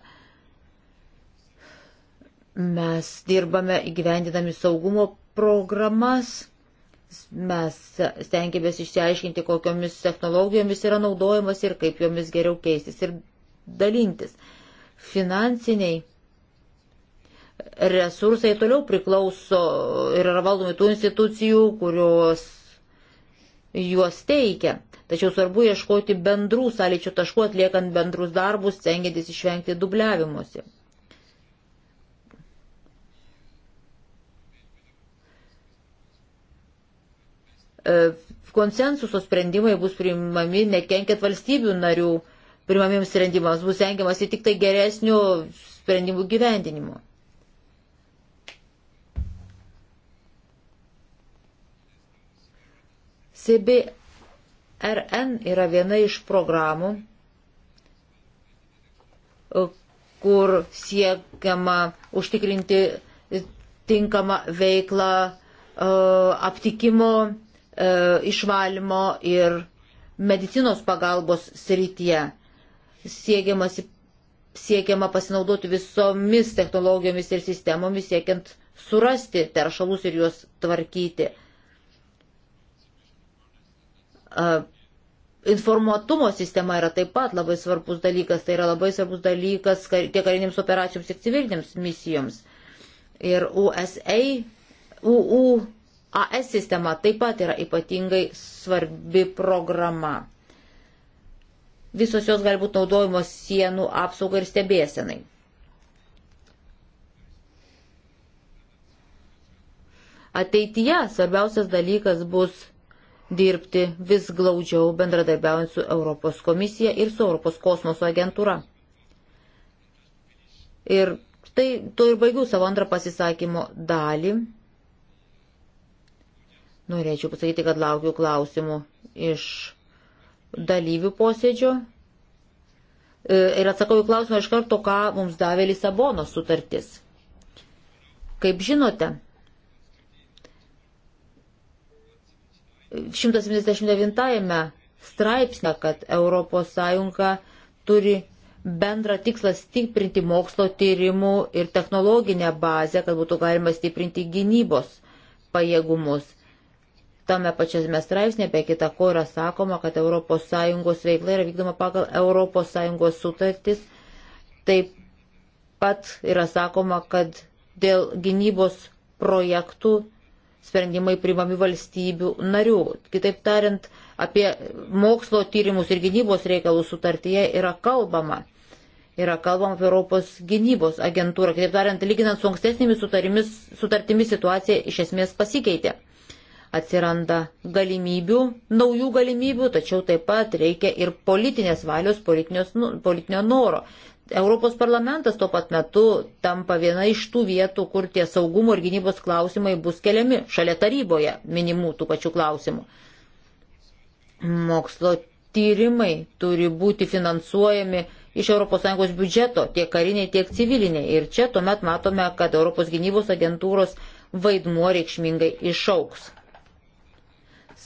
Mes dirbame įgyvendinami saugumo programas mes stengiamės išsiaiškinti, kokiomis technologijomis yra naudojamas ir kaip jomis geriau keistis ir dalintis. Finansiniai resursai toliau priklauso ir yra valdomi tų institucijų, kurios juos teikia. Tačiau svarbu ieškoti bendrų sąlyčių taškų, atliekant bendrus darbus, stengiantis išvengti dubliavimuose. E, konsensuso sprendimai bus priimami nekenkiant valstybių narių primamiems sprendimams, bus engiamasi tik tai geresnių sprendimų gyvendinimo. CBRN yra viena iš programų, e, kur siekiama užtikrinti tinkamą veiklą e, aptikimo E, išvalymo ir medicinos pagalbos srityje. Siekiamasi, siekiama pasinaudoti visomis technologijomis ir sistemomis, siekiant surasti teršalus ir juos tvarkyti. E, informuotumo sistema yra taip pat labai svarbus dalykas, tai yra labai svarbus dalykas tiek karinėms operacijoms, tiek civilinėms misijoms. Ir USA, UU AS sistema taip pat yra ypatingai svarbi programa. Visos jos gali būti naudojamos sienų apsaugai ir stebėsenai. Ateityje svarbiausias dalykas bus dirbti vis glaudžiau bendradarbiaujant su Europos komisija ir su Europos kosmoso agentūra. Ir tai, to ir baigiu savo antrą pasisakymo dalį. Norėčiau pasakyti, kad laukiu klausimų iš dalyvių posėdžio. E, ir atsakau į klausimą iš karto, ką mums davė Lisabonos sutartis. Kaip žinote, 179 straipsnė, kad ES turi bendrą tikslą stiprinti mokslo tyrimų ir technologinę bazę, kad būtų galima stiprinti gynybos pajėgumus. Tame pačiame straipsnėje apie kitą ko yra sakoma, kad ES veikla yra vykdoma pagal ES sutartis. Taip pat yra sakoma, kad dėl gynybos projektų sprendimai primami valstybių narių. Kitaip tariant, apie mokslo tyrimus ir gynybos reikalus sutartyje yra kalbama. Yra kalbama apie Europos gynybos agentūrą. Kitaip tariant, lyginant su ankstesnėmis sutartimis situacija iš esmės pasikeitė atsiranda galimybių, naujų galimybių, tačiau taip pat reikia ir politinės valios, nu, politinio noro. Europos parlamentas tuo pat metu tampa viena iš tų vietų, kur tie saugumo ir gynybos klausimai bus keliami, šalia taryboje minimų tų pačių klausimų. Mokslo tyrimai turi būti finansuojami iš ES biudžeto, tiek kariniai, tiek civiliniai. Ir čia tuomet matome, kad Europos gynybos agentūros vaidmuo reikšmingai išauks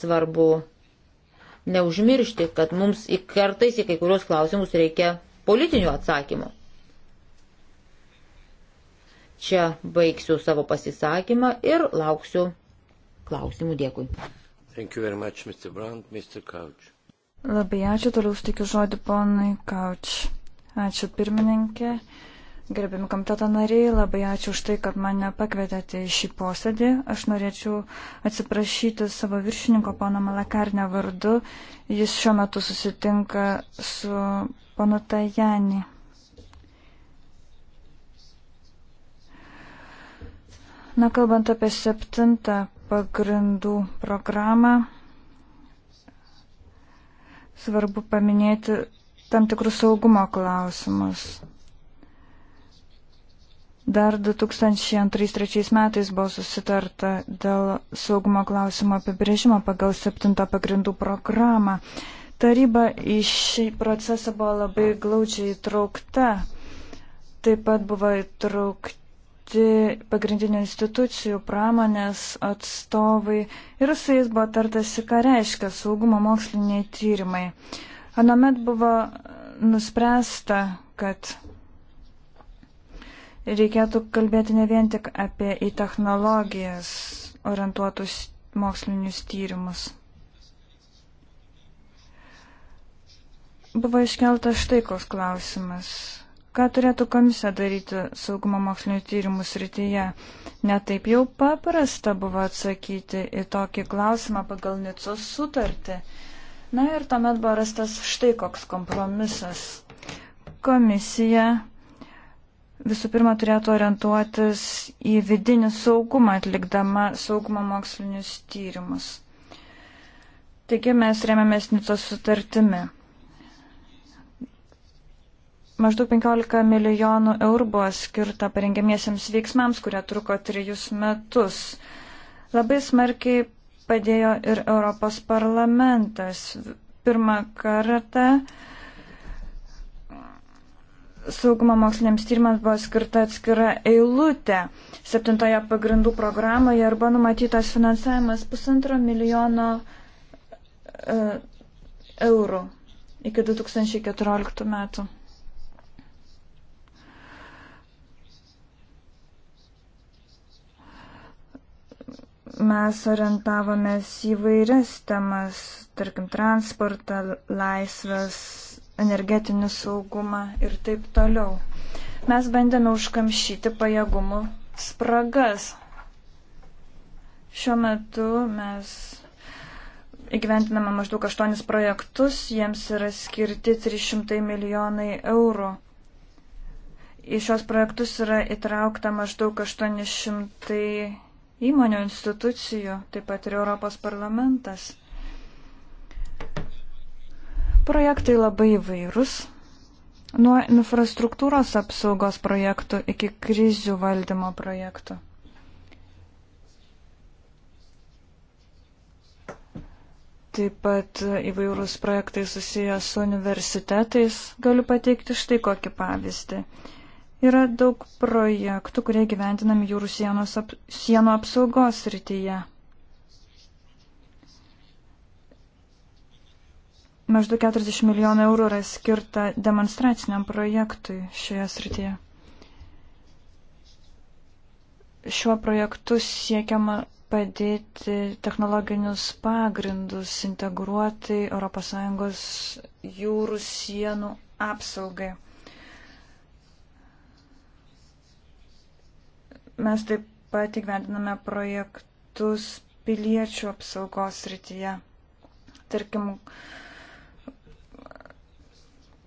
svarbu neužmiršti, kad mums į kartais į kai kurios klausimus reikia politinių atsakymų. Čia baigsiu savo pasisakymą ir lauksiu klausimų. Dėkui. Much, Mr. Brandt, Mr. Couch. Labai ačiū, toliau stikiu žodį ponui Kauč. Ačiū pirmininkė. Uh, Gerbiami komiteto nariai, labai ačiū už tai, kad mane pakvietėte į šį posėdį. Aš norėčiau atsiprašyti savo viršininko pono Malakarne vardu. Jis šiuo metu susitinka su ponu Tajani. Na, kalbant apie septintą pagrindų programą, svarbu paminėti tam tikrus saugumo klausimus. Dar 2002-2003 metais buvo susitarta dėl saugumo klausimo apibrėžimo pagal septintą pagrindų programą. Taryba į šį procesą buvo labai glaudžiai įtraukta. Taip pat buvo įtraukti pagrindinių institucijų, pramonės atstovai ir su jais buvo tartasi, ką reiškia saugumo moksliniai tyrimai. Anomet buvo nuspręsta, kad reikėtų kalbėti ne vien tik apie į technologijas orientuotus mokslinius tyrimus. Buvo iškeltas štai koks klausimas. Ką turėtų komisija daryti saugumo mokslinio tyrimų srityje? Netaip jau paprasta buvo atsakyti į tokį klausimą pagal Nicos sutartį. Na ir tuomet buvo rastas štai koks kompromisas. Komisija visų pirma turėtų orientuotis į vidinį saugumą, atlikdama saugumo mokslinius tyrimus. Taigi mes remiamės Nicos sutartimi. Maždaug 15 milijonų eurų buvo skirta parengiamiesiems veiksmams, kurie truko trijus metus. Labai smarkiai padėjo ir Europos parlamentas. Pirmą kartą uh, saugumo moksliniams tyrimams buvo skirta atskira eilutė. Septintoje pagrindų programoje ir buvo numatytas finansavimas pusantro milijono e, eurų iki 2014 metų. Mes orientavomės į vairias temas, tarkim, transportą, laisvės energetinį saugumą ir taip toliau. Mes bandėme užkamšyti pajėgumų spragas. Šiuo metu mes įgyventiname maždaug 8 projektus, jiems yra skirti 300 milijonai eurų. Į šios projektus yra įtraukta maždaug 800 įmonių institucijų, taip pat ir Europos parlamentas. Projektai labai įvairūs. Nuo infrastruktūros apsaugos projektų iki krizių valdymo projektų. Taip pat įvairūs projektai susiję su universitetais. Galiu pateikti štai kokį pavyzdį. Yra daug projektų, kurie gyventinami jūrų sienos, ap, sienų apsaugos rytyje. Maždaug 40 milijonų eurų yra skirta demonstraciniam projektui šioje srityje. Šiuo projektu siekiama padėti technologinius pagrindus integruoti ES jūrų sienų apsaugai. Mes taip pat įgyvendiname projektus piliečių apsaugos srityje. Tarkim,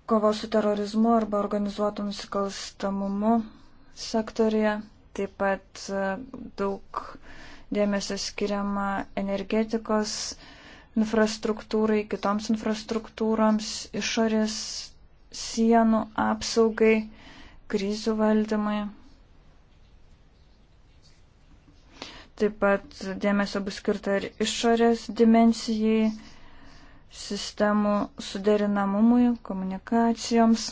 kovos su terorizmu arba organizuotų nusikalstamumu sektorija. Taip pat e, daug dėmesio skiriama energetikos infrastruktūrai, kitoms infrastruktūroms, išorės sienų apsaugai, krizių valdymai. Taip pat dėmesio bus skirta ir išorės dimensijai, sistemų suderinamumui, komunikacijoms.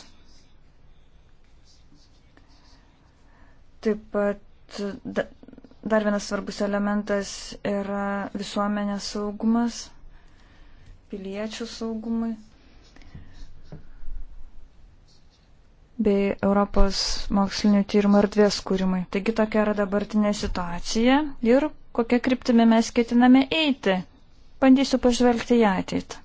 Taip pat dar vienas svarbus elementas yra visuomenės saugumas, piliečių saugumui. bei Europos mokslinių tyrimų erdvės kūrimui. Taigi tokia yra dabartinė situacija ir kokia kryptimi mes ketiname eiti. Bandysiu pažvelgti į ateitį.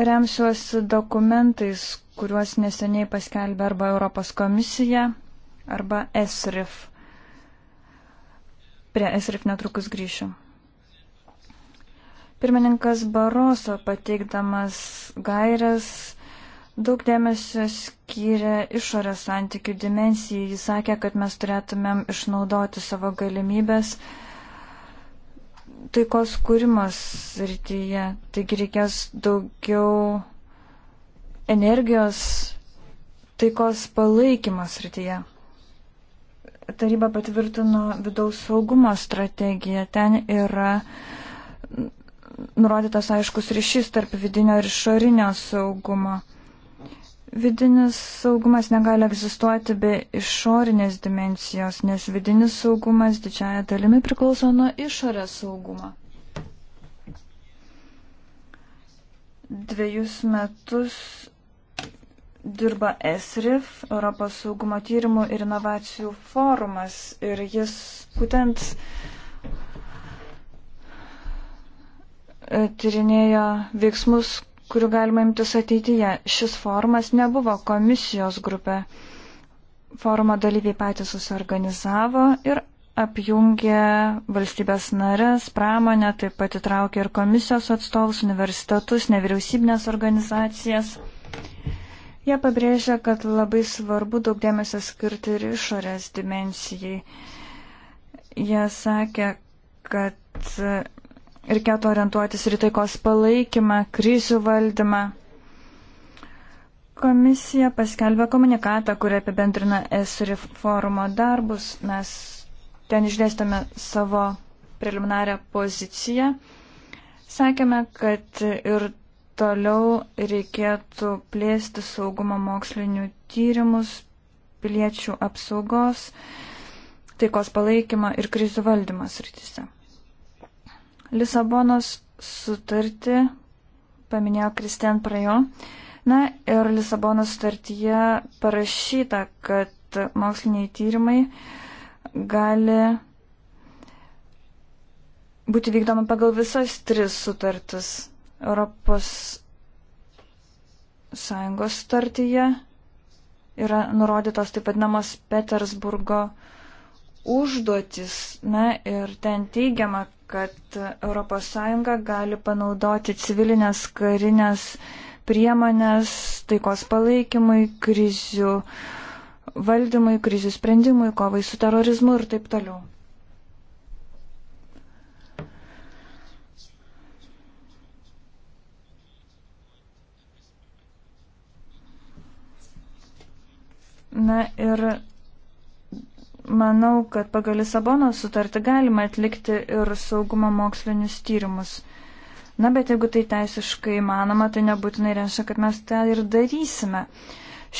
remsiuosi dokumentais, kuriuos neseniai paskelbė arba Europos komisija, arba ESRIF. Prie ESRIF netrukus grįšiu. Pirmininkas Baroso pateikdamas gairias daug dėmesio skyrė išorės santykių dimensijai. Jis sakė, kad mes turėtumėm išnaudoti savo galimybės uh, taikos kūrimas rytyje. Taigi reikės daugiau energijos taikos palaikymas rytyje. Taryba patvirtino vidaus saugumo strategiją. Ten yra nurodytas aiškus ryšys tarp vidinio ir išorinio saugumo. Vidinis saugumas negali egzistuoti be išorinės dimensijos, nes vidinis saugumas didžiaja dalimi priklauso nuo išorės saugumo. Dviejus metus dirba ESRIF, Europos saugumo tyrimų ir inovacijų forumas, ir jis būtent e, tyrinėjo veiksmus, kurių galima imtis ateityje. Šis formas nebuvo komisijos grupė. Forumo dalyviai patys susiorganizavo ir apjungė valstybės narės, pramonę, taip pat įtraukė ir komisijos atstovus, universitetus, nevyriausybinės organizacijas. Jie pabrėžia, kad labai svarbu daug dėmesio skirti ir išorės dimensijai. Jie sakė, kad Reikėtų orientuotis ir į taikos palaikymą, krizių valdymą. Komisija paskelbė komunikatą, kurį apibendrina ESRI forumo darbus. Mes ten išdėstame savo preliminarią poziciją. Sakėme, kad ir toliau reikėtų plėsti saugumo mokslinių tyrimus, piliečių apsaugos, taikos palaikymo ir krizių valdymo srityse. Lisabonos sutartį paminėjo Kristian Prajo. Na ir Lisabonos sutartyje parašyta, kad moksliniai tyrimai gali būti vykdoma pagal visas tris sutartis. Europos Sąjungos sutartyje yra nurodytos taip vadinamos Petersburgo sutartys užduotis. Na ir ten teigiama, kad ES gali panaudoti civilinės karinės priemonės taikos palaikymui, krizių valdymui, krizių sprendimui, kovai su terorizmu ir taip toliau. Na ir manau, kad pagal Lisabono sutartį galima atlikti ir saugumo mokslinius tyrimus. Na, bet jeigu tai teisiškai manoma, tai nebūtinai reiškia, kad mes tą ir darysime.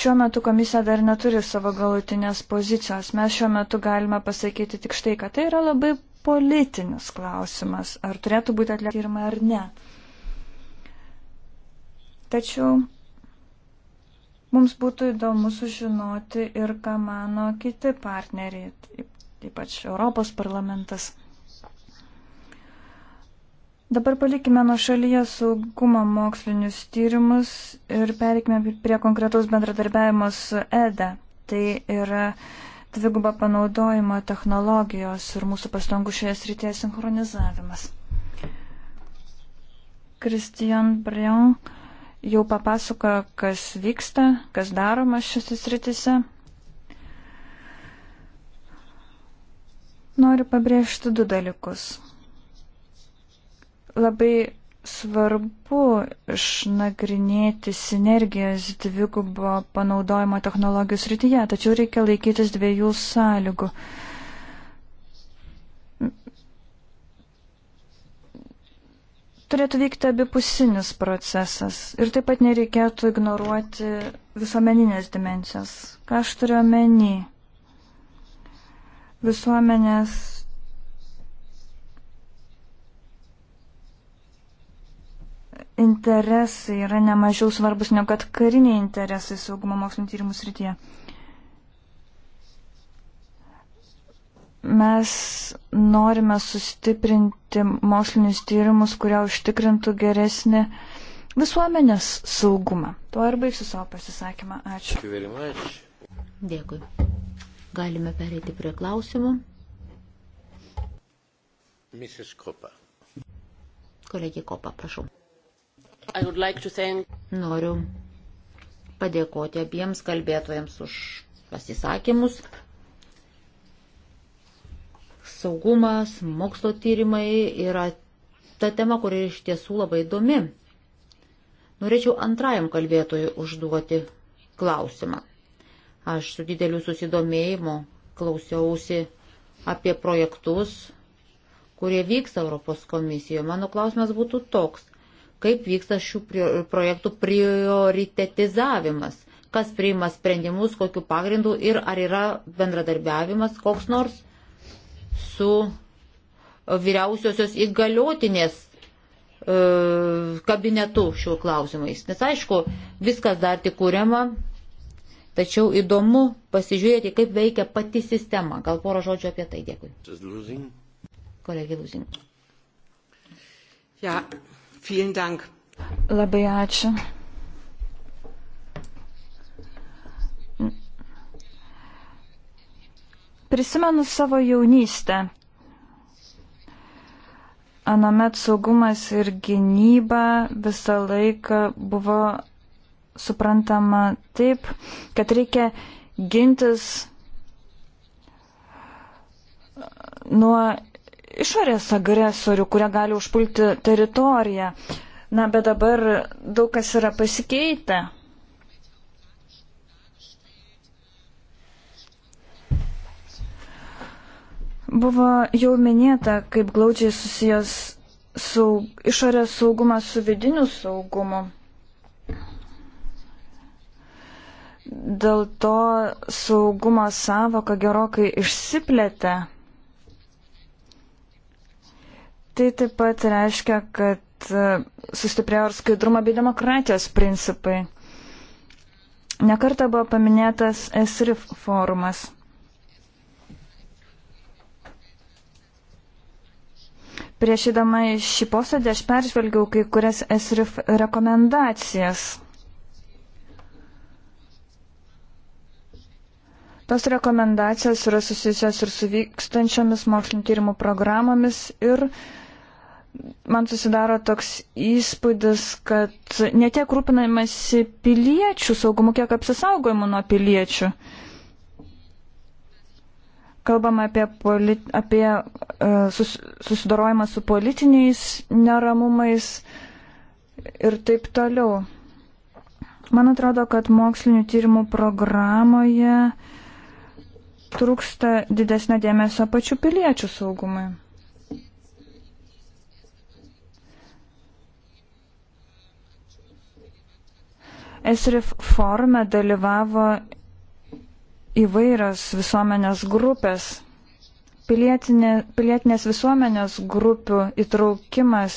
Šiuo metu komisija dar neturi savo galutinės pozicijos. Mes šiuo metu galime pasakyti tik štai, kad tai yra labai politinis klausimas, ar turėtų būti atliekama ar ne. Tačiau Mums būtų įdomu sužinoti ir ką mano kiti partneriai, ypač Europos parlamentas. Dabar palikime nuo šalyje saugumo mokslinius tyrimus ir perikime prie konkretaus bendradarbiavimo su EDA. E. Tai yra dviguba panaudojimo technologijos ir mūsų pastangų šioje srityje sinchronizavimas. Christian Brion jau papasako, kas vyksta, kas daroma šiose sritise. Noriu pabrėžti du dalykus. Labai svarbu išnagrinėti sinergijas dvigubo panaudojimo technologijų srityje, tačiau reikia laikytis dviejų sąlygų. Turėtų vykti abipusinis procesas ir taip pat nereikėtų ignoruoti visuomeninės dimensijos. Ką aš turiu omeny? Visuomenės interesai yra nemažiau svarbus negu kad kariniai interesai saugumo mokslinio tyrimų srityje. mes norime sustiprinti mokslinius tyrimus, kurie užtikrintų geresnį visuomenės saugumą. Tuo ir baigsiu savo pasisakymą. Ačiū. Dėkui. Galime pereiti prie klausimų. Mrs. Kopa. Kolegė Kopa, prašau. Like thank... Noriu padėkoti abiems kalbėtojams už pasisakymus saugumas, mokslo tyrimai yra ta tema, kuri iš tiesų labai įdomi. Norėčiau antrajam kalbėtojui užduoti klausimą. Aš su dideliu susidomėjimu klausiausi apie projektus, kurie vyksta Europos komisijoje. Mano klausimas būtų toks, kaip vyksta šių projektų prioritetizavimas, kas priima sprendimus, kokiu pagrindu ir ar yra bendradarbiavimas koks nors su vyriausiosios įgaliotinės e, kabinetu šiuo klausimais. Nes aišku, viskas dar tik kūriama, tačiau įdomu pasižiūrėti, kaip veikia pati sistema. Gal porą žodžių apie tai. Dėkui. Kolegė Lūzing. Ja, Labai ačiū. Prisimenu savo jaunystę. Anomet saugumas ir gynyba visą laiką buvo suprantama taip, kad reikia gintis nuo išorės agresorių, kurie gali užpulti teritoriją. Na, bet dabar daug kas yra pasikeitę. Buvo jau minėta, kaip glaučiai susijęs saug, išorės saugumas su vidiniu saugumu. Dėl to saugumo savoka gerokai išsiplėtė. Tai taip pat reiškia, kad e, sustiprėjo ir skaidrumo bei demokratijos principai. Nekarta buvo paminėtas ESRIF forumas. Prieš įdama šį posėdį aš peržvelgiau kai kurias SRF rekomendacijas. Tos rekomendacijos yra susijusios ir su vykstančiomis mokslinio tyrimų programomis ir man susidaro toks įspūdis, kad netiek rūpinamasi piliečių saugumu, kiek apsisaugojimu nuo piliečių. Uh, kalbama apie, polit, apie e, sus, susidorojimą su politiniais neramumais ir taip toliau. Man atrodo, kad mokslinių tyrimų programoje trūksta didesnio dėmesio pačių piliečių saugumui. Esrif forume dalyvavo įvairios visuomenės grupės. Pilietinė, pilietinės visuomenės grupių įtraukimas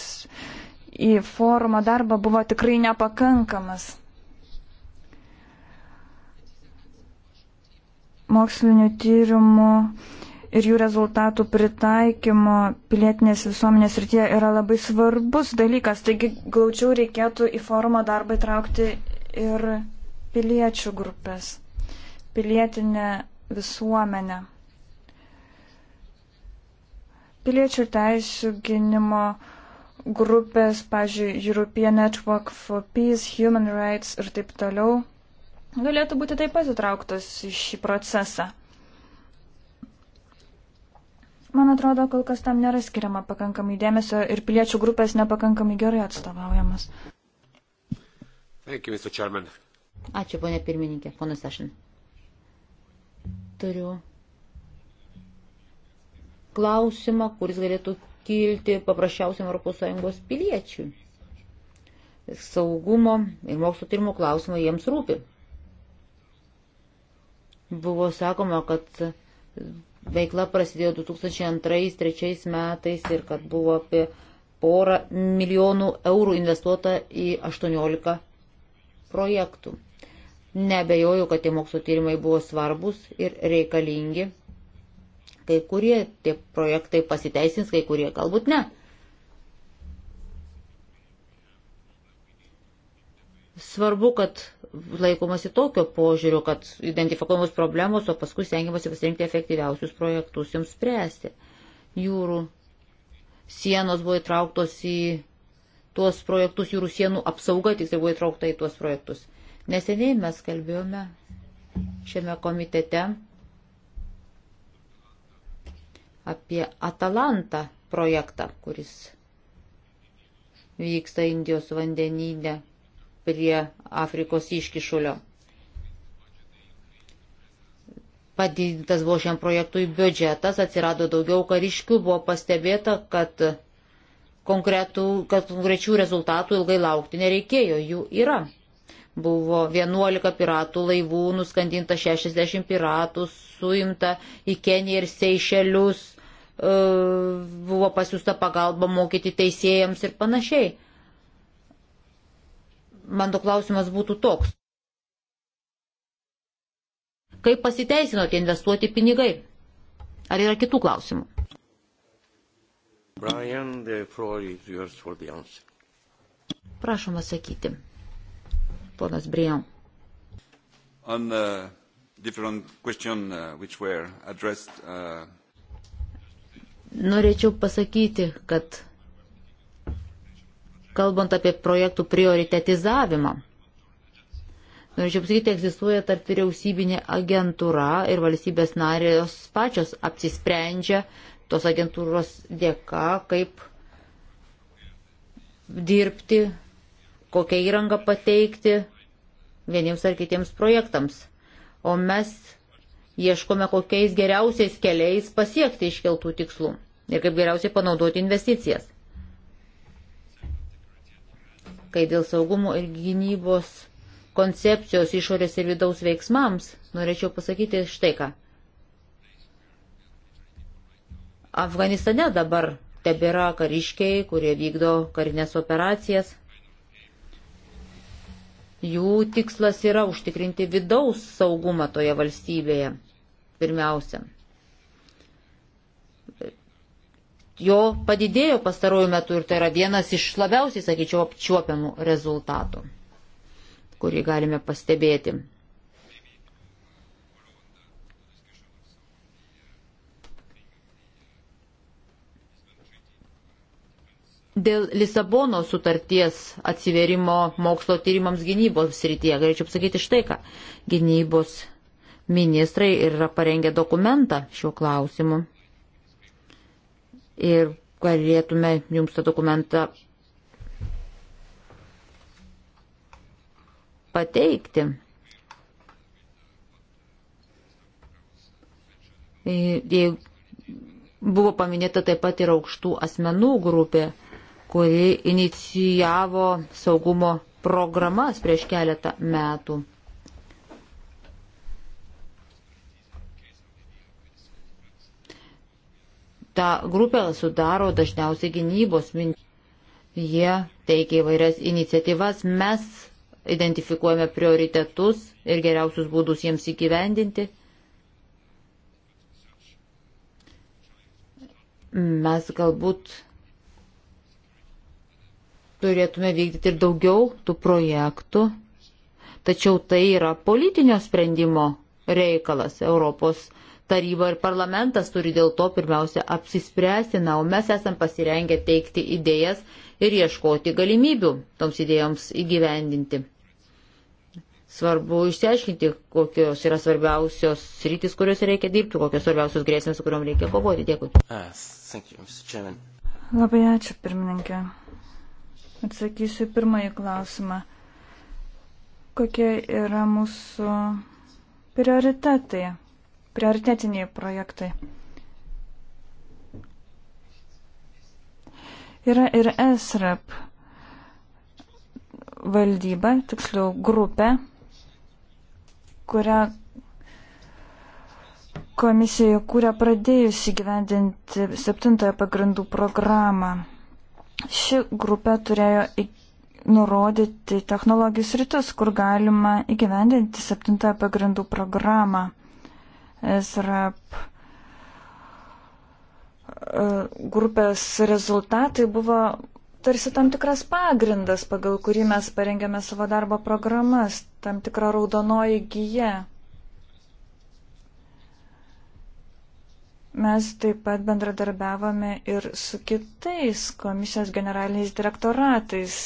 į forumo darbą buvo tikrai nepakankamas. Mokslinių tyrimų ir jų rezultatų pritaikymo pilietinės visuomenės rytyje yra labai svarbus dalykas, taigi glaučiau reikėtų į forumo darbą įtraukti ir piliečių grupės pilietinę visuomenę. Piliečių teisų gynimo grupės, pažiūrėjau, European Network for Peace, Human Rights ir taip toliau, galėtų būti taip pat įtrauktos į šį procesą. Man atrodo, kol kas tam nėra skiriama pakankamai dėmesio ir piliečių grupės nepakankamai gerai atstovaujamas. You, Ačiū, ponė pirmininkė, ponas Ašin. Turiu klausimą, kuris galėtų kilti paprasčiausiam ES piliečiui. Saugumo ir mokslo tyrimų klausimai jiems rūpi. Buvo sakoma, kad veikla prasidėjo 2002-2003 metais ir kad buvo apie porą milijonų eurų investuota į 18 projektų. Nebejoju, kad tie mokslo tyrimai buvo svarbus ir reikalingi. Kai kurie tie projektai pasiteisins, kai kurie galbūt ne. Svarbu, kad laikomasi tokio požiūrio, kad identifikuojamos problemos, o paskui stengiamasi pasirinkti efektyviausius projektus jums spręsti. Jūrų sienos buvo įtrauktos į tuos projektus, jūrų sienų apsauga tiksliau buvo įtraukta į tuos projektus. Neseniai mes kalbėjome šiame komitete apie Atalantą projektą, kuris vyksta Indijos vandenyne prie Afrikos iškišulio. Padidintas buvo šiam projektui biudžetas, atsirado daugiau kariškių, buvo pastebėta, kad, konkretų, kad konkrečių rezultatų ilgai laukti nereikėjo, jų yra. Buvo 11 piratų laivų, nuskandinta 60 piratų, suimta į Keniją ir Seišelius, e, buvo pasiūsta pagalba mokyti teisėjams ir panašiai. Mano klausimas būtų toks. Kaip pasiteisino tie investuoti pinigai? Ar yra kitų klausimų? Brian, Prašom atsakyti. Ponas Brijon. On uh, different question uh, which were addressed. Uh... Norėčiau pasakyti, kad kalbant apie projektų prioritetizavimą, Norėčiau pasakyti, egzistuoja tarp vyriausybinė agentūra ir valstybės narės pačios apsisprendžia tos agentūros dėka, kaip dirbti kokią įrangą pateikti vieniems ar kitiems projektams. O mes ieškome, kokiais geriausiais keliais pasiekti iškeltų tikslų ir kaip geriausiai panaudoti investicijas. Kai dėl saugumo ir gynybos koncepcijos išorės ir vidaus veiksmams, norėčiau pasakyti štai ką. Afganistane dabar tebėra kariškiai, kurie vykdo karinės operacijas. Jų tikslas yra užtikrinti vidaus saugumą toje valstybėje pirmiausia. Jo padidėjo pastarojų metų ir tai yra vienas iš labiausiai, sakyčiau, apčiuopiamų rezultatų, kurį galime pastebėti. Dėl Lisabono sutarties atsiverimo mokslo tyrimams gynybos srityje, galėčiau pasakyti štai ką, gynybos ministrai yra parengę dokumentą šiuo klausimu. Ir galėtume jums tą dokumentą pateikti. Jei buvo paminėta taip pat ir aukštų asmenų grupė kuri inicijavo saugumo programas prieš keletą metų. Ta grupė sudaro dažniausiai gynybos minčių. Jie teikia įvairias iniciatyvas, mes identifikuojame prioritetus ir geriausius būdus jiems įgyvendinti. Mes galbūt turėtume vykdyti ir daugiau tų projektų, tačiau tai yra politinio sprendimo reikalas. Europos taryba ir parlamentas turi dėl to pirmiausia apsispręsti, na, o mes esam pasirengę teikti idėjas ir ieškoti galimybių toms idėjoms įgyvendinti. Svarbu išsiaiškinti, kokios yra svarbiausios sritis, kuriuose reikia dirbti, kokios svarbiausios grėsmės, su kuriuom reikia kovoti. Dėkui. Ah, Labai ačiū, pirmininkė. Atsakysiu pirmąjį klausimą. Kokie yra mūsų prioritetai, prioritetiniai projektai? Yra ir SRAP valdyba, tiksliau grupė, kurią komisija kūrė pradėjusi gyvendinti septintąją pagrindų programą. Ši grupė turėjo nurodyti technologijų sritis, kur galima įgyvendinti septintąją pagrindų programą. SRAP e, grupės rezultatai buvo tarsi tam tikras pagrindas, pagal kurį mes parengėme savo darbo programas, tam tikra raudonoji gyja. Mes taip pat bendradarbiavome ir su kitais komisijos generaliniais direktoratais,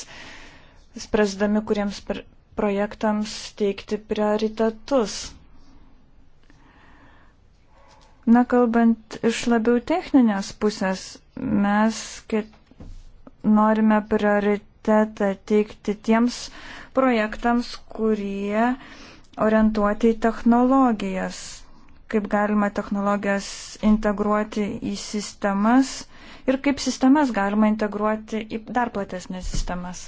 spręsdami, kuriems projektams teikti prioritetus. Na, kalbant iš labiau techninės pusės, mes norime prioritetą teikti tiems projektams, kurie orientuoti į technologijas kaip galima technologijas integruoti į sistemas ir kaip sistemas galima integruoti į dar platesnės sistemas.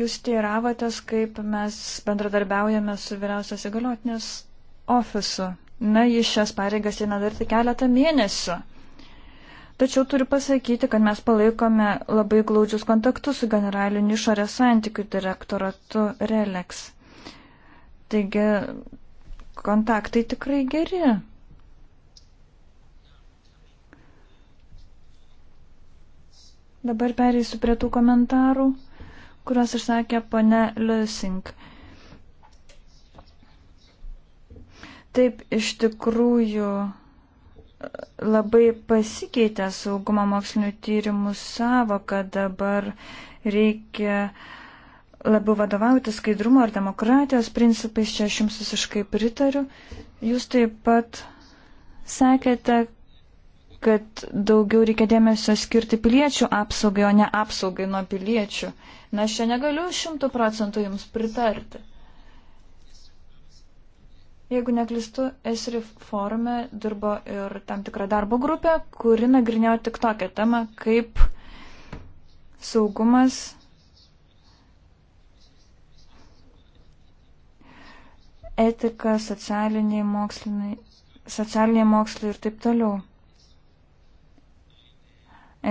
Jūs teiravotės, kaip mes bendradarbiaujame su vyriausios įgaliotinės ofisu. Na, jis šias pareigas eina dar tik keletą mėnesių. Tačiau turiu pasakyti, kad mes palaikome labai glaudžius kontaktus su generaliniu išorės santykių direktoratu Relex. Taigi kontaktai tikrai geri. Dabar pereisiu prie tų komentarų, kuriuos išsakė pane Lusink. Taip, iš tikrųjų labai pasikeitė saugumo mokslinių tyrimų savoka, dabar reikia uh, labiau vadovauti skaidrumo ir demokratijos principais, čia aš jums visiškai pritariu. Jūs taip pat sakėte, kad daugiau reikia dėmesio skirti piliečių apsaugai, o ne apsaugai nuo piliečių. Na, aš čia negaliu šimtų procentų jums pritarti. Jeigu neklistu, ESRIF forume dirbo ir tam tikra darbo grupė, kuri nagrinėjo tik tokią temą, kaip saugumas etika, socialiniai mokslai, socialiniai mokslai ir taip toliau.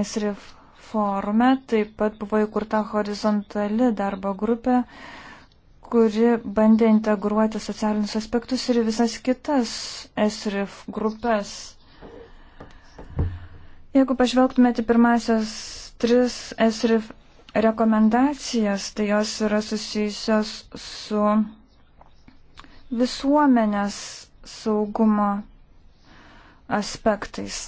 SRIF forume taip pat buvo įkurta horizontali darbo grupė, kuri bandė integruoti socialinius aspektus ir visas kitas SRIF grupės. Jeigu pažvelgtumėte pirmasias tris SRIF rekomendacijas, tai jos yra susijusios su visuomenės saugumo aspektais.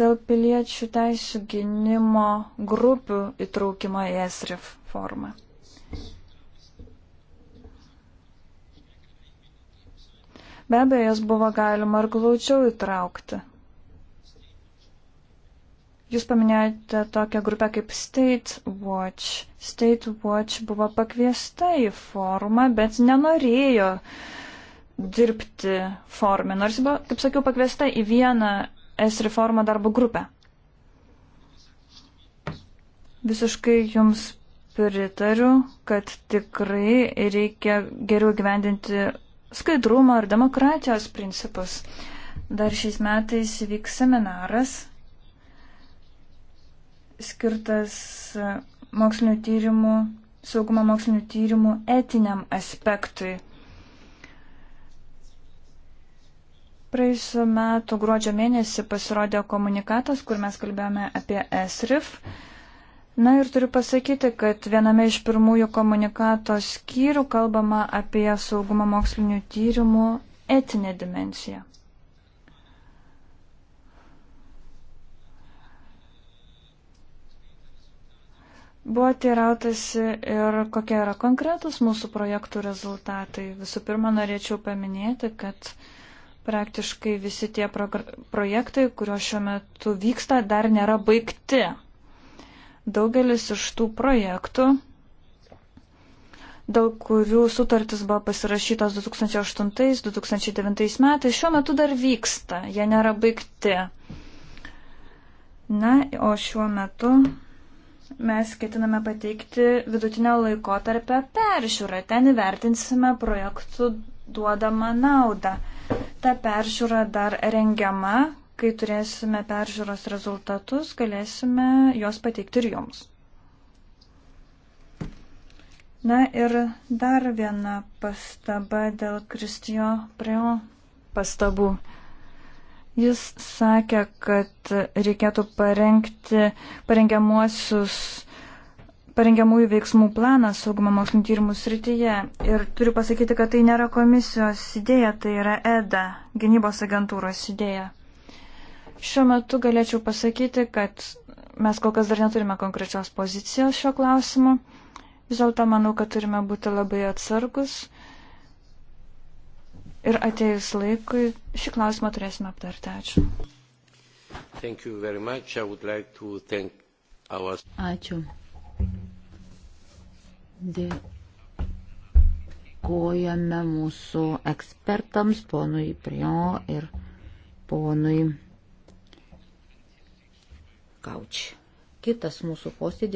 Dėl piliečių teisų gynimo grupių įtraukimo į ESRIF formą. Be abejo, jas buvo galima ir glaučiau įtraukti. Jūs paminėjote tokią grupę kaip State Watch. State Watch buvo pakviesta į forumą, bet nenorėjo dirbti forume, nors buvo, kaip sakiau, pakviesta į vieną S reformą darbo grupę. Visiškai jums pritariu, kad tikrai reikia geriau gyvendinti skaidrumo ir demokratijos principus. Dar šiais metais vyks seminaras skirtas mokslinių tyrimų, saugumo mokslinių tyrimų etiniam aspektui. Praėjusiu metu gruodžio mėnesį pasirodė komunikatas, kur mes kalbėjome apie ESRIF. Na ir turiu pasakyti, kad viename iš pirmųjų komunikato skyrių kalbama apie saugumo mokslinių tyrimų etinę dimenciją. Buvo teirautasi ir kokie yra konkretus mūsų projektų rezultatai. Visų pirma, norėčiau paminėti, kad praktiškai visi tie projektai, kuriuo šiuo metu vyksta, dar nėra baigti. Daugelis iš tų projektų, dėl kurių sutartis buvo pasirašytas 2008-2009 metais, šiuo metu dar vyksta, jie nėra baigti. Na, o šiuo metu mes ketiname pateikti vidutinio laikotarpio peržiūrą. Ten įvertinsime projektų duodamą naudą. Ta peržiūra dar rengiama. Kai turėsime peržiūros rezultatus, galėsime juos pateikti ir jums. Na ir dar viena pastaba dėl Kristijo Preo pastabų. Jis sakė, kad reikėtų parengti parengiamuosius parengiamųjų veiksmų planą saugumo mokslinio tyrimų srityje. Ir turiu pasakyti, kad tai nėra komisijos idėja, tai yra EDA, gynybos agentūros idėja. Šiuo metu galėčiau pasakyti, kad mes kol kas dar neturime konkrečios pozicijos šio klausimu. Vis dėlto manau, kad turime būti labai atsargus ir atėjus laikui šį klausimą turėsime aptarti. Ačiū. Like our... Ačiū. Dėkojame mūsų ekspertams, ponui Prio ir ponui Kaučiui. Kitas mūsų posėdis.